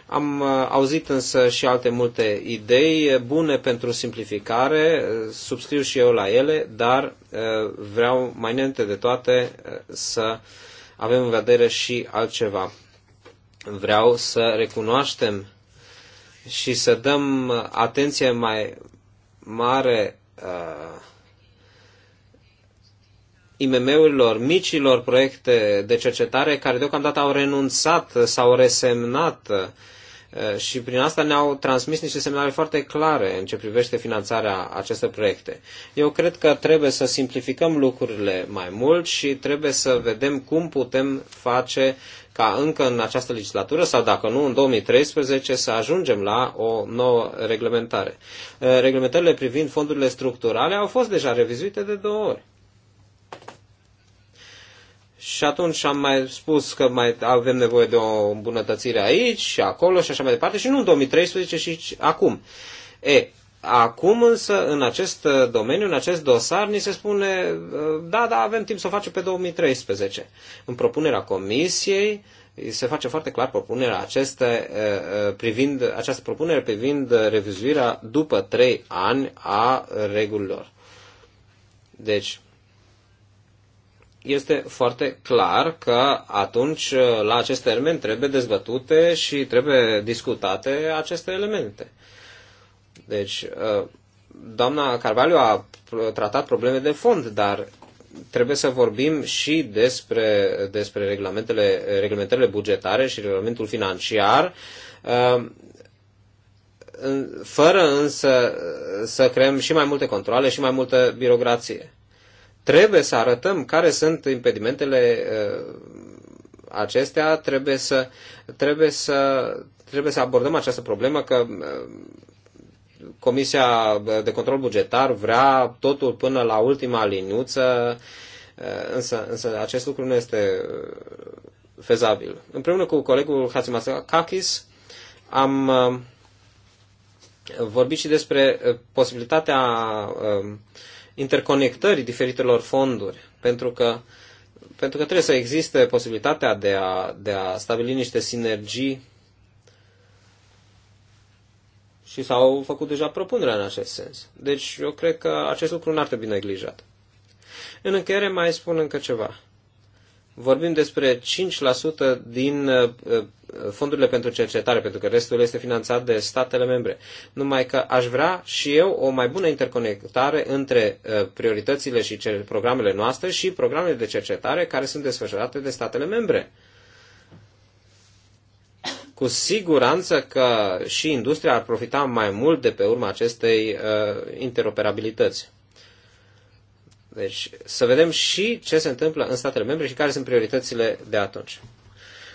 Am uh, auzit însă și alte multe idei bune pentru simplificare, subscriu și eu la ele, dar uh, vreau mai înainte de toate uh, să avem în vedere și altceva. Vreau să recunoaștem și să dăm atenție mai mare uh, IMM-urilor, micilor proiecte de cercetare care deocamdată au renunțat, s-au resemnat uh, și prin asta ne-au transmis niște semnale foarte clare în ce privește finanțarea acestor proiecte. Eu cred că trebuie să simplificăm lucrurile mai mult și trebuie să vedem cum putem face ca încă în această legislatură sau dacă nu în 2013 să ajungem la o nouă reglementare. Uh, reglementările privind fondurile structurale au fost deja revizuite de două ori. Și atunci am mai spus că mai avem nevoie de o îmbunătățire aici și acolo și așa mai departe și nu în 2013 și acum. E, Acum însă, în acest uh, domeniu, în acest dosar, ni se spune, uh, da, da, avem timp să o facem pe 2013. În propunerea comisiei se face foarte clar propunerea aceste, uh, privind, această propunere privind revizuirea după 3 ani a regulilor. Deci, este foarte clar că atunci la acest termen trebuie dezbătute și trebuie discutate aceste elemente. Deci, ă, doamna Carvalho a tratat probleme de fond, dar trebuie să vorbim și despre, despre regulamentele, reglementările bugetare și regulamentul financiar, ă, fără însă să creăm și mai multe controle și mai multă birocrație. Trebuie să arătăm care sunt impedimentele ă, acestea, trebuie să, trebuie să, trebuie să abordăm această problemă că Comisia de Control Bugetar vrea totul până la ultima liniuță, însă, însă acest lucru nu este uh, fezabil. Împreună cu colegul Kakis am uh, vorbit și despre uh, posibilitatea interconectării diferitelor fonduri, pentru că, pentru că trebuie să existe posibilitatea de a, de a stabili niște sinergii și s-au făcut deja propunerea în acest sens. Deci eu cred că acest lucru n-ar trebui neglijat. În încheiere mai spun încă ceva. Vorbim despre 5% din uh, uh, fondurile pentru cercetare, pentru că restul este finanțat de statele membre. Numai că aș vrea și eu o mai bună interconectare între uh, prioritățile și programele noastre și programele de cercetare care sunt desfășurate de statele membre. Cu siguranță că și industria ar profita mai mult de pe urma acestei uh, interoperabilități. Deci să vedem și ce se întâmplă în statele membre și care sunt prioritățile de atunci.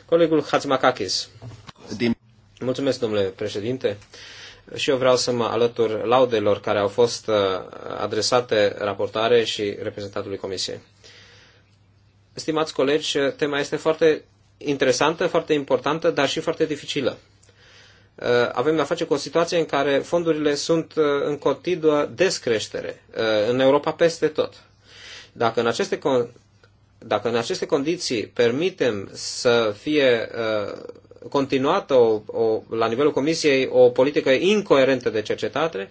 Colegul Hatzmakakis. Din... Mulțumesc, domnule președinte. Și eu vreau să mă alătur laudelor care au fost uh, adresate raportare și reprezentatului Comisiei. Stimați colegi, tema este foarte interesantă, foarte importantă, dar și foarte dificilă. Uh, avem de-a face cu o situație în care fondurile sunt uh, în continuă descreștere, uh, în Europa peste tot. Dacă în aceste, dacă în aceste condiții permitem să fie continuată o, o, la nivelul Comisiei o politică incoerentă de cercetare,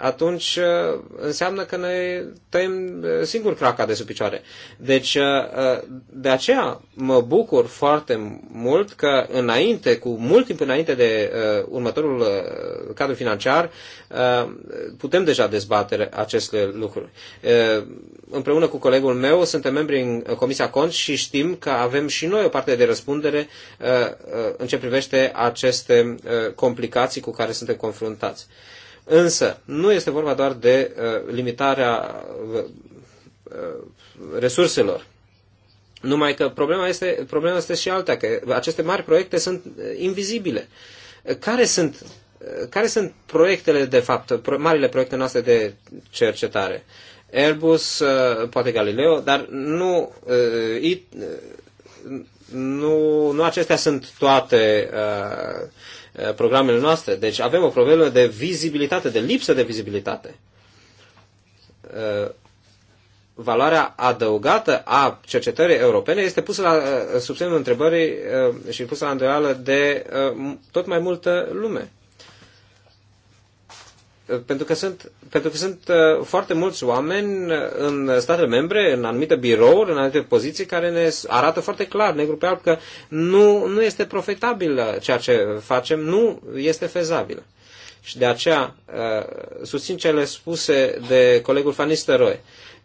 atunci uh, înseamnă că ne tăiem uh, singur craca de sub picioare. Deci, uh, de aceea mă bucur foarte mult că înainte, cu mult timp înainte de următorul cadru financiar, putem deja dezbate aceste lucruri. Împreună cu colegul meu suntem membri în Comisia Cont și știm că avem și noi o parte de răspundere în ce privește aceste complicații cu care suntem confruntați. Însă, nu este vorba doar de uh, limitarea uh, uh, resurselor. Numai că problema este, problema este și alta, că aceste mari proiecte sunt uh, invizibile. Care sunt, uh, care sunt proiectele, de fapt, pro, marile proiecte noastre de cercetare? Airbus, poate Galileo, dar nu, it, nu, nu acestea sunt toate uh, Eh, programele noastre. Deci avem o problemă de vizibilitate, de lipsă de vizibilitate. Eh, valoarea adăugată a cercetării europene este pusă la eh, sub semnul întrebării și pusă la îndoială de tot mai multă lume pentru că sunt, pentru că sunt uh, foarte mulți oameni uh, în statele membre, în anumite birouri, în anumite poziții, care ne arată foarte clar, negru pe alb, că nu, nu este profitabil uh, ceea ce facem, nu este fezabil. Și de aceea susțin cele spuse de colegul Fanister Roy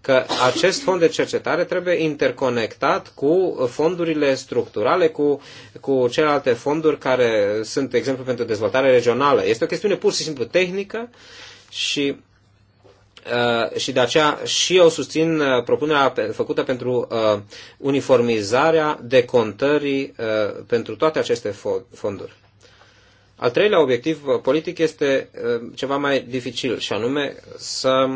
că acest fond de cercetare trebuie interconectat cu fondurile structurale, cu, cu celelalte fonduri care sunt, de exemplu, pentru dezvoltare regională. Este o chestiune pur și simplu tehnică și, uh, și de aceea și eu susțin uh, propunerea făcută pentru uh, uniformizarea decontării uh, pentru toate aceste fonduri. Al treilea obiectiv politic este uh, ceva mai dificil și anume să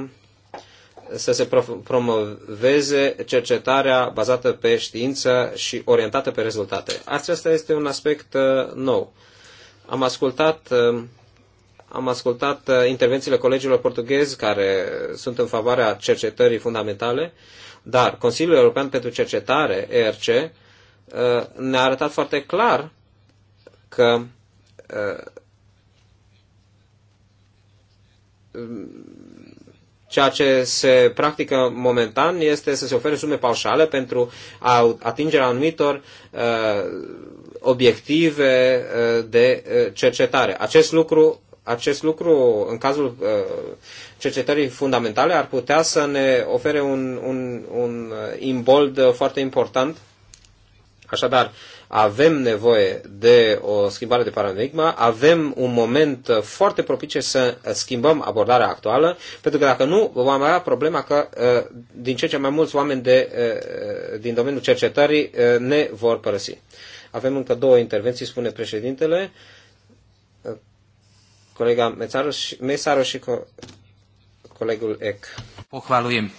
să se promoveze cercetarea bazată pe știință și orientată pe rezultate. Acesta este un aspect uh, nou. Am ascultat, uh, am ascultat uh, intervențiile colegilor portughezi care sunt în favoarea cercetării fundamentale, dar Consiliul European pentru Cercetare, ERC, ne-a arătat foarte clar că Ceea ce se practică momentan este să se ofere sume paușale pentru a atinge anumitor uh, obiective uh, de uh, cercetare. Acest lucru, acest lucru, în cazul uh, cercetării fundamentale, ar putea să ne ofere un, un, un uh, imbold uh, foarte important. Așadar, uh, avem nevoie de o schimbare de paradigma, avem un moment foarte propice să schimbăm abordarea actuală, pentru că dacă nu, vom avea problema că uh, din ce ce mai mulți oameni de, uh, uh, din domeniul cercetării ne vor părăsi. Avem încă două intervenții, spune președintele, colega Mesaro și, co colegul Ec. Pohvaluim.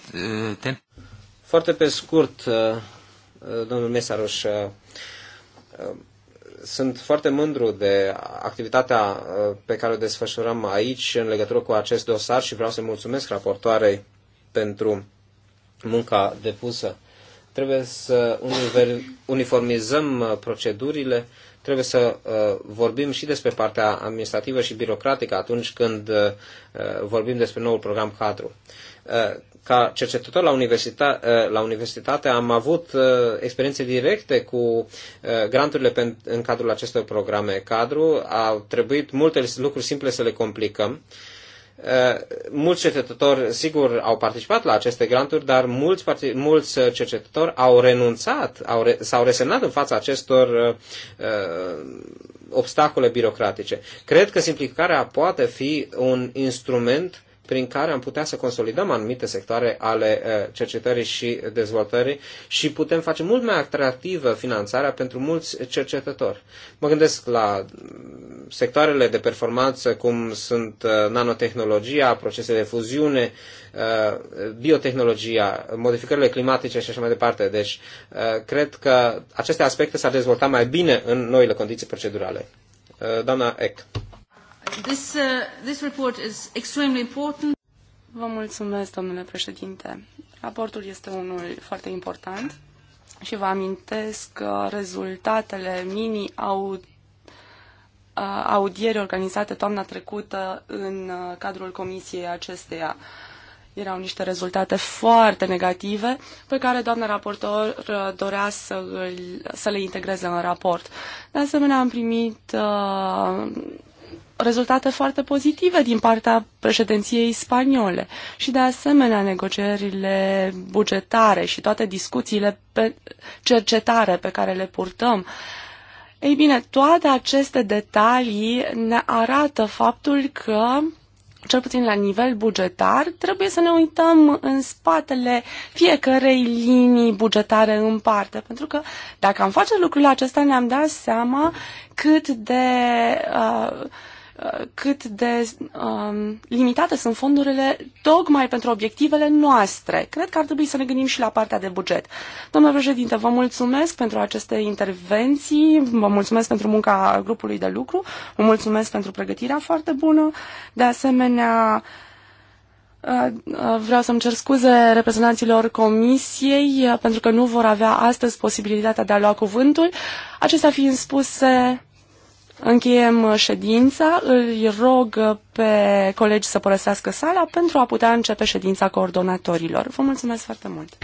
Foarte pe scurt, domnul Mesaroș, Um, sunt foarte mândru de activitatea uh, pe care o desfășurăm aici în legătură cu acest dosar și vreau să mulțumesc raportoarei pentru munca depusă. Trebuie să uniformizăm uh, procedurile, trebuie să uh, vorbim și despre partea administrativă și birocratică atunci când vorbim despre noul program cadru ca cercetător la, universita, eh, la universitate am avut eh, experiențe directe cu eh, granturile în cadrul acestor programe cadru. Au trebuit multe lucruri simple să le complicăm. Mulți cercetători, sigur, au participat la aceste granturi, dar mulți, mulți cercetători au renunțat, au re, s-au resemnat în fața acestor uh, obstacole birocratice. Cred că simplificarea poate fi un instrument uh, prin care am putea să consolidăm anumite sectoare ale uh, cercetării și dezvoltării și putem face mult mai atractivă finanțarea pentru mulți cercetători. Mă gândesc la mm, sectoarele de performanță cum sunt uh, nanotehnologia, procesele de fuziune, uh, biotehnologia, modificările climatice și așa mai departe. Deci, cred că aceste aspecte s-ar dezvolta mai bine în noile condiții procedurale. Doamna Eck.
This, uh, this report is
extremely important. Vă mulțumesc, domnule președinte. Raportul este unul foarte important și vă amintesc că rezultatele mini au uh, audieri organizate toamna trecută în uh, cadrul comisiei acesteia. Erau niște rezultate foarte negative pe care doamna raportor uh, dorea să, îl, să le integreze în raport. De asemenea, am primit uh, rezultate foarte pozitive din partea președinției spaniole și de asemenea negocierile bugetare și toate discuțiile pe cercetare pe care le purtăm. Ei bine, toate aceste detalii ne arată faptul că cel puțin la nivel bugetar, trebuie să ne uităm în spatele fiecărei linii bugetare în parte, pentru că dacă am face lucrul acesta ne-am dat seama cât de uh, Uh, cât de um, limitate sunt fondurile tocmai pentru obiectivele noastre. Cred că ar trebui să ne gândim și la partea de buget. Domnule președinte, vă mulțumesc pentru aceste intervenții, vă mulțumesc pentru munca grupului de lucru, vă mulțumesc pentru pregătirea foarte bună. De asemenea, uh, uh, Vreau să-mi cer scuze reprezentanților comisiei pentru că nu vor avea astăzi posibilitatea de a lua cuvântul. Acestea fiind spuse, Încheiem uh, ședința, îl rog uh, pe colegi să părăsească sala pentru a putea începe ședința coordonatorilor. Vă mulțumesc foarte mult!